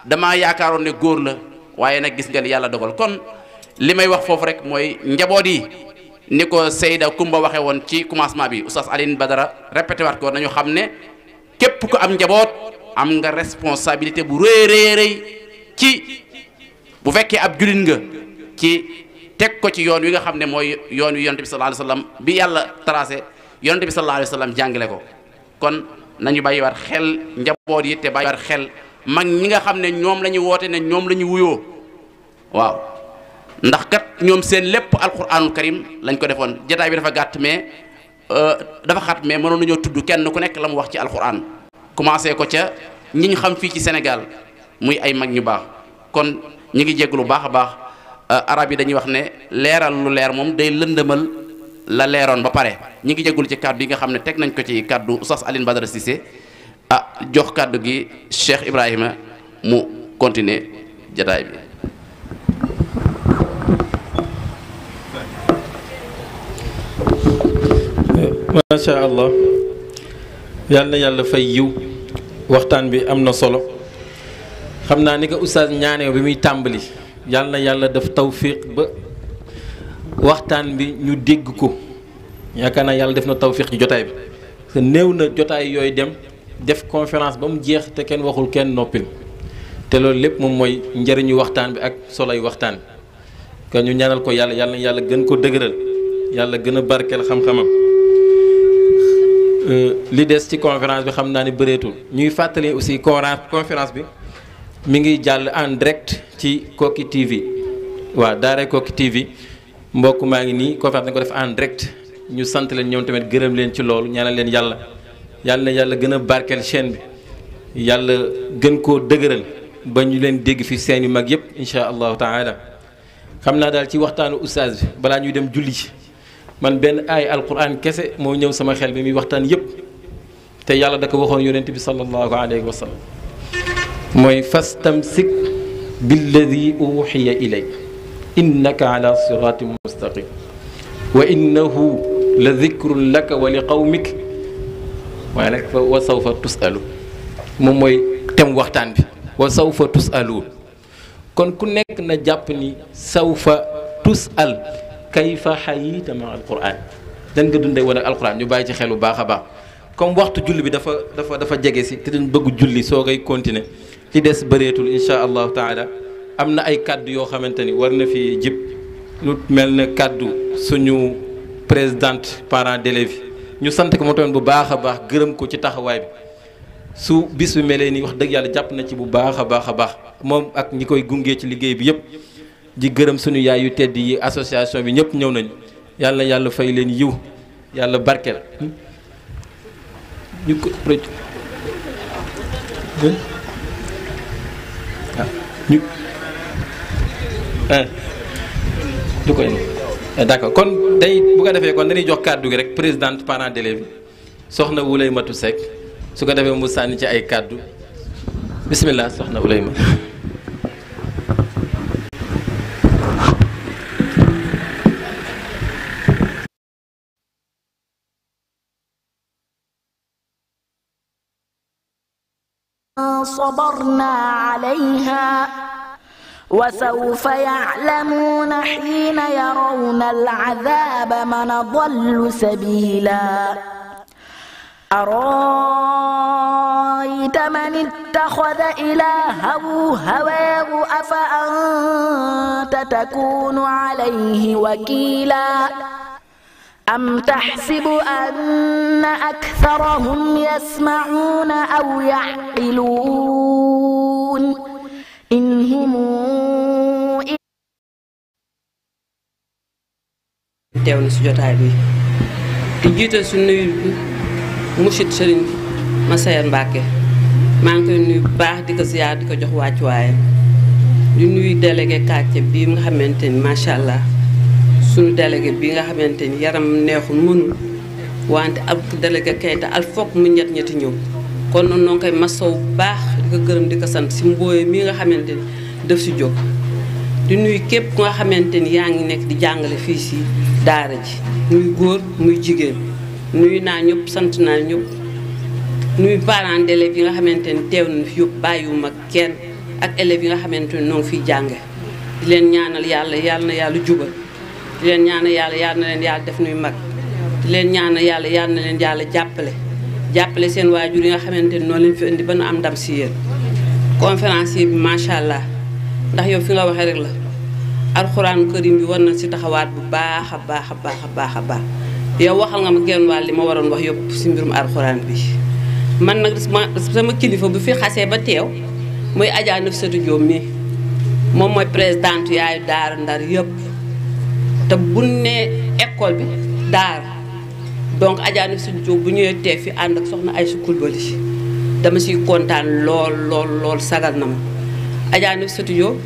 damaa yaakaaroon ne góor la waaye nag gis nga li yàlla dogal kon li may wax foofu rek mooy njaboot yi ni ko Seyda Kumba waxe woon ci commencement bi oustaz Alioune Badara répété waat ko nañu xam ne. képp ko am njaboot am nga responsabilité bu rëy rëy ci bu fekkee ab julin nga ci teg ko ci yoon wi nga xam ne mooy yoon wi yonent bi sallallahu alayhi wa sallam bi yàlla tracé yonent bi sallallahu alayhi wa sallam jàngale ko kon nañu bàyyiwaat xel njaboot yi te bàyyiwaat xel mag ñi nga xam ne ñoom lañuy woote ne ñoom lañuy ñu wuyoo waaw ndax kat ñoom seen lépp alquranul karim lañ ko defoon jataay bi dafa gàtt mais Euh, dafa xat mais mënoon nañoo tudd kenn ku nekk la mu wax ci alxuraan commencé ko ca ñi ñu xam fii ci senegal muy ay mag ñu baax kon ñu ngi jégg lu baax a baax euh, arab yi dañuy wax ne leeral lu leer moom day lëndëmal la leeroon ba pare ñi ngi jéggul ci kàddu yi nga xam ne teg nañ ko ci kàddu Oustaz Alioune Badara Cissé ah jox kàddu gi Cheikh Ibrahima mu continuer jataay bi macha allah yal na yàlla fay yiw waxtaan bi am na solo xam naa ni ko oustaz ñaanee bi muy tàmbali yal na yàlla def tawfiq ba waxtaan bi ñu dégg ko yaakaar naa yàlla def na tawfiq ci jotaay bi parce que néew na jotaay yooy dem def conférence ba mu jeex te kenn waxul kenn noppil te loolu lépp moom mooy njëriñu waxtaan bi ak solo soloy waxtaan bi kon ñu ñaanal ko yàlla yàlla na yàlla gën ko dëgëral yàlla gën a barkeel xam-xamam Euh, li des ci conférence bi xam naa ne bëreetul ñuy fàttali aussi conférence bi mi ngi jàll en ci Koki TV waaw daara Koki TV mbokk maa ngi nii conférence dañ ko def en ñu sant leen ñoom tamit gërëm leen ci loolu ñaanal leen yàlla yàlla na yàlla gën a barkeel chaîne bi yàlla gën ko dëgëral ba ñu leen dégg fi seen yu mag yëpp incha allahu taala xam naa daal ci waxtaanu oustaz bi balaa ñuy dem julli ci man benn aay alquran kese moo ñëw sama xel bi muy waxtaan yépp te yàlla da ko waxoon yonent bi sallallahu alayhi wa sallam mooy fastamsik billadi uxiya ilayk wa innahu la dikrun laka wa li qawmik waaye nag wa sawfa tusalu moom mooy tem waxtaan bi wa sawfa tusaluun kon ku nekk na jàpp ni saw fa tusal kayfa xayita ma alquran dan nga dundee woon ak alquran ñu bàyyi ci xel bu baax a baax comme waxtu julli bi dafa dafa dafa jege si te dañ bëgg julli soo koy continuer li des bëreetul insha allahu taala am na ay kàddu yoo xamante ni war na fi jib lu mel ne kàddu suñu présidente parents d'élèves ñu sant ko mu tamit bu baax a baax gërëm ko ci taxawaay bi su bis bi melee nii wax dëgg yàlla jàpp na ci bu baax a baax a baax moom ak ñi koy gungee ci liggéey bi yëpp di gërëm suñu yaay yu tedd yi association bi ñëpp ñëw nañu yàlla yàlla fay leen yiw yàlla barkeel ñu ko ñu eh, kon day bu ko defee kon dañuy jox kàddu gi rek présidente parent d'élève soxna Wulay Matu Seck su ko defee mu sànni ci ay kàddu bismillah soxna Wulay Matu صبرنا عليها وسوف يعلمون حين يرون العذاب من ضل سبيلا أرايت من اتخذ إلهه هواه أفأنت تكون عليه وكيلا أم تحسب أن أكثرهم يسمعون أو يعقلون إن هم teew na si jotaay bi di jiital su nuyu musit sëriñ Massaye Mbacke maa ngi koy nuyu baax di ko ziar di ko jox wàccuwaayam di nuyu délégué quartier bii nga xamante ni macha allah. suñu délégué bi nga xamante ni yaram neexul mënul wante ab délégué Keita al foog mu ñett ñetti ñëw kon noonu noo ngi koy masaw baax di ko gërëm di ko sant si mbooye mi nga xamante ni daf si jóg di nuyu képp ku nga xamante ni yaa ngi nekk di jàngale fii si daara ji muy góor muy jigéen nuyu naa ñëpp sant naa ñëpp nuy parents d'élèves yi nga xamante ni teew nañu fi yëpp bàyyiwuma kenn ak élèves yi nga xamante ni noo ngi fiy jànge di leen ñaanal yàlla yàlla na yàlla jubal di leen ñaanal yàlla yàlla na leen yàlla def nuy mag leen ñaanal yàlla yàlla na leen yàlla jàppale jàppale seen waajur yi nga xamante ni noonu leen fi indi ba nu am ndam si yéen conférencier bi macha allah ndax yow fi nga waxee rek la alxuraanu karim bi war na si taxawaat bu baax a baax a baax a baax a baax yow waxal nga ma genn wàll li ma waroon wax yëpp si mbirum alxuraan bi man nag sama kilifa bu fi xasee ba teew muy Adja Nafissatou Diop mi moom mooy présidente yaayu daara ndar yëpp te bu nee école bi daara donc Adja Nafisatou Diop bu ñëwee teef fi ànd ak soxna Aïcha Coulibaly dama si kontaan lool lool lool sagal na ma Adja Nafisatou Diop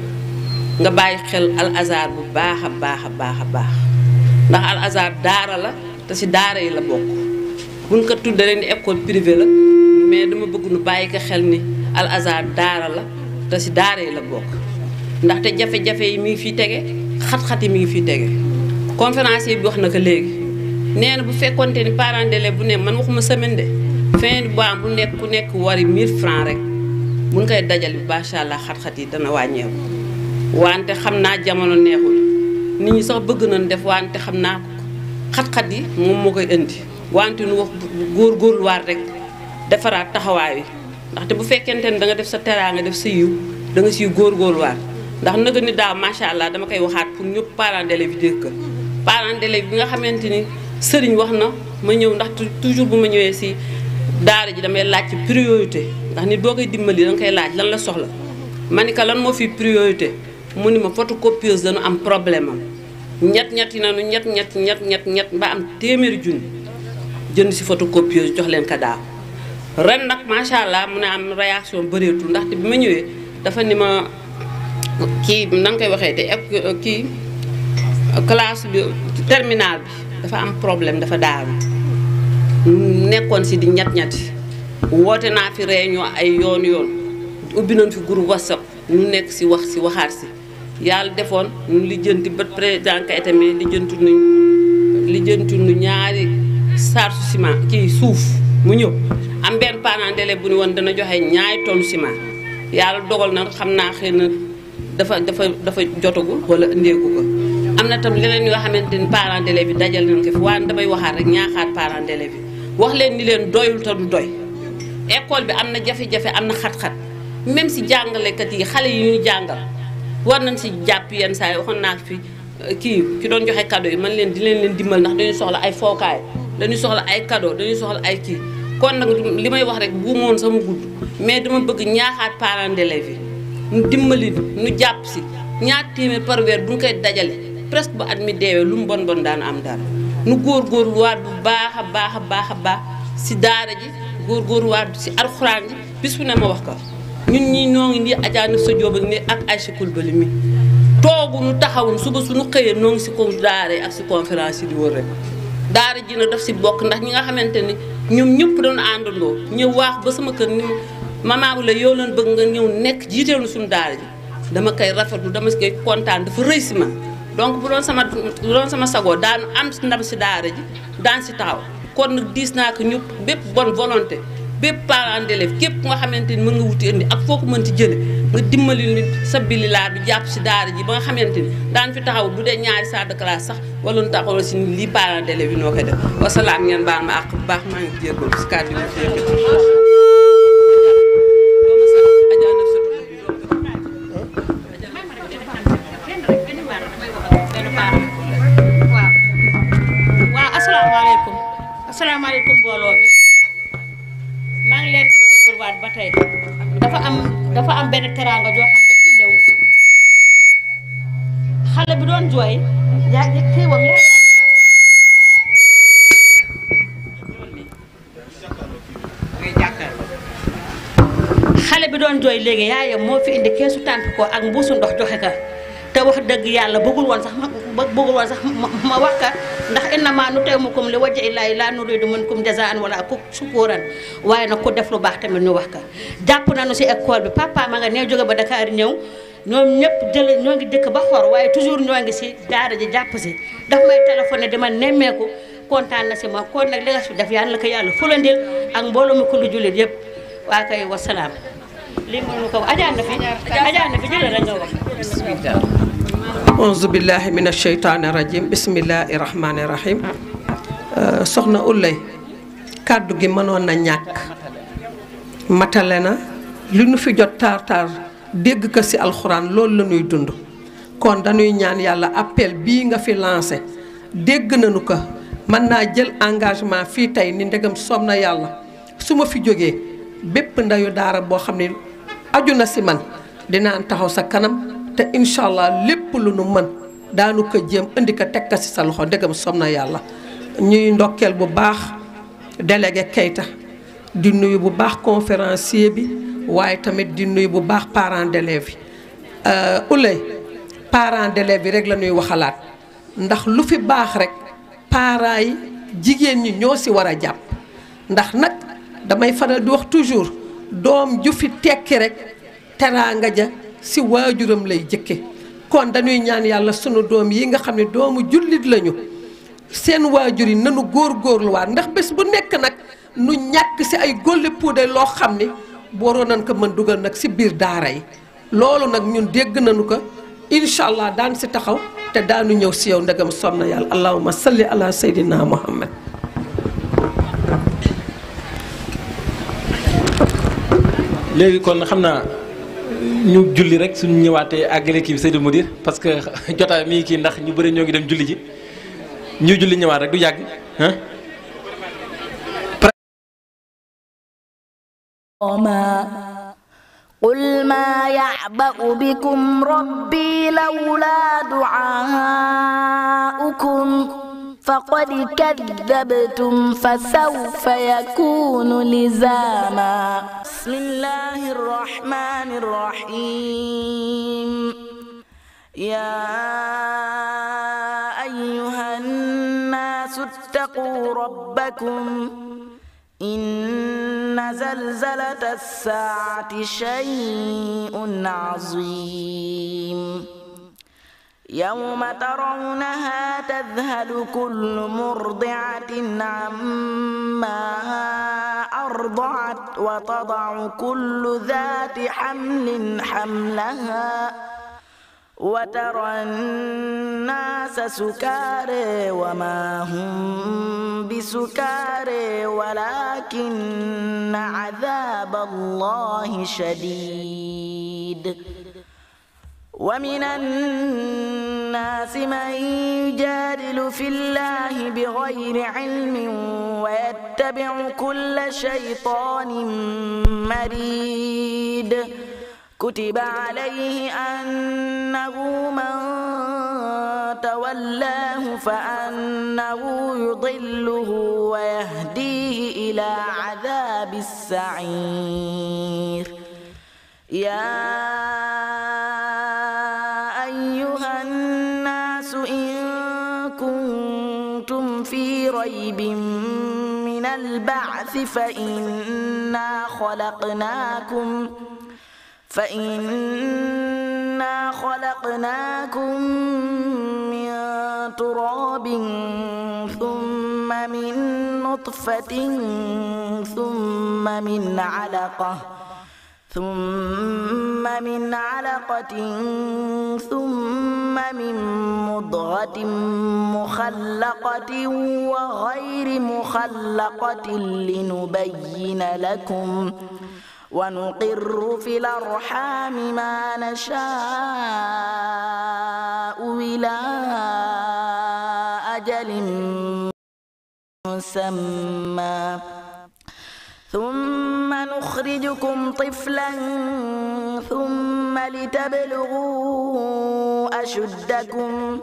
nga bàyyi xel al azar bu baax a baax a baax a baax ndax al azar daara la te si daara yi la bokk buñ ko tuddalee ni école la mais dama bëgg nu bàyyi xel ni al azar daara la te daara yi la bokk ndaxte jafe-jafe yi mi ngi fi tege xat-xat yi mi ngi fi tege conférencier bi wax na ko léegi nee na bu fekkonte ni parent d'élève bu ne man waxuma semaine de fin du mois bu nekk ku nekk wari 1000 francs rek bu ñu koy dajal bi macha allah xat-xat yi dana wàññeeku. wante xam naa jamono neexul nit ñi sax bëgg nañ def wante xam naa xat-xat yi moom moo koy indi wante nu wax góor-góorluwaat rek defaraat taxawaay wi ndaxte bu fekkente ne da nga def sa teraanga def sa yiw da nga siy góor-góorluwaat ndax nag ni daaw macha allah dama koy waxaat pour ñëpp parents d'élèves yi dégg parents d'élèves bi nga xamante ni sëriñ wax na ma ñëw ndax toujours bu ma ñëwee si daara ji damay laaj ci priorité ndax nit boo koy dimbali da koy laaj lan la soxla ma ni ko lan moo fi priorité mu ni ma photocopieuse dañu am problème am ñett ñett yi nañu ñett ñett ñett ñett ñett ba am téeméeri junni jënd si photocopieuse jox leen ko daaw ren nag macha allah mu ne am réaction bëreetul ndaxte bi ma ñëwee dafa ni ma kii nanga koy waxee te kii. classe bi terminal bi dafa am problème dafa daanu nekkoon si di ñett-ñetti woote naa fi réunion ay yoon yoon ubbi nañ fi groupe whatsapp ñu nekk si wax si waxaat si yàlla defoon ñu lijjanti ba président kay tamit lijjantu nañ nu ñaari sarsu ciment kii suuf mu ñëw am benn parent bu ñu woon dana joxe ñaari tonne ciment yàlla dogal na xam naa xëy na dafa dafa dafa jotagul wala indeegu ko am na tam leneen yoo xamante ni parents d'élèves bi dajal nañ ko fi waaye damay waxaat rek ñaaxaat parents d'élèves bi wax leen di leen doyul te du doy école bi am na jafe-jafe am na xat-xat même si jàngalekat yi xale yi ñu jàngal war nañ si jàpp yenn saa yi waxoon naa fi euh, kii ki doon joxe cadeau yi man leen di leen leen dimbal ndax dañuy soxla ay fookaay dañuy soxla ay cadeau dañuy soxla ay kii kon nag li may wax rek buumoon sama gudd mais dama bëgg ñaaxaat parents d'élèves yi ñu dimbali ñu jàpp si ñaar téeméer par bu ñu koy dajale presque ba at mi deewee lu mu bon bon daan am dara nu góorgóorluwaat bu baax a baax a baax a baax si daara ji góor góorgóorluwaat si alxuraan ji bis bu ne ma wax ko ñun ñi ñoo ngi nii Adja Nafisa Diop ni ak Aïcha Coulibaly mi taxawul suba suñu xëyee noo ngi si ko daara ak si conférence yi di wër rek daara ji na daf si bokk ndax ñi nga xamante ni ñoom ñëpp dañu àndaloo ñëw waax ba sama kër ni maman bu la yow leen bëgg nga ñëw nekk jiiteelu suñu daara ji dama koy rafetlu dama koy kontaan dafa rëy si ma donc bu doon sama bu doon sama sagoo daan am ndam si daara ji daan si taxaw kon nag diis naa ko ñu bépp bonne volonté bépp parent d'élève képp nga xamante ni mën nga wuti indi ak foo ko mën ci jële nga dimbali nit sa bililaar bi jàpp si daara ji ba nga xamante ni daan fi taxaw bu dee ñaari salle de classe sax wala nu taxaw si lii parent d'élève yi noo koy def wasalaam ngeen baal ma àq bu baax maa ngi jégalu si kàddu yi asalaamaaleykum mbooloo mi maa ngi leen di ba tey dafa am dafa am benn teraanga joo xam dafa xale bi doon jooy yaa bi doon jooy léegi yaayam moo fi indi keesu tànt ak mbuusu ndox joxe ka te wax dëgg yàlla bëggul woon sax ma bëggul woon sax ma wax ka ndax nu innama nut'imukum li wajhi llaahi laa nuriidu minkum jazaa'an wala shukuuran waaye nag ku def lu baax tamit ñu wax ka jàpp na nu si école bi papa a nga nee jóge ba Dakar ñëw ñoom ñëpp jël ñoo ngi dëkk ba xor waaye toujours ñoo ngi si daara ji jàpp si daf may téléphoné dama nemmeeku kontaan na si ma kon nag li nga si def yàlla na ko yàlla fulandil ak mbooloo mi ko lu jullit yëpp waa kay wasalaam lii mënu ko ajaan na fi ajaan auzu billahi min asheytaani rajim bismillahi rahmaani rahim euh, soxna Ouleye kàddu gi mënoon na ñàkk matale na li nu fi jot taar taar dégg ko ci alxuraan loolu la ñuy dund kon dañuy ñaan yàlla appel bii nga fi lancé dégg nañu ko mën naa jël engagement fii tey ni ndegam soom na yàlla su ma fi jógee bépp ndeyu daara boo xam ne aju na ci man dinaan taxaw sa kanam te incha allah lépp lu nu mën daanu ko jéem indi ko teg ka si sa loxo ndegam som na yàlla ñuy ndokkeel bu baax délégué Keita di nuyu bu baax conférencier bi waaye tamit di nuyu bu baax parents d'élèves yi euh, ulay parent d'élèves bi rek la ñuy waxalaat ndax lu fi baax rek parents yi jigéen ñi ñoo si war a jàpp ndax nag damay faral di wax toujours doom ju fi tekki rek teraanga ja si waajuram lay jëkke kon dañuy ñaan yàlla sunu doom yi nga xam ne doomu jullit lañu seen waajur yi nanu góor góorluwaat ndax bés bu nekk nag nu ñàkk si ay gólle puude loo xam ni waroon nañ ko mën dugal nag si biir daara yi loolu nag ñun dégg nañu ko incha allah daan si taxaw te daanu ñëw si yow ndegam som na yàlla allahuma salli ala sayyidina muhammad ñu julli rek suñu ñëwaatee àggale kii bi Seydou Moudir parce que <laughs> jotaay mi kii ndax ñu bëri ñoo ngi dem julli ñu julli ñëwaat rek du yàgg ah. قل ما يعبأ بكم ربي لولا دعاؤكم faqad kadhabtum fasawfa yakunu lizama bismillahi rrahmani rrahim ya ayyuha nnasu ttaquu rabbakum inna zalzalata ssaati shay'un azim يوم ترونها تذهل كل مرضعة عما أرضعت وتضع كل ذات حمل حملها وترى الناس سكارى وما هم بسكارى ولكن عذاب الله شديد ومن الناس من يجادل في الله بغير علم ويتبع كل شيطان مريد كتب عليه أنه من تولاه فأنه يضله ويهديه إلى عذاب السعير يا ريب من البعث فإنا خلقناكم فإنا خلقناكم من تراب ثم من نطفة ثم من علقة ثم من علقة ثم من مضغة مخلقة وغير مخلقة لنبين لكم ونقر في الأرحام ما نشاء إلى أجل مسمى ثم نخرجكم طفلا ثم لتبلغوا أشدكم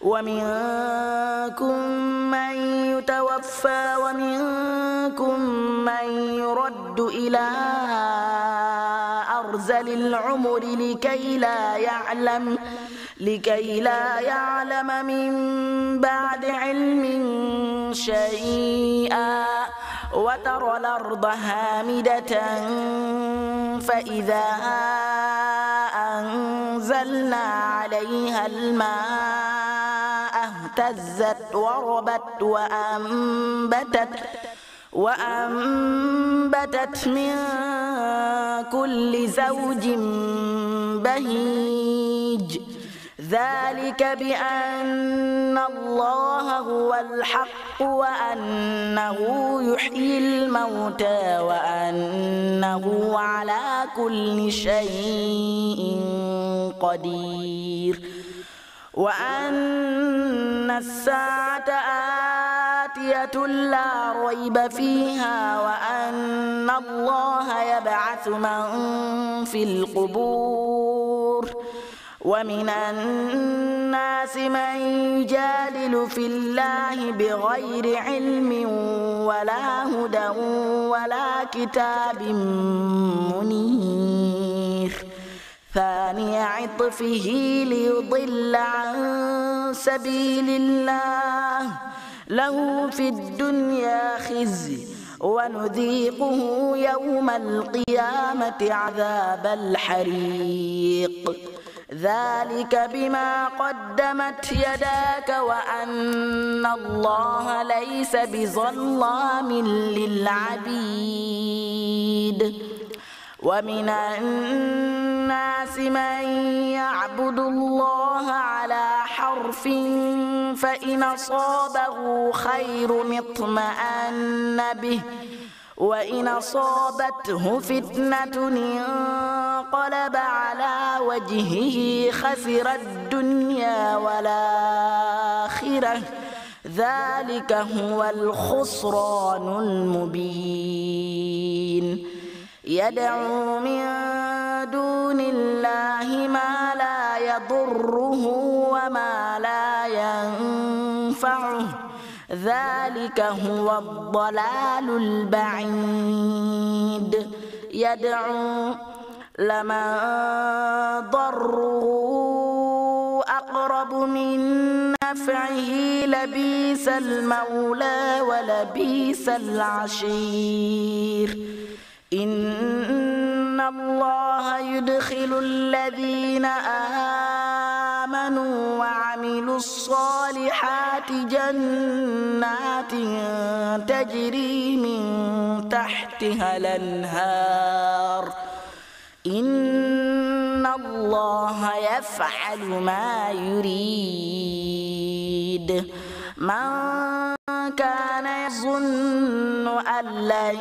ومنكم من يتوفى ومنكم من يرد إلى أرذل العمر لكي لا يعلم لكي لا يعلم من بعد علم شيئا وترى الأرض هامدة فإذا أنزلنا عليها الماء اهتزت وربت وأنبتت وأنبتت من كل زوج بهيج ذلك بأن الله هو الحق وأنه يحيي الموتى وأنه على كل شيء قدير وأن الساعة آتية لا ريب فيها وأن الله يبعث من في القبور ومن الناس من يجادل في الله بغير علم ولا هدى ولا كتاب منير ثاني عطفه ليضل عن سبيل الله له في الدنيا خزي ونذيقه يوم القيامة عذاب الحريق dhalika bima qaddamat yadaaka wa anna allaha laysa bizallaamin lil abiid wa mina nnaasi man yacbudu allaha ala harfin fa in asaabahu xayrun itma'anna bihi وإن أصابته فتنة انقلب على وجهه خسر الدنيا والآخرة ذلك هو الخسران المبين يدعو من دون الله ما لا يضره وما لا ينفعه ذلك هو الضلال البعيد يدعو لمن ضره أقرب من نفعه لبيس المولى ولبيس العشير إن إن الله يدخل الذين آمنوا وعملوا الصالحات جنات تجري من تحتها الأنهار إن الله يفعل ما يريد من كان يظن أن لن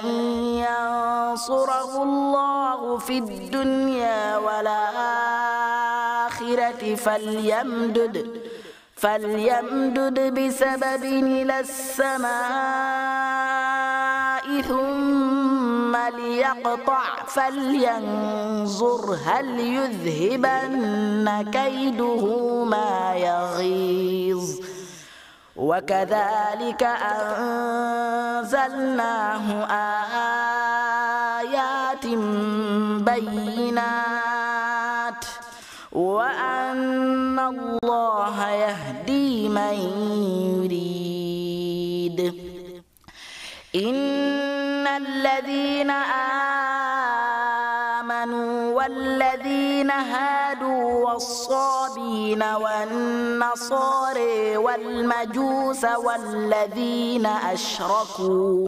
ينصره الله في الدنيا والآخرة فليمدد فليمدد بسبب إلى السماء ثم ليقطع فلينظر هل يذهبن كيده ما يغيظ وكذلك أنزلناه آيات بينات وأن الله يهدي من يريد إن الذين آمنوا الذين هادوا والصابين والنصارى والمجوس والذين أشركوا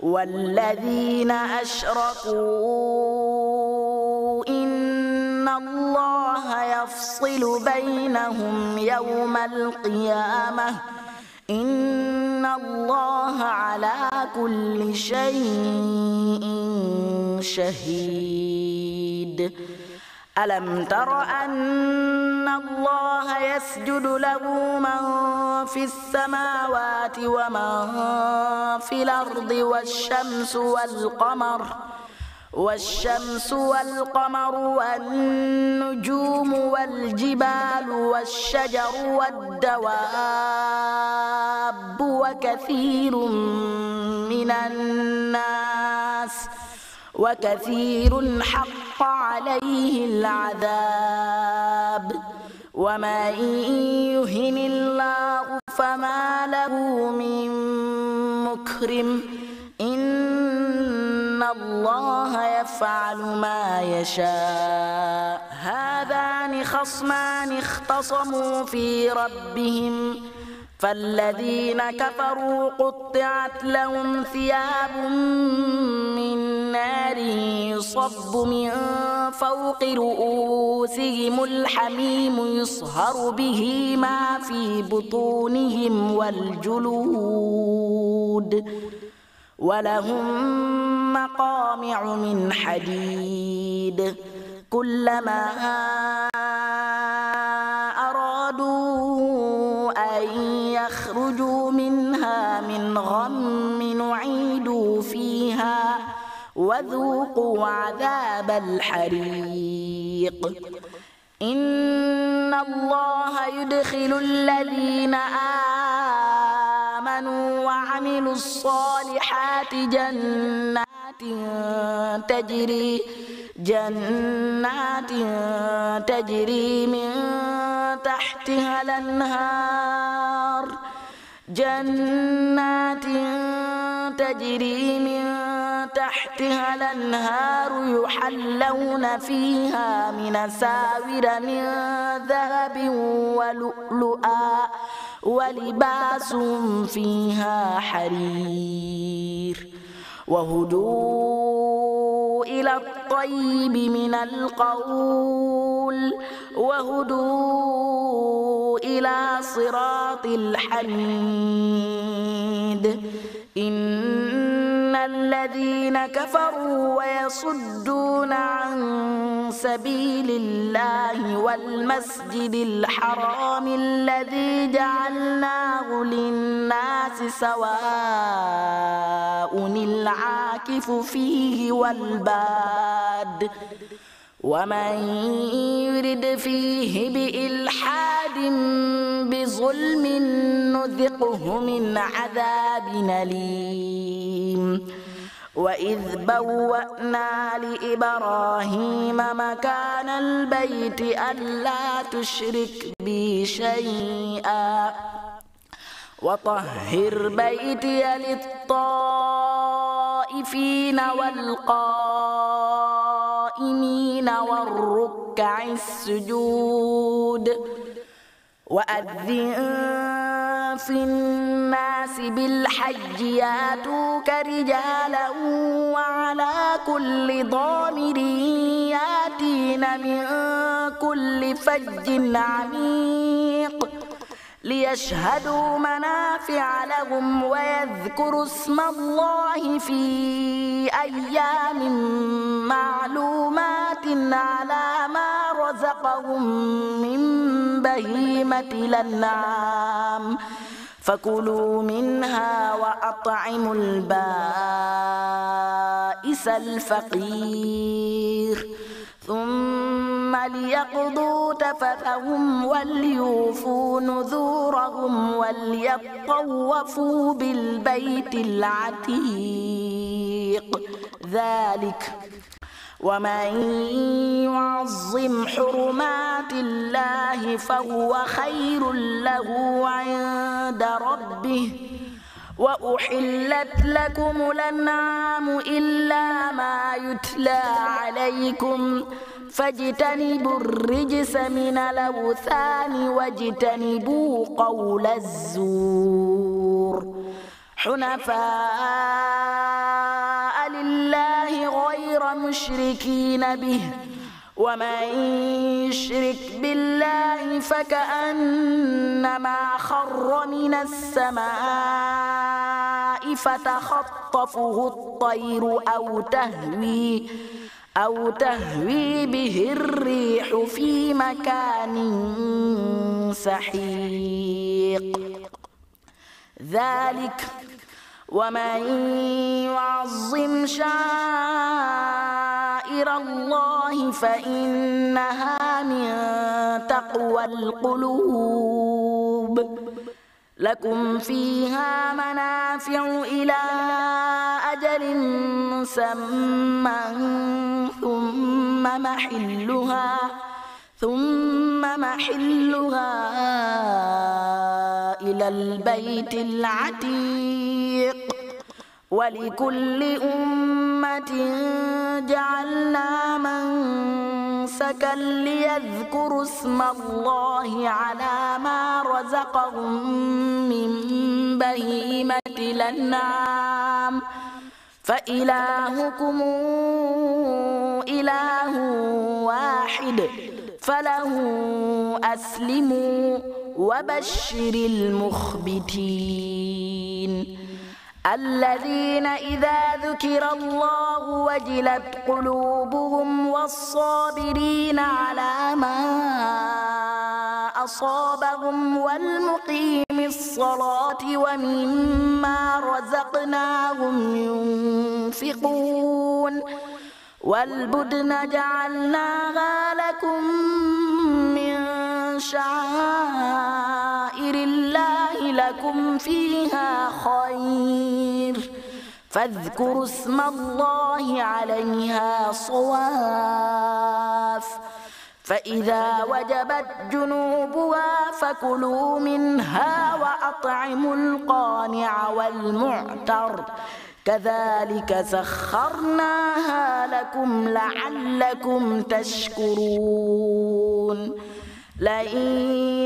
والذين أشركوا إن الله يفصل بينهم يوم القيامة إن الله على كل شيء شهيد ألم تر أن الله يسجد له من في السماوات ومن في الأرض والشمس والقمر والشمس والقمر والنجوم والجبال والشجر والدواب وكثير من الناس ۖ wa kathiirun haqqa alayhi al-'adhaab wa man yuhini llaahu famaa lahu min mukrim inna llaaha yaf'alu maa yashaa' haadhaani khasmaani ikhtasamuu fii rabbihim فالذين كفروا قطعت لهم ثياب من نار يصب من فوق رؤوسهم الحميم يصهر به ما في بطونهم والجلود ولهم مقامع من حديد كلما أرادوا أن يخرجوا منها من غم نعيدوا فيها وذوقوا عذاب الحريق إن الله يدخل الذين آمنوا وعملوا الصالحات جنات تجري جنات تجري من تحتها الأنهار جنات تجري من تحتها الأنهار يحلون فيها من ساور من ذهب ولؤلؤا ولباسهم فيها حرير وهدوا إلى الطيب من القول وهدوا إلى صراط الحميد إن الذين كفروا ويصدون عن سبيل الله والمسجد الحرام الذي جعلناه للناس سواء العاكف فيه والباد ومن يرد فيه بإلحاد بظلم نذقه من عذاب أليم وإذ بوأنا لإبراهيم مكان البيت ألا تشرك بي شيئا وطهر بيتي للطائفين والقائمين والركع السجود وأذن في الناس بالحج ياتوك رجالا وعلى كل ضامر ياتين من كل فج عميق ليشهدوا منافع لهم ويذكروا اسم الله في أيام معلومات على ما رزقهم من بهيمة الأنعام فكلوا منها وأطعموا البائس الفقير ثم ليقضوا تفثهم وليوفوا نذورهم وليطوفوا بالبيت العتيق ذلك ومن يعظم حرمات الله فهو خير له عند ربه وأحلت لكم الأنعام إلا ما يتلى عليكم فاجتنبوا الرجس من الأوثان واجتنبوا قول الزور حنفاء لله غير مشركين به ومن يشرك بالله فكأنما خر من السماء فتخطفه الطير أو تهوي أو تهوي به الريح في مكان سحيق ذلك ومن يعظم شعائر الله فإنها من تقوى القلوب لكم فيها منافع إلى أجل مسمى ثم محلها ثم محلها إلى البيت العتيق ولكل أمة جعلنا منسكا ليذكروا اسم الله على ما رزقهم من بهيمة الأنعام فإلهكم إله واحد فله أسلموا وبشر المخبتين الذين إذا ذكر الله وجلت قلوبهم والصابرين على ما أصابهم والمقيم الصلاة ومما رزقناهم ينفقون والبدن جعلناها لكم من شعائر الله لكم فيها خير فاذكروا اسم الله عليها صواف فإذا وجبت جنوبها فكلوا منها وأطعموا القانع والمعتر kadhalika sakharnaha lakum la'allakum tashkurun لن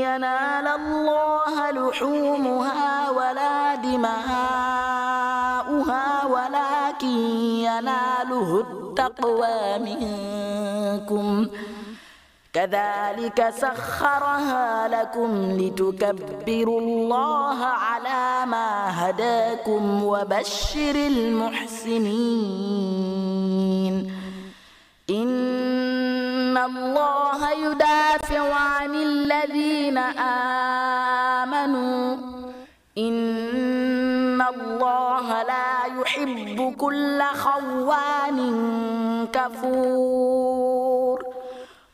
ينال الله لحومها ولا دماؤها ولكن يناله التقوى منكم kadhalika sakharaha lakum litukabbiru allaha ala ma hadakum wa bashiril muhsinin inna allaha yudafi'u 'anil ladhina amanu inna allaha la yuhibbu kulla khawwanin kafur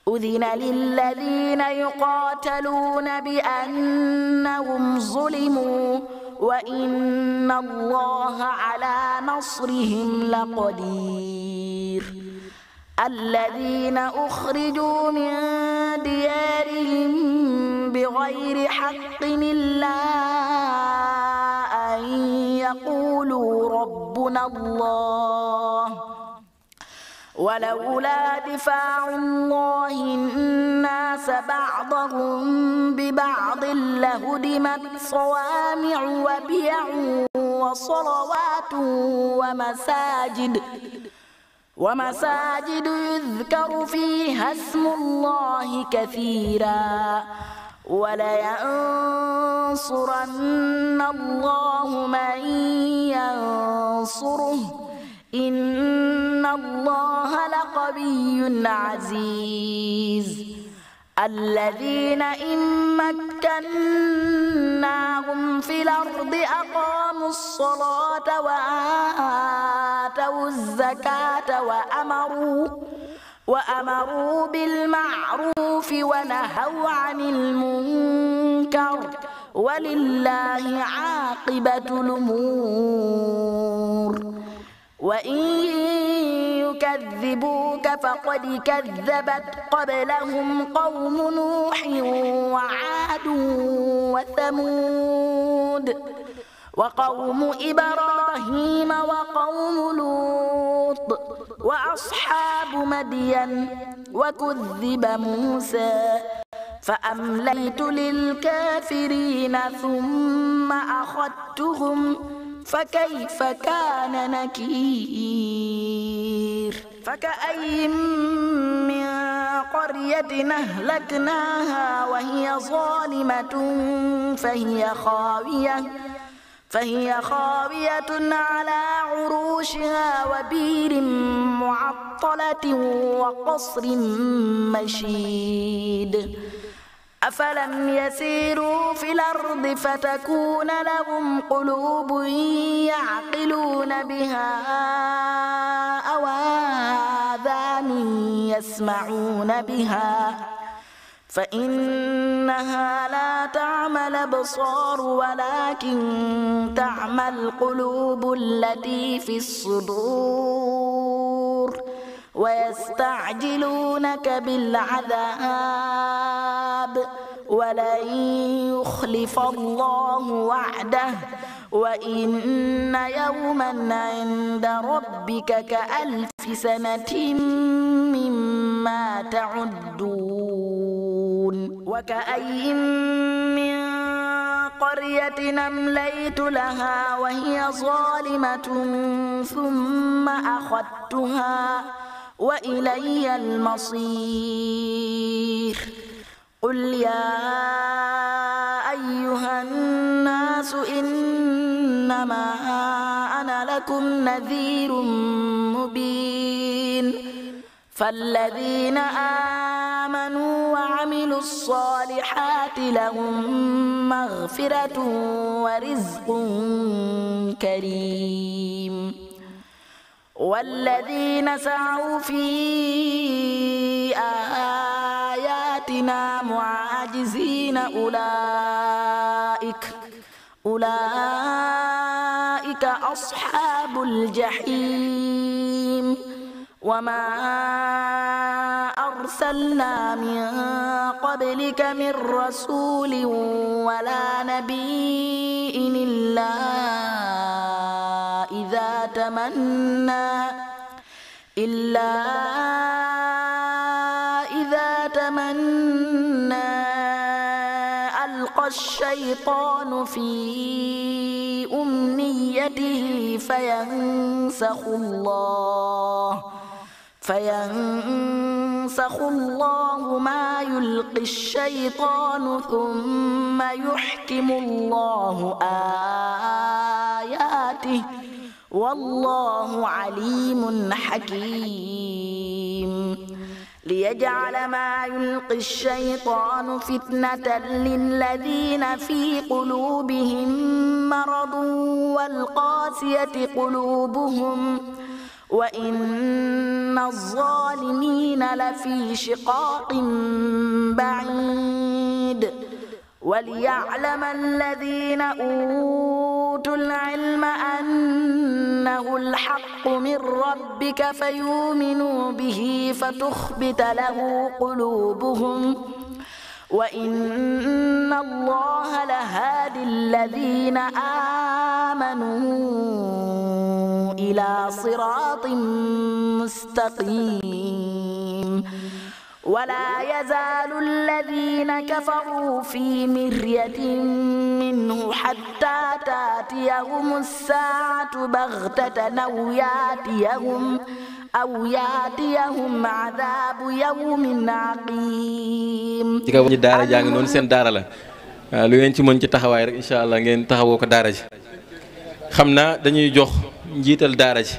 أذن للذين يقاتلون بأنهم ظلموا وإن الله على نصرهم لقدير الذين أخرجوا من ديارهم بغير حق إلا أن يقولوا ربنا الله ولولا دفاع الله الناس بعضهم ببعض لهدمت صوامع وبيع وصلوات ومساجد ومساجد يذكر فيها اسم الله كثيرا ولينصرن الله من ينصره inna allaha la qawiyyun aziz الذين إن مكناهم في الأرض أقاموا الصلاة وآتوا الزكاة وأمروا وأمروا بالمعروف ونهوا عن المنكر ولله عاقبة الأمور wa in yukaddibuuka faqad kaddabat qablahum qawmu nuuhin wa aadun wa thamuud wa qawmu ibraahiima wa qawmu luut wa ashaabu madyan wa kuddiba muusaa فأمليت للكافرين ثم أخذتهم فكيف كان نكير فكأي من قرية أهلكناها وهي ظالمة فهي خاوية فهي خاوية على عروشها وبير معطلة وقصر مشيد أفلم يسيروا في الأرض فتكون لهم قلوب يعقلون بها أو آذان يسمعون بها فإنها لا تعمى الأبصار ولكن تعمى القلوب التي في الصدور ويستعجلونك بالعذاب ولن يخلف الله وعده وإن يوما عند ربك كألف سنة مما تعدون وكأي من قرية أمليت لها وهي ظالمة ثم أخذتها وإلي المصير قل يا أيها الناس إنما أنا لكم نذير مبين فالذين آمنوا وعملوا الصالحات لهم مغفرة ورزق كريم والذين سعوا في آياتنا معاجزين أولئك أولئك أصحاب الجحيم وما أرسلنا من قبلك من رسول ولا نبي إلا إذا تمنى إلا إذا تمنى ألقى الشيطان في أمنيته فينسخ الله فينسخ الله ما يلقي الشيطان ثم يحكم الله آياته والله عليم حكيم ليجعل ما يلقي الشيطان فتنة للذين في قلوبهم مرض والقاسية قلوبهم وإن الظالمين لفي شقاق بعيد وليعلم الذين أوتوا العلم أنه الحق من ربك فيؤمنوا به فتخبت له قلوبهم وإن الله لهادي الذين آمنوا إلى صراط مستقيم ولا يزال الذين كفروا في jaa ngi noonu seen daara la lu ngeen ci mën ci taxawaay rek incha allah ngeen taxawoo ko daara ji xam naa dañuy jox njiital daara ji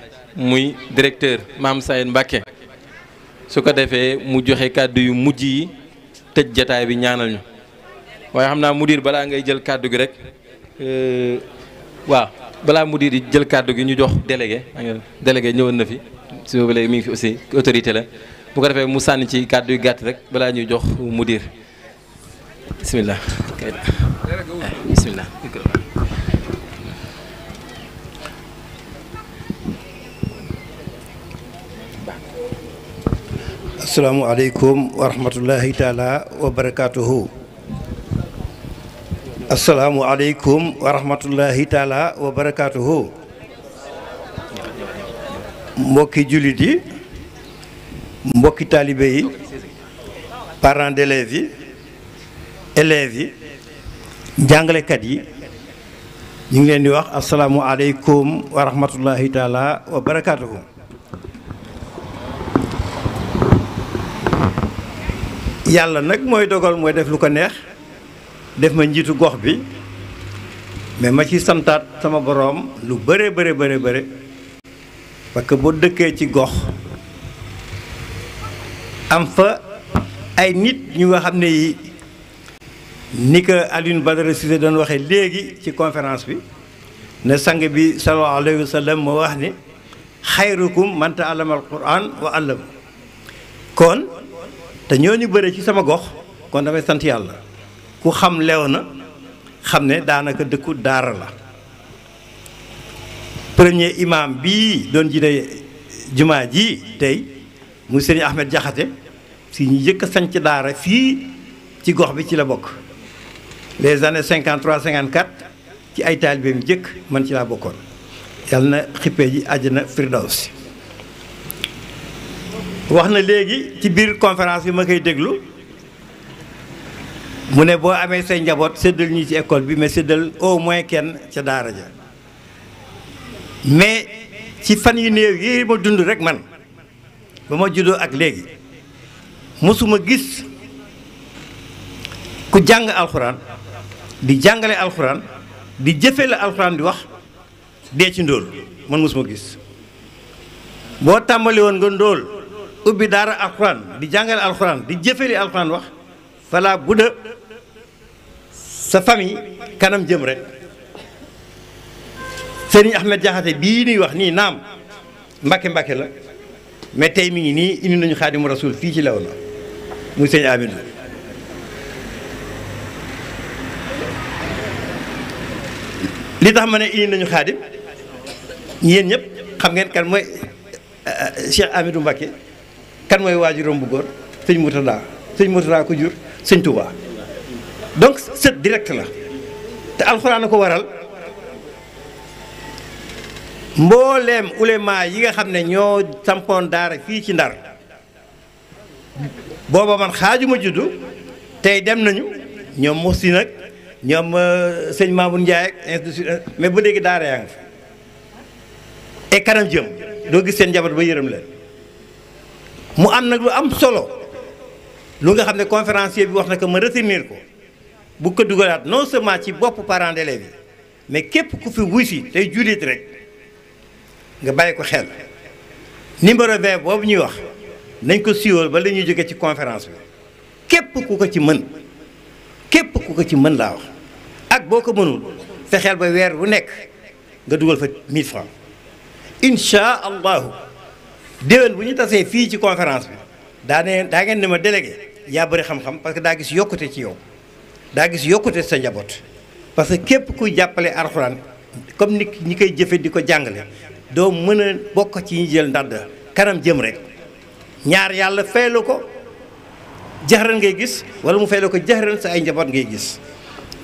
muy directeur Mame Sayene Mbacké su ko defee mu joxe kàddu yu mujj yi tëj jataay bi ñaanal ñu waaye xam naa mudir balaa ngay jël kàddu gi rek euh, waaw balaa mudir yi jël kàddu gi ñu jox délégué délégué ñëwoon na fi su ba léegi mi ngi fi aussi autorité la bu ko defee mu sànni ci kàddu yu gàtt rek balaa ñuy jox mudir bisimilah bisimilah asalaamualeykum wa rahmatullahi taala wa barakaatuhu asalaamualeykum wa taala wa mbokki jullit yi mbokki taalibe yi parents yi élèves yi jàngalekat yi ñu ngi leen di wax assalaamu wa rahmatullahi taala wa yàlla nag mooy dogal mooy def lu ko neex def ma njiitu gox bi mais ma ci santaat sama boroom lu bare bare bare bare parce que boo dëkkee ci gox am fa ay nit ñu waxam ne yi ni ko Alioune Badara Cissé doon waxee léegi ci conférence bi ne sang bi sallallahu alayhi wa sallam wax ni xayrukum man ta'allama al wa 'allama kon te ñooñu bëre ci sama gox kon damay sant yàlla ku xam lew na xam ne daanaka dëkku daara la premier imam bii doon jiite jumaa ji tey mu sëriñ Ahmed Jaxate si ñu jëkk a sanc daara fii ci gox bi ci la bokk les années 53 54 ci ay taalibe bi jëkk man ci laa bokkoon yàlla na xippee ji àjjana firdaws wax na léegi ci biir conférence bi ma koy déglu mu ne boo amee say njaboot séddal ñu ci école bi ma séddal au moins kenn ca daara ja mais ci fan yu néew yi ma dund rek man ba ma juddoo ak léegi mosuma gis ku jàng alxuraan di jàngale alxuraan di jëfe la alxuraan di wax dee ci ndóol man mosuma gis boo tàmbali woon nga ndóol ubbi daara alxuraan di jàngale alxuraan di jëfeli alxuraan wax fala budda sa famille kanam jëm rek sëriñ Ahmed Jaxate bii nuy wax nii naam mbàkke mbàkke la mais tey mi ngi nii indi nañu xaadimu rasul fii ci Léona muy sëñ Amidou li tax ma ne indi nañu xaadim yéen ñëpp xam ngeen kan mooy euh, Cheikh Amidou Mbacke kan mooy waajuram bu góor sëñ Mourtada sëñ Mourtada ko jur sëñ Touba donc sët direct la te alxuraan a ko waral mbooleem ulema yi nga xam ne ñoo sampoon daara fii ci ndar booba man xaajuma juddu tey dem nañu ñoom Moussine nag ñoom euh, sëñ Mamour Ndiaye ak mais ba léegi daara yaa ngi fa et kanam jëm doo gis seen njaboot ba yërëm leen. mu am nag lu am solo lu nga xam ne conférencier bi wax na ko ma retenir ko bu ko dugalaat non seulement ci bopp parents d'élèves yi mais képp ku fi wuy si tey jullit rek nga bàyyi ko xel numéro 20 boobu ñuy wax nañ ko siiwal ba la ñuy jóge ci conférence bi képp ku ko ci mën képp ku ko ci mën laa wax ak boo ko mënul fexeel ba weer bu nekk nga dugal fa 1000 francs incha allahu déwén bu ñu tasee fii ci conférence bi daa ne daa ngeen ne ma délégué yaa bari xam-xam parce que daa gis yokkute ci yow daa gis yokkute sa njaboot parce que képp kuy jàppale arxuraan comme ni ñi koy jëfe di ko jàngale doo mën a bokk ci ñi jël ndadd kanam jëm rek ñaar yàlla faylu ko jaxran ngay gis wala mu faylu ko jaxran sa ay njaboot ngay gis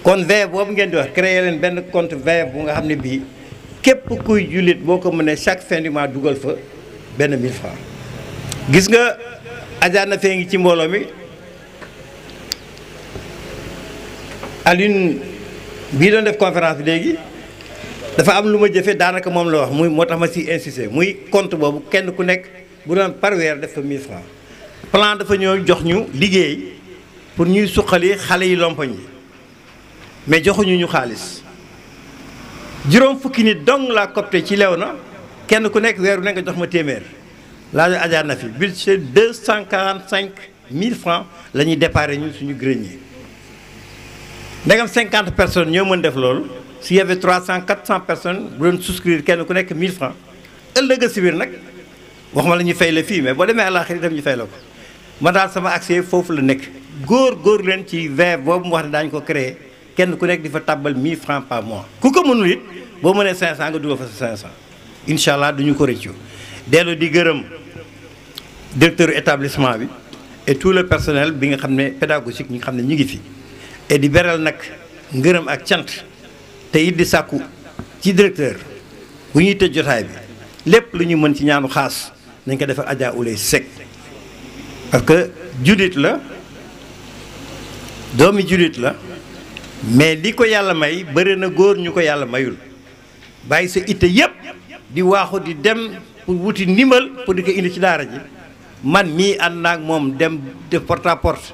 kon veille boobu ngeen di wax créer leen benn compte veille bu nga xam ne bii képp kuy jullit boo ko mënee chaque fin dugal fa benn 1000 francs gis nga Adja Nafé ngi ci mbooloo mi Alioune bii doon def conférence bi léegi dafa am lu ma jëfe daanaka moom la wax muy moo tax ma si insisté muy compte boobu kenn ku nekk bu doon par weer def fa 1000 francs plan dafa ñëw jox ñu liggéey pour ñuy suqali xale yi lompoñ yi mais joxuñu ñu xaalis juróom fukki nit dong laa copte ci lew na kenn ku nekk weeru ne nga jox ma téeméer laajo ajaar na fi budget deux cent quarante cinq mille francs la ñuy déparé ñun suñu ñi ndegam cinquante personnes ñoo mën def loolu si y avait trois cent quatre cent personnes bu doon souscrire kenn ku nekk mille francs ëllëg si biir nag wax ma la ñu fay la fii mais boo demee àllaaxira itam ñu fay la ko man daal sama accès foofu la nekk góor góor leen ci vert boobu mu wax ne daañ ko créer kenn ku nekk di fa tàbbal mille francs par mois ku ko mënul boo mënee cinq cent nga dugal fa incha allah duñu ko rëccu dellu di gërëm directeur établissement bi et tout le personnel bi nga xam ne pédagogique ñi nga xam ne ñu ngi fi et di beral nag ngërëm ak cant te it di sàkku ci directeur bu ñuy tëj jotaay bi lépp lu ñu mën ci ñaanu xaas nañ ko defal Adja Ouleye Seck parce que judit la doomi judit la mais li ko yàlla may bëri na góor ñu ko yàlla mayul bàyyi sa it yépp di waaxu di dem pour wuti ndimbal pour di ko indi ci daara ji man mii ànd naa ak moom dem def porte à porte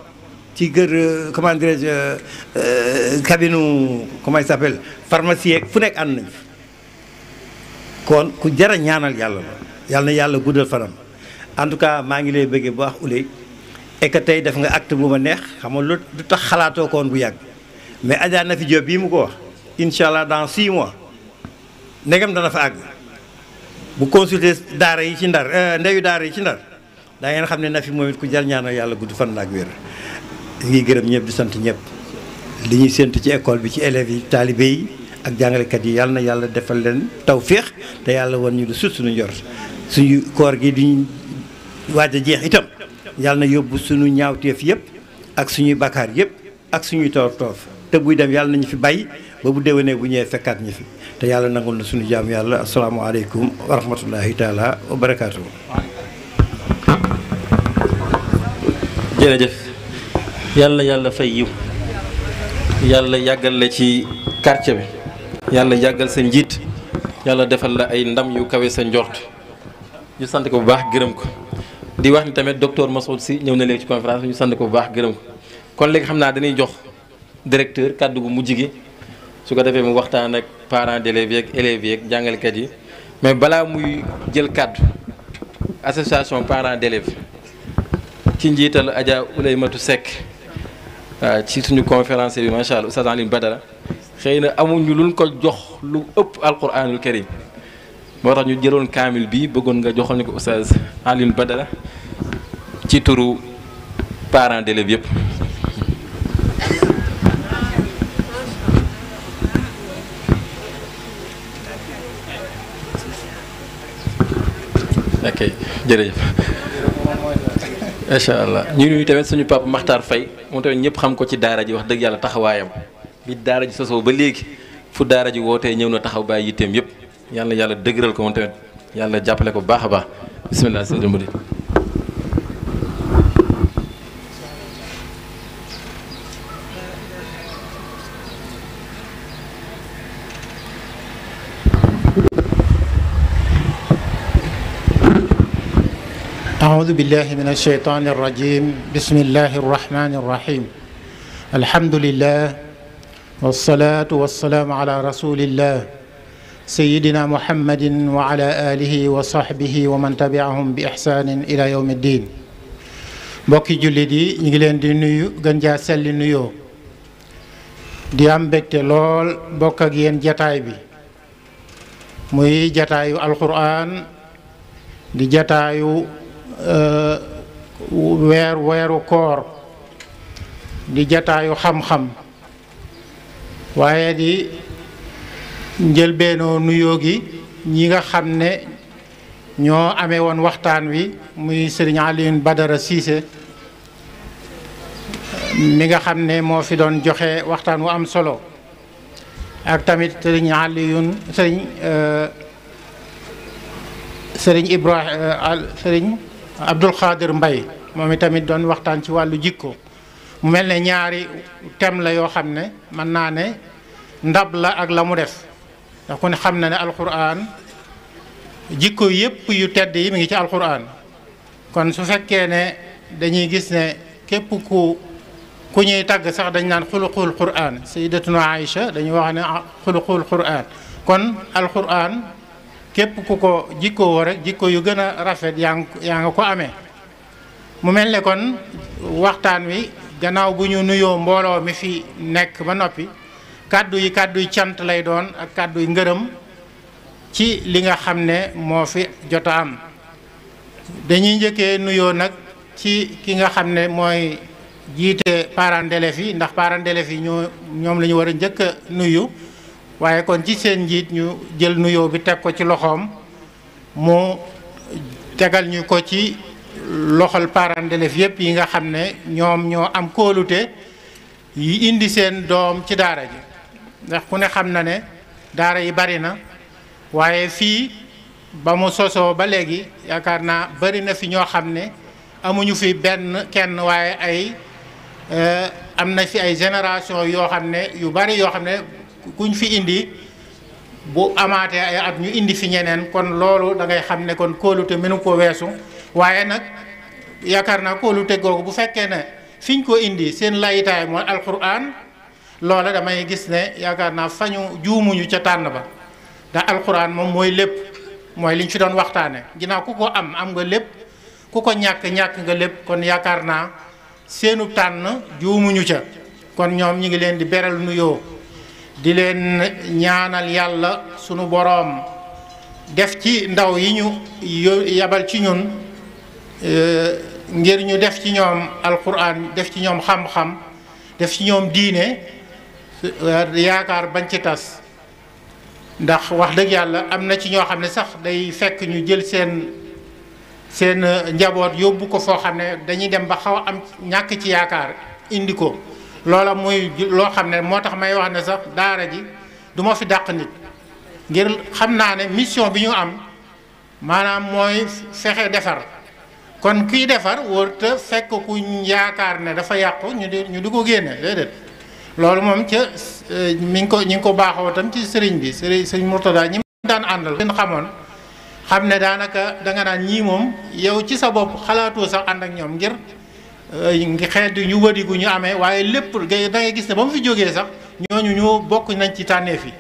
ci kër euh, comment dirais-je euh, euh, cabinu comment il s'appelle pharmacie yeeg fu nekk ànd nañ kon ku jara ñaanal yàlla la yàlla na yàlla guddal fanam en tout cas maa ngi lay bëggee bu wax uley et que tey def nga act bu ma neex xam nga lu tax xalaatoo koon bu yàgg mais Adja Nafi Diop bii mu ko wax incha allah dans six mois ndegam dana fa àgg bu consulter daara yi ci ndar euh, ndeyu daara yi ci ndar da ngeen xam ne na fi moom it ku jar ñaanal yàlla gudd fan ak wér ngi gërëm ñëpp di sant ñëpp li ñuy séntu ci école bi ci élèves yi taalibe yi ak jàngalekat yi yàlla na yàlla defal leen tawféex te yàlla wan ñu lu sut suñu njor suñu koor gi di waaj a jeex itam yàlla na yóbbu suñu teef yëpp ak suñuy bakkaar yëpp ak suñuy toof toof te buy dem yàlla na nañu fi bàyyi ba bu déwénee bu ñëwee fekkaat ñu fi te yàlla nangul na suñu jaam yàlla asalaamaaleykum wa rahmatullahi taala wa barakaatu. jërëjëf yàlla yàlla fay yiw yàlla yàggal la ci quartier bi yàlla yàggal sa njiit yàlla defal la ay ndam yu kawe sa njort ñu sant ko bu baax gërëm ko di wax ni tamit docteur Massoud si ñëw na léegi ci conférence ñu sant ko bu baax gërëm ko kon léegi xam naa dañuy jox directeur kàddu gu mujj gi su ko defee mu waxtaan ak parent parents d'élèves yeeg élèves yeeg jàngalekat yi mais balaa muy jël kàddu association parents d'élèves ci njiital Adja Ouleymatu Seck ci suñu conférencier bi macha allah Oustaz Alioune Badara xëy na amuñu luñ ko jox lu ëpp alquranul karim moo tax ñu jëloon kaamil bi bëggoon nga joxoon ñu ko Oustaz Alioune Badara ci turu parents d'élèves yëpp. ok jërëjëf incha allah ñu nuyu tamit suñu papa Makhtar Faye moom tamit ñëpp xam ko ci daara ji wax dëgg yàlla taxawaayam bi daara ji sosoo ba léegi fu daara ji wootee ñëw na taxaw bàyyi yitteem yëpp yàlla yàlla dëgëral ko moom tamit yàlla jàppale ko baax a baax bisimilah sëñ أعوذ بالله من الشيطان الرجيم بسم الله الرحمن الرحيم الحمد لله والصلاة والسلام على رسول الله سيدنا محمد وعلى آله وصحبه ومن تبعهم بإحسان إلى يوم الدين mbokki jullit yi ñu ngi leen di nuyu gën jaa selli nuyoo di am mbégte lool bokk ak yéen jataay bi muy jataayu alquran di jataayu Euh, weer weeru koor di jataayu xam-xam waaye di njëlbeenoo nuyoo gi ñi nga xam ne ñoo amee woon waxtaan wi muy sëriñ Alioune Badara Cissé mi nga xam ne moo fi doon joxe waxtaan wu am solo ak tamit sëriñ Alioune sëriñ sëriñ sëriñ Abdul Xaadir Mbay moom itamit doon waxtaan ci wàllu jikko mu mel ne ñaari thème la yoo xam ne mën naa ne ndab la ak la mu def ndax ku ne xam na ne alquran jikko yépp yu tedd yi mi ngi ci alquran kon su fekkee ne dañuy gis ne képp ku ku ñuy tàgg sax dañ naan xuluqul quran sayyidatuna Aïcha dañuy wax ne xuluqul quran kon alquran képp ku ko jikkoo rek jikko yu gën a rafet yaa ngi nga ko amee mu mel ni kon waxtaan wi gannaaw bu ñu nuyoo mbooloo mi fi nekk ba noppi kàddu yi kàddu yi cant lay doon ak kàddu yi ngërëm ci li nga xam ne moo fi jot am dañuy njëkkee nuyoo nag ci ki nga xam ne mooy jiite parents d'élèves yi ndax parents d'élèves yi ñoo ñoom lañu ñu war a njëkk a nuyu waaye kon ci seen njiit ñu jël nuyoo bi teg ko ci loxoom mu tegal ñu ko ci loxol parents d'élèves yépp yi nga xam ne ñoom ñoo am kóolute yi indi seen doom ci daara ji ndax ku ne xam na ne daara yi bari na waaye fii ba mu sosoo ba léegi yaakaar naa bari na fi ñoo xam ne amuñu fi benn kenn waaye ay eh, am na fi ay génération yoo xam ne yu bari yoo xam ne kuñ fi indi bu amaatee ay at ñu indi fi ñeneen kon loolu da ngay xam ne kon kóolute mënu ko weesu waaye nag yaakaar naa kóolute googu bu fekkee ne fiñ ko indi seen layitaay mooy alquran loola damay gis ne yaakaar naa fañu juumuñu ca tànn ba ndax alquran moom mooy lépp mooy liñ fi doon waxtaane ginnaaw ku ko am am nga lépp ku ko ñàkk ñàkk nga lépp kon yaakaar naa seenu tànn juumuñu ca kon ñoom ñu ngi leen di beral nuyoo di leen ñaanal yàlla sunu boroom def ci ndaw yi ñu yabal ci ñun euh, ngir ñu def ci ñoom alquran def ci ñoom xam-xam def ci ñoom diine euh, yaakaar bañ ci tas ndax wax dëgg yàlla am na ci ñoo xam ne sax day fekk ñu jël seen seen njaboot yóbbu ko foo xam ne dañuy dem ba xaw a am ñàkk ci yaakaar indi ko loola muy loo xam ne moo tax may wax ne sax daara ji du fi dàq nit ngir xam naa ne mission bi ñu am maanaam mooy fexe defar kon kiy defar wërta fekk ku yaakaar ne dafa yàqu ñu di ñu di ko génne déedéet loolu moom ca eh, mi ngi ko ñu ngi ko baaxoo tam ci sëriñ bi sëriñ sëriñ Murtada ñi daan àndal leen xamoon xam ne daanaka danga naan ñii moom yow ci sa bopp xalaatoo sax ànd ak ñoom ngir Euh, xeetu ñu wërigu ñu amee waaye lépp da ngay gis ne ba mu fi jógee sax ñooñu ñoo bokk nañ ci tànnee yi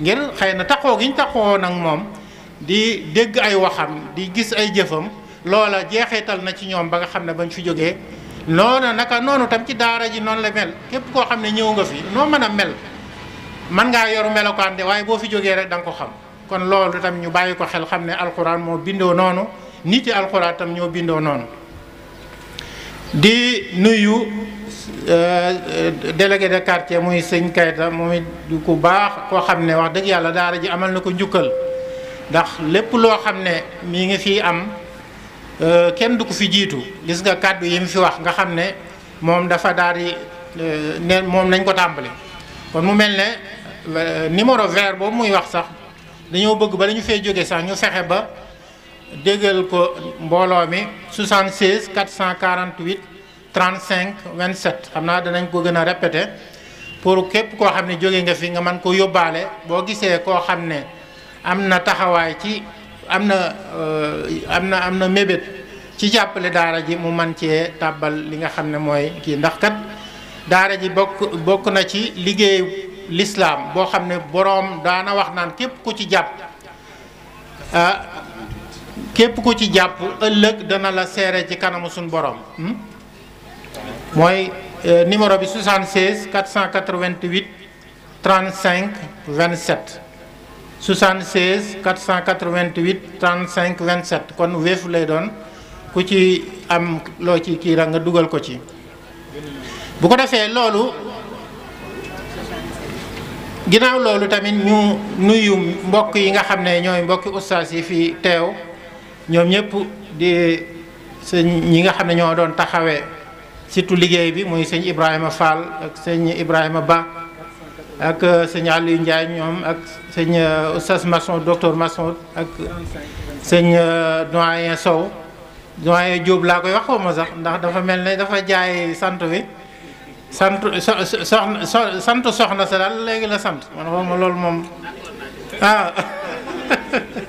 ngir xëy na taxoo gi ñu taxoo nag moom di dégg ay waxam di gis ay jëfam loola jeexeetal na ci ñoom ba nga xam ne bañ fi jógee noonu naka noonu tam ci daara ji noonu la mel képp koo xam ne ñëw nga fi noo mën a mel mën ngaa yoru melokaan de waaye boo fi jógee rek da ko xam kon loolu tam ñu bàyyi ko xel xam ne alxuraan moo bindoo noonu nit yi alxuraan tam bindoo noonu. di nuyu euh, euh, délégué de quartier muy sëñ Kayta moom it ku baax koo xam ne wax dëgg yàlla daara ji amal na ko njukkal ndax lépp loo xam ne mi nga fii am euh, kenn du ko fi jiitu gis nga kàddu yi mu fi wax nga xam ne moom dafa daal di ne moom nañ ko tàmbali kon mu mel ne numéro vert boobu muy wax sax dañoo bëgg ba dañu fee jóge sax ñu fexe ba déggal ko mbooloo mi 76 448 35 27 xam naa danañ ko gën a répété pour képp koo xam ne jóge nga fi nga man ko yóbbaale boo gisee koo xam ne am na taxawaay ci am na euh, am na am na mébét ci jàppale daara ji mu man cee tàbbal li nga xam ne mooy kii ndax kat daara ji bokk bokk na ci liggéey lislaam boo xam ne boroom daana wax naan képp ku ci jàpp ah, képp ku ci jàpp ëllëg dana la seere ci kanamu suñu borom hmm? mooy euh, numéro bi 76 488 35 27 76 488 35 27 kon wéef lay doon ku ci am loo ci kii ra nga dugal ko ci bu ko defee loolu ginnaaw loolu tamit ñu nuyu mbokk yi nga xam ne ñooy mbokki ustaas yi fi teew ñoom ñëpp di sëñ ñi nga xam ne ñoo doon taxawee surtout liggéey bi muy sëñ Ibrahima Fall ak sëñ Ibrahima Ba ak euh, sëñ Aliou Ndiaye ñoom ak sëñ euh, Oustaz Masson docteur Masson ak sëñ euh, doyen Sow doyen Diop laa koy wax xaw ma sax ndax dafa mel ne dafa jaay sant wi sant soxna sant soxna sa daal léegi la sant man xaw ma loolu moom ah. <laughs>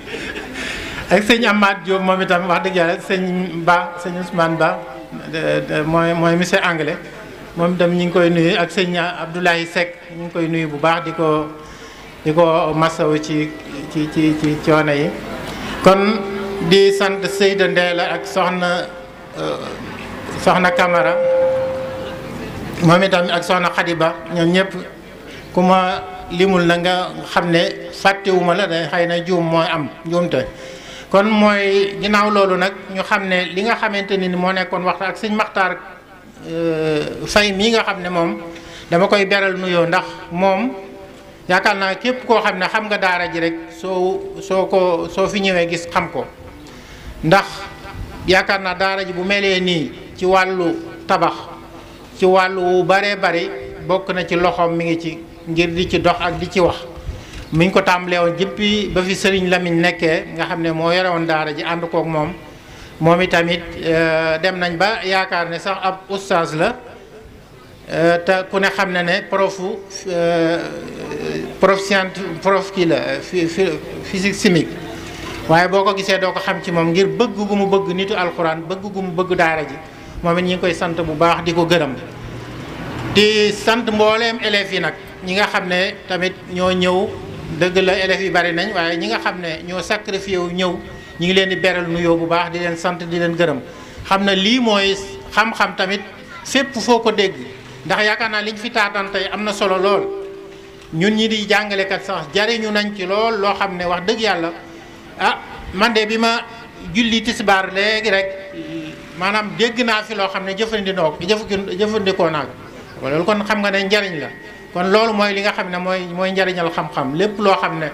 ak sëñ Amath Diop moom itam wax dëgg yàlla sëñ Ba sëñ Ousmane Ba mooy mooy monsieur anglais moom itam ñu ngi koy nuyu ak sëñ Abdoulaye Seck ñu ngi koy nuyu bu baax di ko di ko masawu ci ci ci ci coono yi. kon di sant Seyda Ndeela ak soxna euh, soxna kamara moom itam ak soxna Khadiba ñoom ñëpp ku ma limul na nga xam ne fàttewuma la day xëy na juum mooy am njuumte. kon mooy ginnaaw loolu nag ñu xam ne li nga xamante ni moo nekkoon waxtaan ak sëñ Maxtaar euh, Fay mii nga xam ne moom dama koy beral nuyoo ndax moom yaakaar naa képp koo xam ne xam nga daara ji rek soo soo ko soo fi ñëwee gis xam ko ndax yaakaar naa daara ji bu melee nii ci wàllu tabax ci wàllu wu baree bari bokk na ci loxoom mi ngi ci ngir di ci dox ak di ci wax mi ngi ko tàmbalee woon jëppi ba fi Serigne Lamine nekkee nga xam ne moo yore woon daara ji ànd kook moom moom itamit euh, dem nañ ba yaakaar ne sax ab oustaz la euh, te ku ne xam ne ne profu euh, prof science prof kii la physique chimique waaye boo ko gisee doo ko xam ci moom ngir bëgg gu mu bëgg nitu alxuraan bëgg gu mu bëgg daara ji moom it ñi ngi koy sant bu baax di ko gërëm di sant mbooleem élèves yi nag ñi nga xam ne tamit ñoo ñëw dëgg la élèves yi bari nañ waaye ñi nga xam ne ñoo sacrifié wu ñëw ñu ngi leen di beral nuyoo bu baax di leen sant di leen gërëm xam na lii mooy xam-xam tamit fépp foo ko dégg ndax yaakaar naa ñu fi taataan tey am na solo lool ñun ñi di jàngalekat sax jariñu nañ ci lool loo xam ne wax dëgg yàlla ah man de bi ma julli tisbaar léegi rek maanaam dégg naa fi loo xam ne jëfandinoo jëf jëfandikoo naa ko kon xam nga ne njariñ la kon loolu mooy li nga xam ne mooy mooy njariñal xam-xam lépp loo xam ne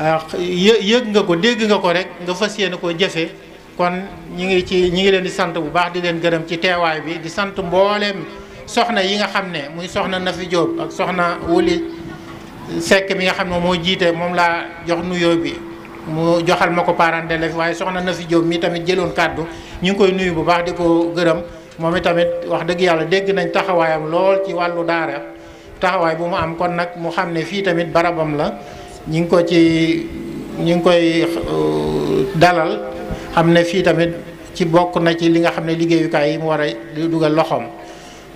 euh, yë yëg nga ko dégg nga ko rek nga fas yéene ko jëfee kon ñi ngi ci ñi ngi leen di sant bu baax di leen gërëm ci teewaay bi di sant mbooleem soxna yi nga xam ne muy soxna Nafi ak soxna Wuli Seck mi nga xam ne moo jiite moom laa jox nuyoo bi mu joxal ma ko parent d'élève waaye soxna Nafi Diop mi tamit jëloon kàddu ñu ngi koy nuyu bu baax di ko gërëm moom itamit wax dëgg yàlla dégg nañ taxawaayam lool ci wàllu daara taxawaay bu mu am kon nag mu xam ne fii tamit barabam la ñi ngi ko ci ñi ngi koy euh, dalal xam ne fii tamit ci bokk na ci li nga xam ne liggéeyukaay yi mu war a dugal loxoom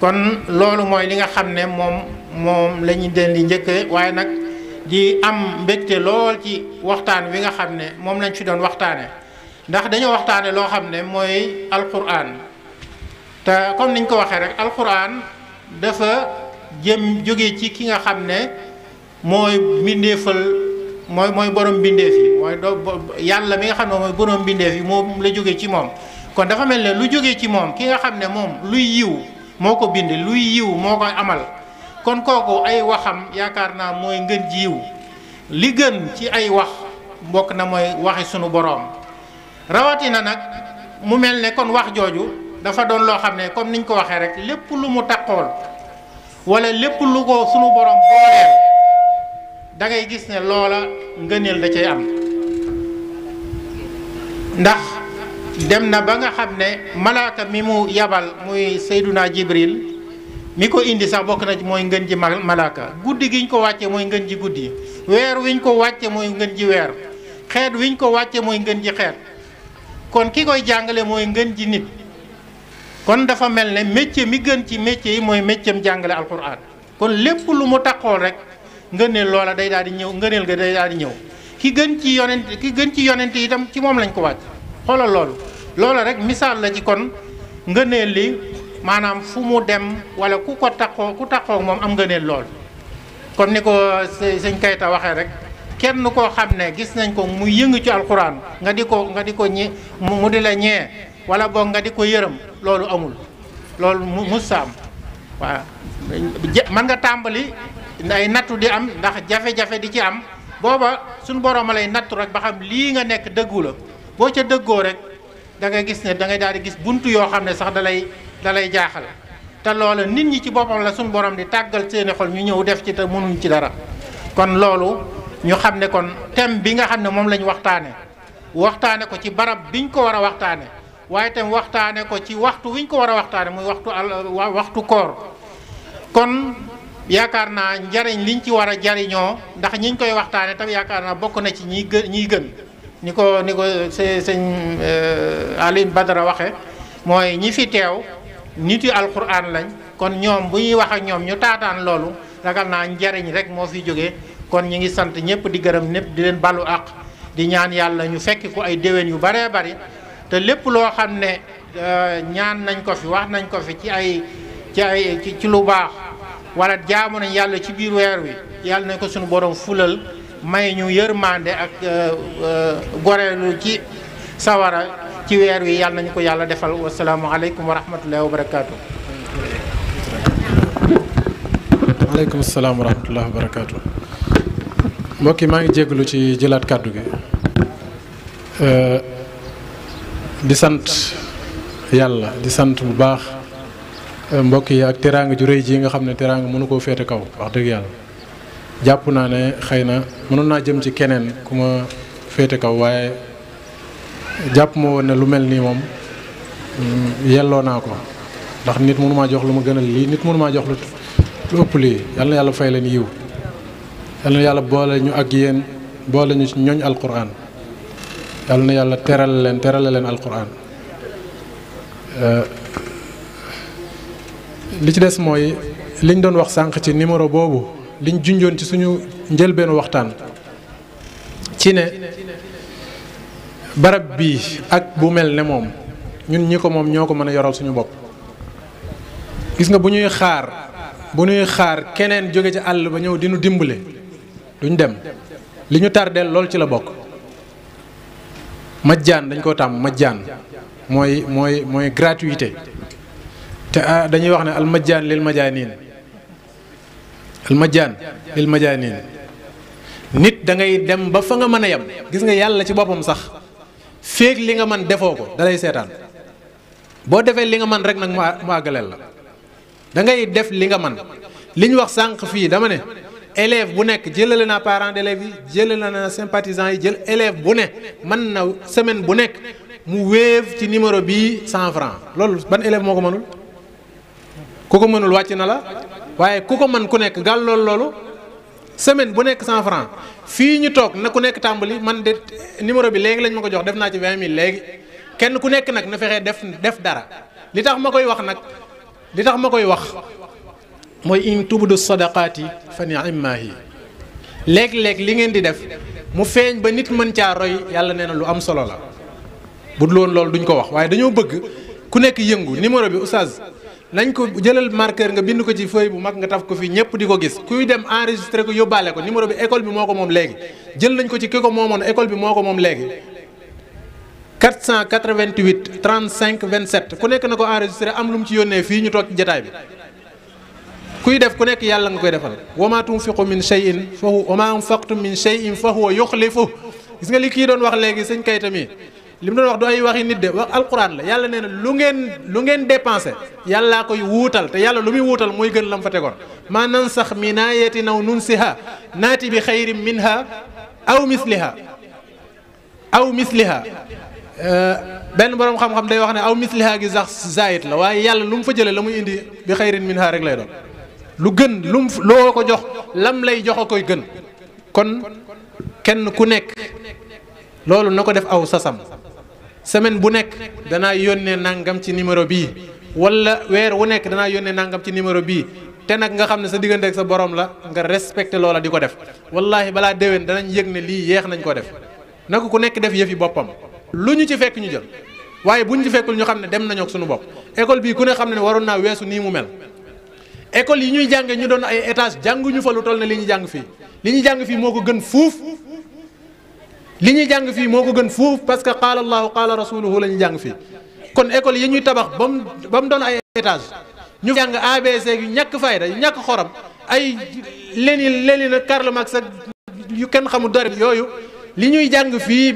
kon loolu mooy li nga xam ne moom moom la ñu den di njëkkee waaye nag di am mbégte lool ci waxtaan wi nga xam ne moom lañ fi doon waxtaane ndax dañoo waxtaane loo xam ne mooy alquran te comme niñ ko waxee rek alquran dafa jëm jóge ci ki nga xam ne mooy mbindeefal mooy mooy borom mbindeef yi mooy do yàlla mi nga xam ne mooy borom mbindeef yi moom la jóge ci moom kon dafa mel ne lu jóge ci moom ki nga xam ne moom luy yiw moo ko bind luy yiw moo ko amal kon kooku ay waxam yaakaar naa mooy ngën jiw li gën ci ay wax bokk na mooy waxi sunu boroom rawatina nag mu mel ne kon wax jooju dafa doon loo xam ne comme niñ ko waxee rek lépp lu mu takkool wala lépp lu ko sunu borom booleel da ngay gis ne loola ngëneel da cay am ndax dem na ba nga xam ne malaaka mi mu yabal muy Seyduna Jibril mi ko indi sax bokk na ci mooy ngën ji malaaka guddi giñ ko wàcce mooy ngën ji guddi weer wiñ ko wàcce mooy ngën ji weer xeet wiñ ko wàcce mooy ngën ji xeet kon ki koy jàngale mooy ngën ji nit kon dafa mel ne métier mi gën ci métier yi mooy métier mu jàngale alquran kon lépp lu mu taxool rek ngëneel loola day daal di ñëw ngëneel ga day daal di ñëw ki gën ci yonent ki gën ci yonent yi itam ci moom lañ ko wàcc xoolal loolu loola rek misaal la ci kon ngëneel li maanaam fu mu dem wala ku ko taxoo ku taxoo moom am nga ngëneel lool kon ni ko sëñ Kayta waxee rek kenn koo xam ne gis nañ ko mu yëngu ci alquran nga di ko nga di ko ñi mu di la ñee wala boog nga di ko yërëm loolu amul loolu mu mus am waaw mën nga tàmbali ay nattu di am ndax jafe-jafe di ci am booba suñu borom a nattu rek ba xam lii nga nekk dëggu la boo ca dëggoo rek dangay gis ne da ngay daal di gis bunt yoo xam ne sax dalay lay da lay jaaxal te loola nit ñi ci boppam la suñu borom di tàggal seeni xol ñu ñëw def ci te mënuñ ci dara kon loolu ñu xam ne kon thème bi nga xam ne moom lañu ñu waxtaane waxtaane ko ci barab biñ ko war a waxtaane waaye tam waxtaane ko ci waxtu wi ñu ko war a waxtaane muy waxtu al waxtu koor kon yaakaar naa njariñ liñ ci war a jariñoo ndax ñi koy waxtaane tam yaakaar naa bokk na ci ñi gën ñiy gën ni ko ni ko sëñ euh, Alioune Badara waxe mooy ñi fi teew nit yu alquran lañ kon ñoom bu ñuy wax ak ñoom ñu taataan loolu ragal naa njariñ rek moo fi jóge kon ñi ngi sant ñëpp di gërëm ñëpp di leen balu àq di ñaan yàlla ñu fekk ko ay déwén yu baree bari te lépp loo xam ne euh, ñaan nañ ko fi wax nañ ko fi ci ay ci ay ci lu baax wala jaamoon yàlla ci biir weer wi yàlla nañ ko suñu borom fulal may ñu yërmande ak euh, euh, goreelu ci sawara ci weer wi yàlla nañu ko yàlla defal wasalaamualeykum wa rahmatullahi wa barakaatu. waaleykum maa ngi jégalu ci jëlaat kàddu gi. di sant yàlla di sant bu baax eh, mbokk yi ak teraanga ju rëy ji nga xam ne teraanga mënu koo féete kaw wax dëgg yàlla jàpp naa ne xëy na mënoon naa jëm ci keneen ku ma féete kaw waaye jàpp ma woon ne lu mel nii moom mm, yelloo naa ko ndax nit mënu maa jox lu ma gënal lii nit mënu maa jox lu ëpp lii yàlla na yàlla fay leen yiw yal na yàlla boole ñu ak yéen boole ñu ci ñooñ alquran yàlla na yàlla teral leen terale leen alquran li ci des mooy liñ doon wax sànq ci numéro boobu liñ junjoon ci suñu njëlbeenu waxtaan ci ne barab bii ak bu mel ne moom ñun ñi ko moom ñoo ko mën a yoral suñu bopp gis nga bu ñuy xaar bu ñuy xaar keneen jóge ci àll ba ñëw dinu dimbale duñ dem li ñu tardeel lool ci la bokk majjaan dañ koo tàmm majjaan mooy mooy mooy gratuité te ah, dañuy wax ne al majjaan lil majaaniin al majjaan lil nit dangay dem ba fa nga mën a yem gis nga yàlla ci boppam sax féeg li nga man defoo ko dalay seetaan boo defee li nga man rek nag mu àggaleel la da def li nga man li ñu wax sànq fii dama ne élève bu nekk jëlale naa parents d'élèves yi jëlale naa sympathisants yi jël élève bu ne man na semaine bu nekk mu wéef ci numéro bii cent franc loolu ban élève moo ko mënul ku ko mënul wàcc na la waaye ku ko mën ku nekk gàll loolu loolu semaine bu nekk cent franc fii ñu toog na ku nekk tàmbali man de numéro bi léegi lañ ma ko jox def naa ci vingt mille léegi kenn ku nekk nag na fexee def def dara li tax ma koy wax nag li tax ma koy wax mooy in tubdu sadaqaati fan ni'immaa yi léeg-léeg li ngeen di def mu feeñ ba nit mën caa roy yàlla nee na lu am solo la bu dul woon loolu duñ ko wax waaye dañoo bëgg ku nekk yëngu numéro bi oustaz nañ ko jëlal marqueur nga bind ko ci feuille bu mag nga taf ko fii ñëpp di ko gis kuy dem enregistré ko yóbbaale ko numéro bi école bi moo ko moom léegi jël nañ ko ci ki ko moomoon école bi moo ko moom léegi 488 35 27 ku nekk na ko enregistré am lu mu ci yónnee fii ñu toog jataay bi kuy def ku nekk yàlla nga koy defal wa ma tunfiqu min shay'in fa huwa wa ma anfaqtum min shay'in fa huwa yukhlifu gis nga li kii doon wax léegi sëñ Kayta mi li mu doon wax du ay waxi nit de wax alquran la yàlla nee na lu ngeen lu ngeen dépensé yàllaa koy wuutal te yàlla lu muy wuutal mooy gën lam fa tegoon sax ma nansax min ayatin aw nunsiha naati bi xayrin minha aw misliha aw misliha benn borom xam-xam day wax ne aw misliha gi sax zaayit la waaye yàlla lu mu fa jëlee la muy indi bi xayrin minha rek lay doon lu gën lum loo ko jox lam lay jox a koy gën kon kenn ku nekk loolu na ko def aw sasam semaine bu nekk danaa yónnee nangam ci numéro bii wala weer wu nekk danaa yónnee nangam ci numéro bii te nag nga xam ne sa diggante ak sa borom la nga respecté loola di ko def wallaahi balaa déwén danañ yëg ne lii yeex nañ ko def na ko ku nekk def yëfi boppam lu ñu ci fekk ñu jël waaye buñ ci fekkul ñu xam ne dem nañoo ak suñu bopp école bii ku ne xam ne waroon naa weesu nii mu mel. école yi ñuy jànge ñu doon ay étage jànguñu fa lu toll ne li ñuy jàng fii li ñuy jàng fii moo ko gën fuuf li ñuy jàng fii moo ko gën fuuf parce que qaala allahu qaala rasuluhu la ñuy jàng fii kon école yi ñuy tabax ba mu ba mu doon ay étage ñu jàng ABC yu ñàkk fayda yu ñàkk xoram ay Lénine Lénine ak Karl Marx yu kenn xamul dara yooyu li ñuy jàng fii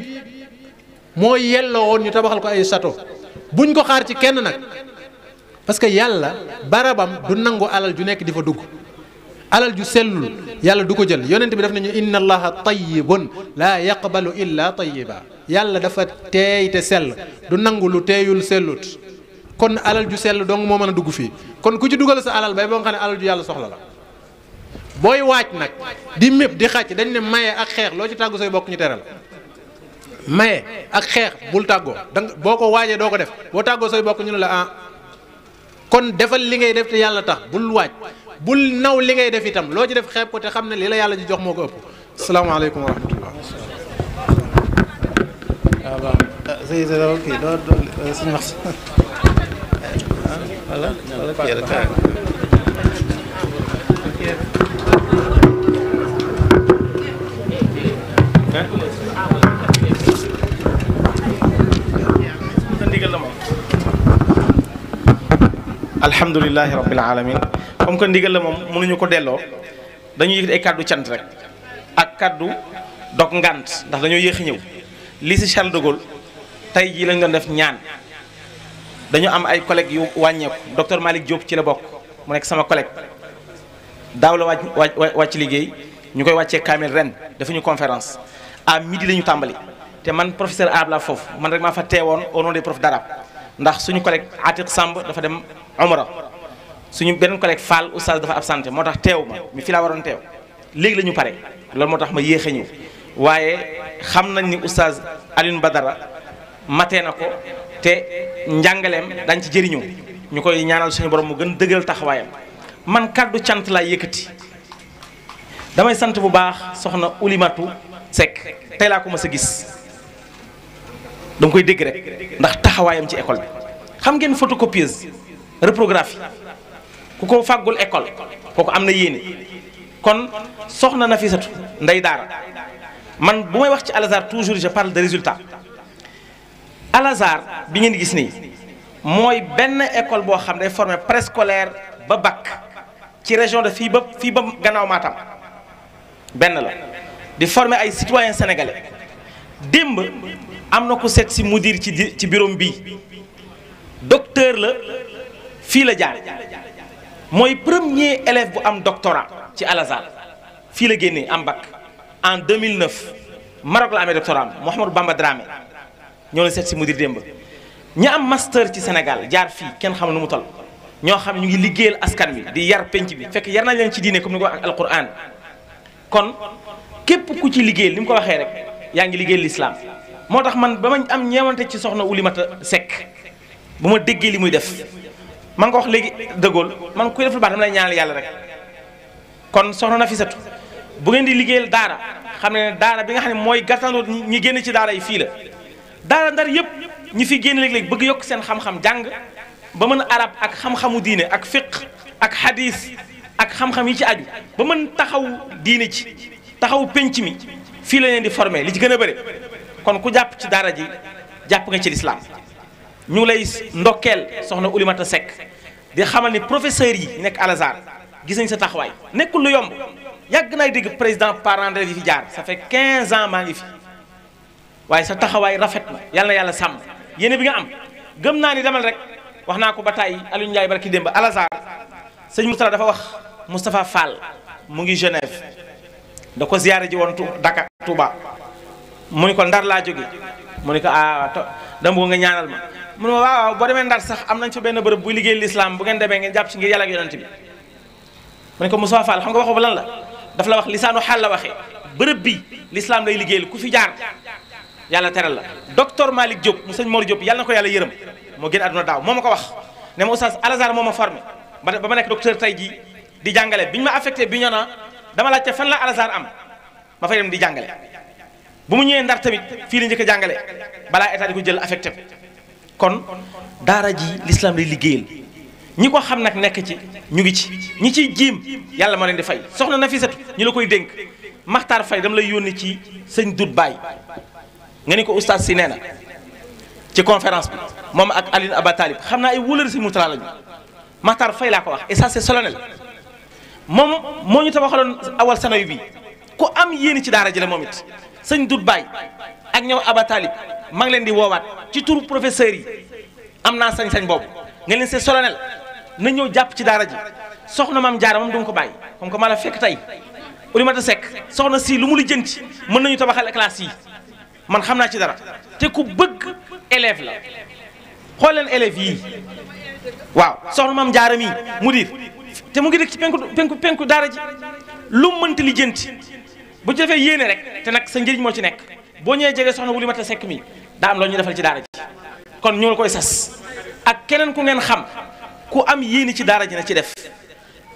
moo yelloo woon ñu tabaxal ko ay château buñ ko xaar ci kenn nag parce que yàlla barabam du nangu alal ju nekk di fa dugg alal ju sellul yàlla du ko jël yonent bi daf nañu inna allaha tayyibun laa yàq yaqbalu illa tayyiba yàlla dafa teey te sell du nangu lu teeyul sellut kon alal ju sell dong moo mën a dugg fii kon ku ci dugal sa alal bay boo nga xam ne alal ju yàlla soxla la booy waaj nag di mépp di xàcc dañ ne maye ak xeex loo ci tàgg say bokk ñu teral maye ak xeex bul tàggoo danga boo ko waajee doo ko def boo kon defal li ngay def te yàlla tax bul waaj bul naw li ngay def itam loo ci def xeeb ko te xam ne li la yàlla ji jox moo ko ëpp salaamaaleykum wa rahmatullah alhamdulilahi rabbil alamin comme que ndigal la moom mënuñu ko delloo dañuy yëkkati ay kàddu cant rek ak kàddu dog ngant ndax dañoo yéex ñëw li si Charles de Gaulle tey jii lañ doon def ñaan dañu am ay collègues yu wàññeeku docteur Malick Diop ci la bokk mu nekk sama collègue daaw la wàcc wàcc liggéey ñu koy wàccee kaamil ren ñu conférence à midi la ñu tàmbali te man professeur arabe la foofu man rek maa fa teewoon au nom des profs ndax suñu collègue Atiq omra suñu beneen collègue Fall oustaz dafa absenté moo tax teew ma mi fi waroon teew léegi lañu pare loolu moo tax ma yéex a ñëw waaye xam nañ ni oustaz Alioune Badara matee na ko te njàngaleem dañ ci jëriñoo ñu koy ñaanal suñu borom mu gën dëgëral taxawaayam man kàddu cant laa yëkkati damay sant bu baax soxna Oulimatu sekk tey laa ko ma a gis danga koy dégg rek ndax taxawaayam ci école bi xam ngeen photocopieuse reprographie ku ko fàggul école kooku am na yéene kon soxna Nafisatu ndey daara man bu may wax ci Al Azhar toujours je parle de résultat Al bi ngeen gis nii mooy benn école boo xam ne day formé préscolaire ba bakk ci région de fii ba fii ba gannaaw Matam benn la di forme ay citoyens sénégalais démb am na ko seet si mudir ci ci bureau bii docteur la fii la jaar mooy premier élève bu am doctorat ci Al fii la génne am bac en 2009 Maroc la amee doctorat am Mouhamadou Bamba Dramé ñoo la seet si mudir démb ñi am master ci Sénégal jaar fii kenn xam nu mu toll ñoo xam ñu ngi liggéeyal askan bi di yar penc bi fekk yar nañ leen ci diine comme ni ko wax ak alquran kon képp ku ci liggéeyal ni mu ko waxee rek yaa ngi liggéeyal lislaam moo tax man ba ma am ñeewante ci soxna Oulimata Seck bu ma déggee li muy def man nga wax léegi dëggool man kuy def lu baax dama lay ñaanal yàlla rek kon soxna na Nafisatu bu ngeen di liggéeyal daara xam ne daara bi nga xam ne mooy gàttandoo ñi génn ci daara yi fii la daara ndar yëpp ñi fi génn léeg-léeg bëgg yokk seen xam-xam jàng ba mën arab ak xam-xamu diine ak fiq ak hadis ak xam-xam yi ci aju ba mën taxaw diine ci taxaw penc mi fii la leen di formé li ci gën a bëri kon ku jàpp ci daara ji jàpp nga ci lislaam ñu ngi lay ndokkeel soxna Oulimata Seck di xamal ni professeur yi nekk Al Azhar gis nañ sa taxawaay nekkul lu yomb yàgg naa dégg président parents d'élèves yi fi jaar ça fait 15 ans maa ngi fi waaye sa taxawaay rafet na yàlla yàlla sàmm yéene bi nga am gëm naa ni demal rek wax naa ko ba tàyyi Aliou Ndiaye barki démb Al Azhar sëñ Moustapha dafa wax Moustapha Fall mu ngi Genève da ko ziyaare ji woon Dakar Touba mu ni ko ndar laa jóge mu ni ko ah dama bëgg mun ma waaw waaw boo demee ndar sax am nañ fa benn bërëb buy liggéey lislaam bu ngeen demee ngeen jàpp ci ngir yàlla ak yonent bi mu ne ko Moussa Fall nga waxu ba lan la daf la wax lisaanu xaal la waxee bërëb bi lislaam lay liggéeyal ku fi jaar yàlla teral la docteur Malick Diop mu sëñ Mor Diop yàlla na ko yàlla yërëm moo génn àdduna daaw ma ko wax ne ma oustaz Al moo ma formé ba ba ma nekk docteur tey jii di jàngale bi ñu ma affecté bi ñu naan dama laajte fan la Al Azhar am ma fay di jàngale bu mu ñëwee ndar tamit fii la njëkk jàngale balaa état di ko jël affecté kon daara ji lislaam lay liggéeyal ñi ko xam nag nekk ci ñu ngi ci ñi ciy jiim yàlla ma leen di fay soxna Nafisatu ñu la koy dénk maxtaar fay dama lay yónni ci sëñ dut baay nga ni ko oustaz si nee ci conférence bi moom ak Aline Aba Talib xam naa ay wóolari si Mourtala lañu maxtaar fay laa ko wax et ça c'est solennel moom moo ñu tabaxaloon awal sanawi bi ku am yéeni ci daara ji la moom it sëñ dut baay ak ñoom Aba Talib leen di woowaat ci turu professeurs yi am naa sañ-sañ boobu nga leen c'est solennel na ñëw jàpp ci daara ji soxna maam jaara moom du nga ko bàyyi comme que fekk tey Oulimata Seck soxna si lu mu li jënti mën nañu tabaxal classe yi man xam naa ci dara te ku bëgg élève leen élèves yii waaw soxna maam jaara mii mu diir te mu ngi dëkk ci penku penku penku daara ji lu mu mënti li jënti bu ci defee yéene rek te nag sa njëriñ moo ci nekk boo ñëwee jege soxna Woulimata Seck mi daa am loo ñu defal ci daara ji kon ñoo koy sas ak keneen ku ngeen xam ku am yéene ci daara ji na ci def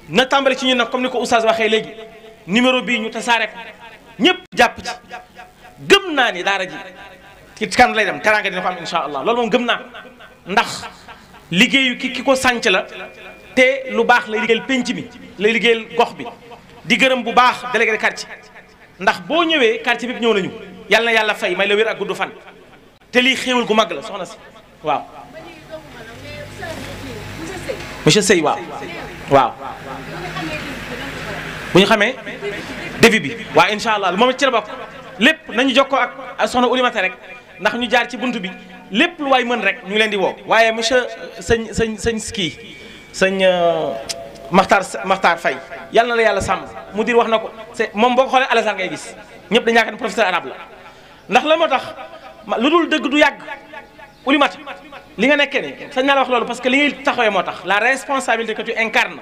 na tàmbali ci ñun nag comme ni ko oustaz waxee léegi numéro bii ñu tasaare rek ñëpp jàpp ci gëm naa ni daara ji ci kan lay dem teraanga dina ko am incha allah loolu moom gëm naa ndax liggéeyu ki ki ko sanc la te lu baax lay liggéeyal penc mi lay liggéeyal gox bi di gërëm bu baax délégué quartier ndax boo ñëwee quartier bi ñëw nañu. yal na yàlla fay may la wér ak gudd fan te lii xéewal gu mag la soxna si waaw monsieur Seye waaw waaw bu ñu xamee défi bi waaw incha allah moom ci la bokk lépp nañu jokkoo ak soxna Oulimata rek ndax ñu jaar ci bunt bi lépp lu waay mën rek ñu leen di woo waaye monsieur sëñ sëñ sëñ ski sëñ euh, Maxtaar Maxtaar fay yàlla na la yàlla sàmm mu dir wax na ko c'est moom boo ko xoolee Alassane ngay gis ñëpp dañu yaakaar ne professeur arabe la ndax la moo tax lu dul dëgg du yàgg ulimat li nga nekkee ni sañ naa la wax loolu parce que li ngay taxawee moo tax la responsabilité que tu incarnes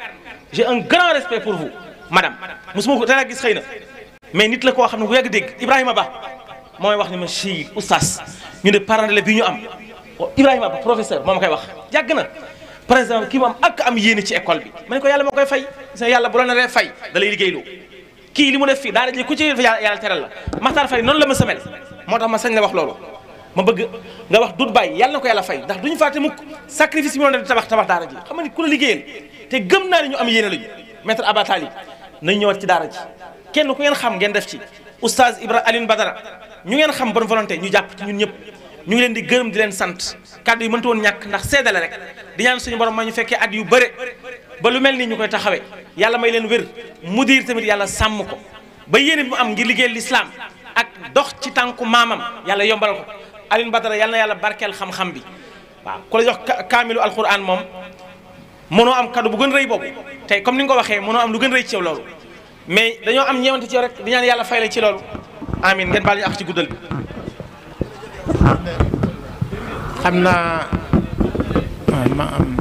j'ai un grand respect pour vous madame mosuma ko dara gis xëy na mais nit la koo xam ne ku yàgg dégg Ibrahima Ba mooy wax ni ma si oustaz ñu ne parent la bi ñu am oh, Ibrahima Ba professeur moo ma koy wax yàgg na par exemple kii mu am ak am yéene ci école bi ma ne ko yàlla moo koy fay sa yàlla bu la naree fay da lay liggéeyloo kii li mu def fii daara ji ku ci def yàlla teral la Maxtaar Fay noonu la ma semel moo tax ma sañ la wax loolu ma bëgg nga wax dut bàyyi yàlla na ko yàlla fay ndax duñu fàtte mukk sacrifice bi mu doon def tabax tabax daara ji xam ku la liggéeyal te gëm naa ne ñu am yéene lañu maître abatal yi nañ ci daara ji kenn ku ngeen xam ngeen def ci oustaz Ibra Alioune Badara ñu ngeen xam bonne volonté ñu jàpp ci ñun ñëpp ñu ngi leen di gërëm di leen sant kàddu yi mënta woon ñàkk rek di ñaan ma ñu fekkee at yu bëre ba lu mel nii ñu koy taxawee yàlla may leen wér mudir tamit yàlla sàmm ko ba yéene mu am ngir liggéey lislaam ak dox ci tànku maamam yàlla yombalal ko Alioune Badara yàlla yàlla barkeel xam-xam bi waaw ku la jox kaamilu alquran moom mënoo am kàddu bu gën rëy boobu tey comme ni nga ko waxee mënoo am lu gën rëy ci loolu mais dañoo am ñeewante ci yow rek di ñaan yàlla fay la ci loolu amin ngeen baal ñu ak ci guddal bi xam naa ma am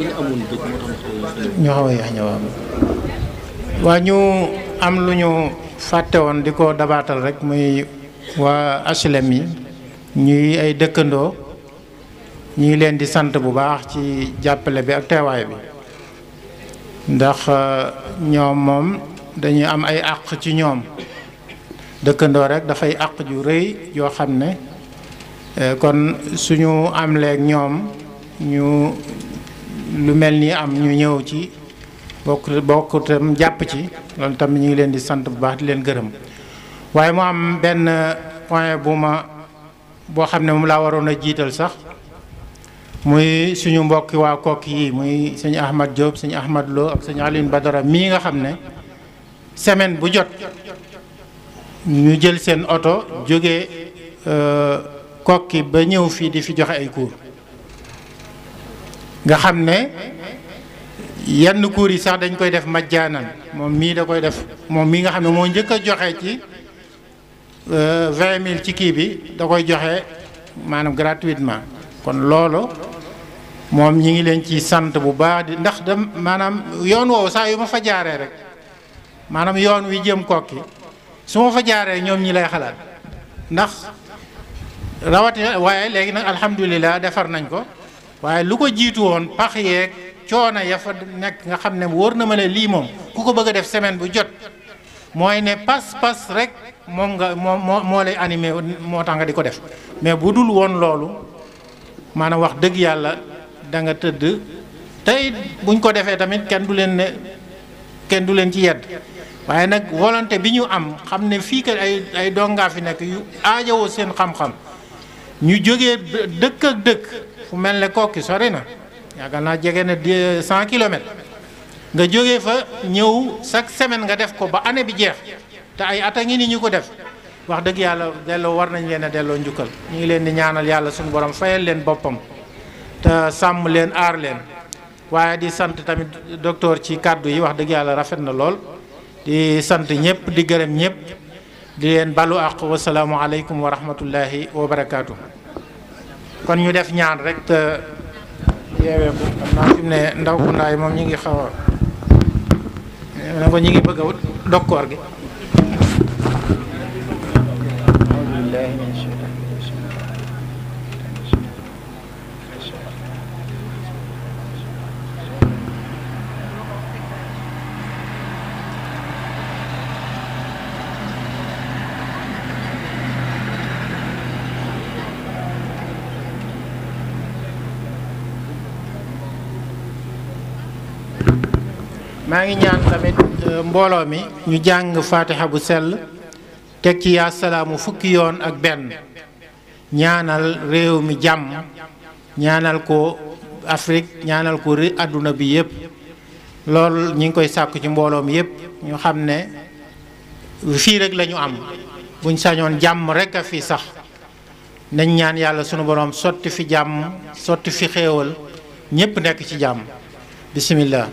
ñu xaw a waa ñu am lu ñu fàtte woon di ko dabaatal rek muy waa HLM yi ñuy ay dëkkandoo ñu ngi leen di sant bu baax ci jàppale bi ak teewaay bi ndax euh, ñoom moom dañuy am ay àq ci ñoom dëkkandoo rek dafay àq ju rëy yoo xam ne euh, kon suñu amleeg ñoom ñu lu mel ni am ñu ñëw ci bokk bokk tam jàpp ci loolu tam ñu ngi leen di sant bu baax di leen gërëm waaye mu am benn point bu ma boo xam ne moom laa waroon a jiital sax muy suñu mbokki waa Kokki yi muy sëñ Ahmad Diop sëñ Ahmad Lo ak sëñ Alioune Badara mii nga xam ne semaine bu jot ñu jël seen oto jóge euh, Kokki ba ñëw fii di fi joxe ay cours nga xam ne yenn cours yi sax dañ koy def majjaanan moom mii da koy def moom mii nga xam ne moo njëkk a joxe ci euh, vingt mille ci kii bi da koy joxe maanaam gratuitement kon loolu moom ñi ngi leen ci sant bu baax di ndax da maanaam yoon woowu saa yu ma fa jaaree rek maanaam yoon wi jëm kokki su ma fa jaaree ñoom ñi lay xalaat ndax rawat rawatina waaye léegi nag alhamdulilah defar nañ ko waaye lu ko jiitu woon pax yeeg coono ya fa nekk nga xam ne wóor na ma ne lii moom ku ko bëgg a def semaine bu jot mooy ne pas-pas rek moom nga moo moo lay anime moo tax nga di ko def mais bu dul woon loolu maanaam wax dëgg yàlla danga nga tëdd tey buñ ko defee tamit kenn du leen ne kenn du leen ci yedd waaye nag volonté bi ñu am xam ne fii kat ay ay dongaa fi nekk yu aajowoo seen xam-xam ñu jóge dëkk ak dëkk fu mel ne kokki sore na yaakaar naa jege na cent kilomètres nga jóge fa ñëw chaque semaine nga def ko ba année bi jeex te ay at a ngi ni ñu ko def wax dëgg yàlla delloo war nañ leen a delloo njukkal ñu ngi leen di ñaanal yàlla suñu borom fayal leen boppam te sàmm leen aar leen waaye di sant tamit docteur ci kàddu yi wax dëgg yàlla rafet na lool di sant ñëpp di gërëm ñëpp di leen balu àq wasalaamualeykum wa rahmatullahi wa barakaatu. kon ñu def ñaan rekk te yeewee ko naa fi ne ndaw ku ndaay moom ñu ngi xaw a ko ñi ngi bëgg a dokkoor gi. maa ngi ñaan tamit euh, mbooloo mi ñu jàng faatiha bu sell teg ci yaa salaamu fukki yoon ak benn ñaanal réew mi jàmm ñaanal ko Afrique ñaanal ko ri àdduna bi yépp loolu ñi ngi koy sàkku ci mbooloo mbooloom yépp ñu xam ne fii rek lañu am buñ sañoon jàmm rekk a fi sax nañ ñaan yàlla sunu boroom sotti fi jàmm sotti fi xewal ñépp nekk ci jàmm bisimilah.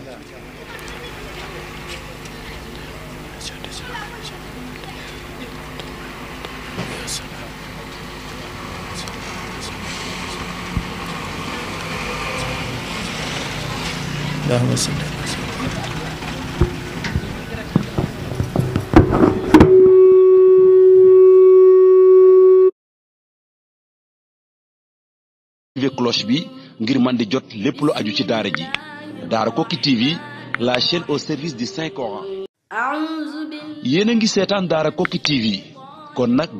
allahumma bi ngir man di jot lépp lu aju ci daara ji Daara Koki TV la chaîne au service du Saint Coran yéen a ngi seetaan Daara Koki TV kon nag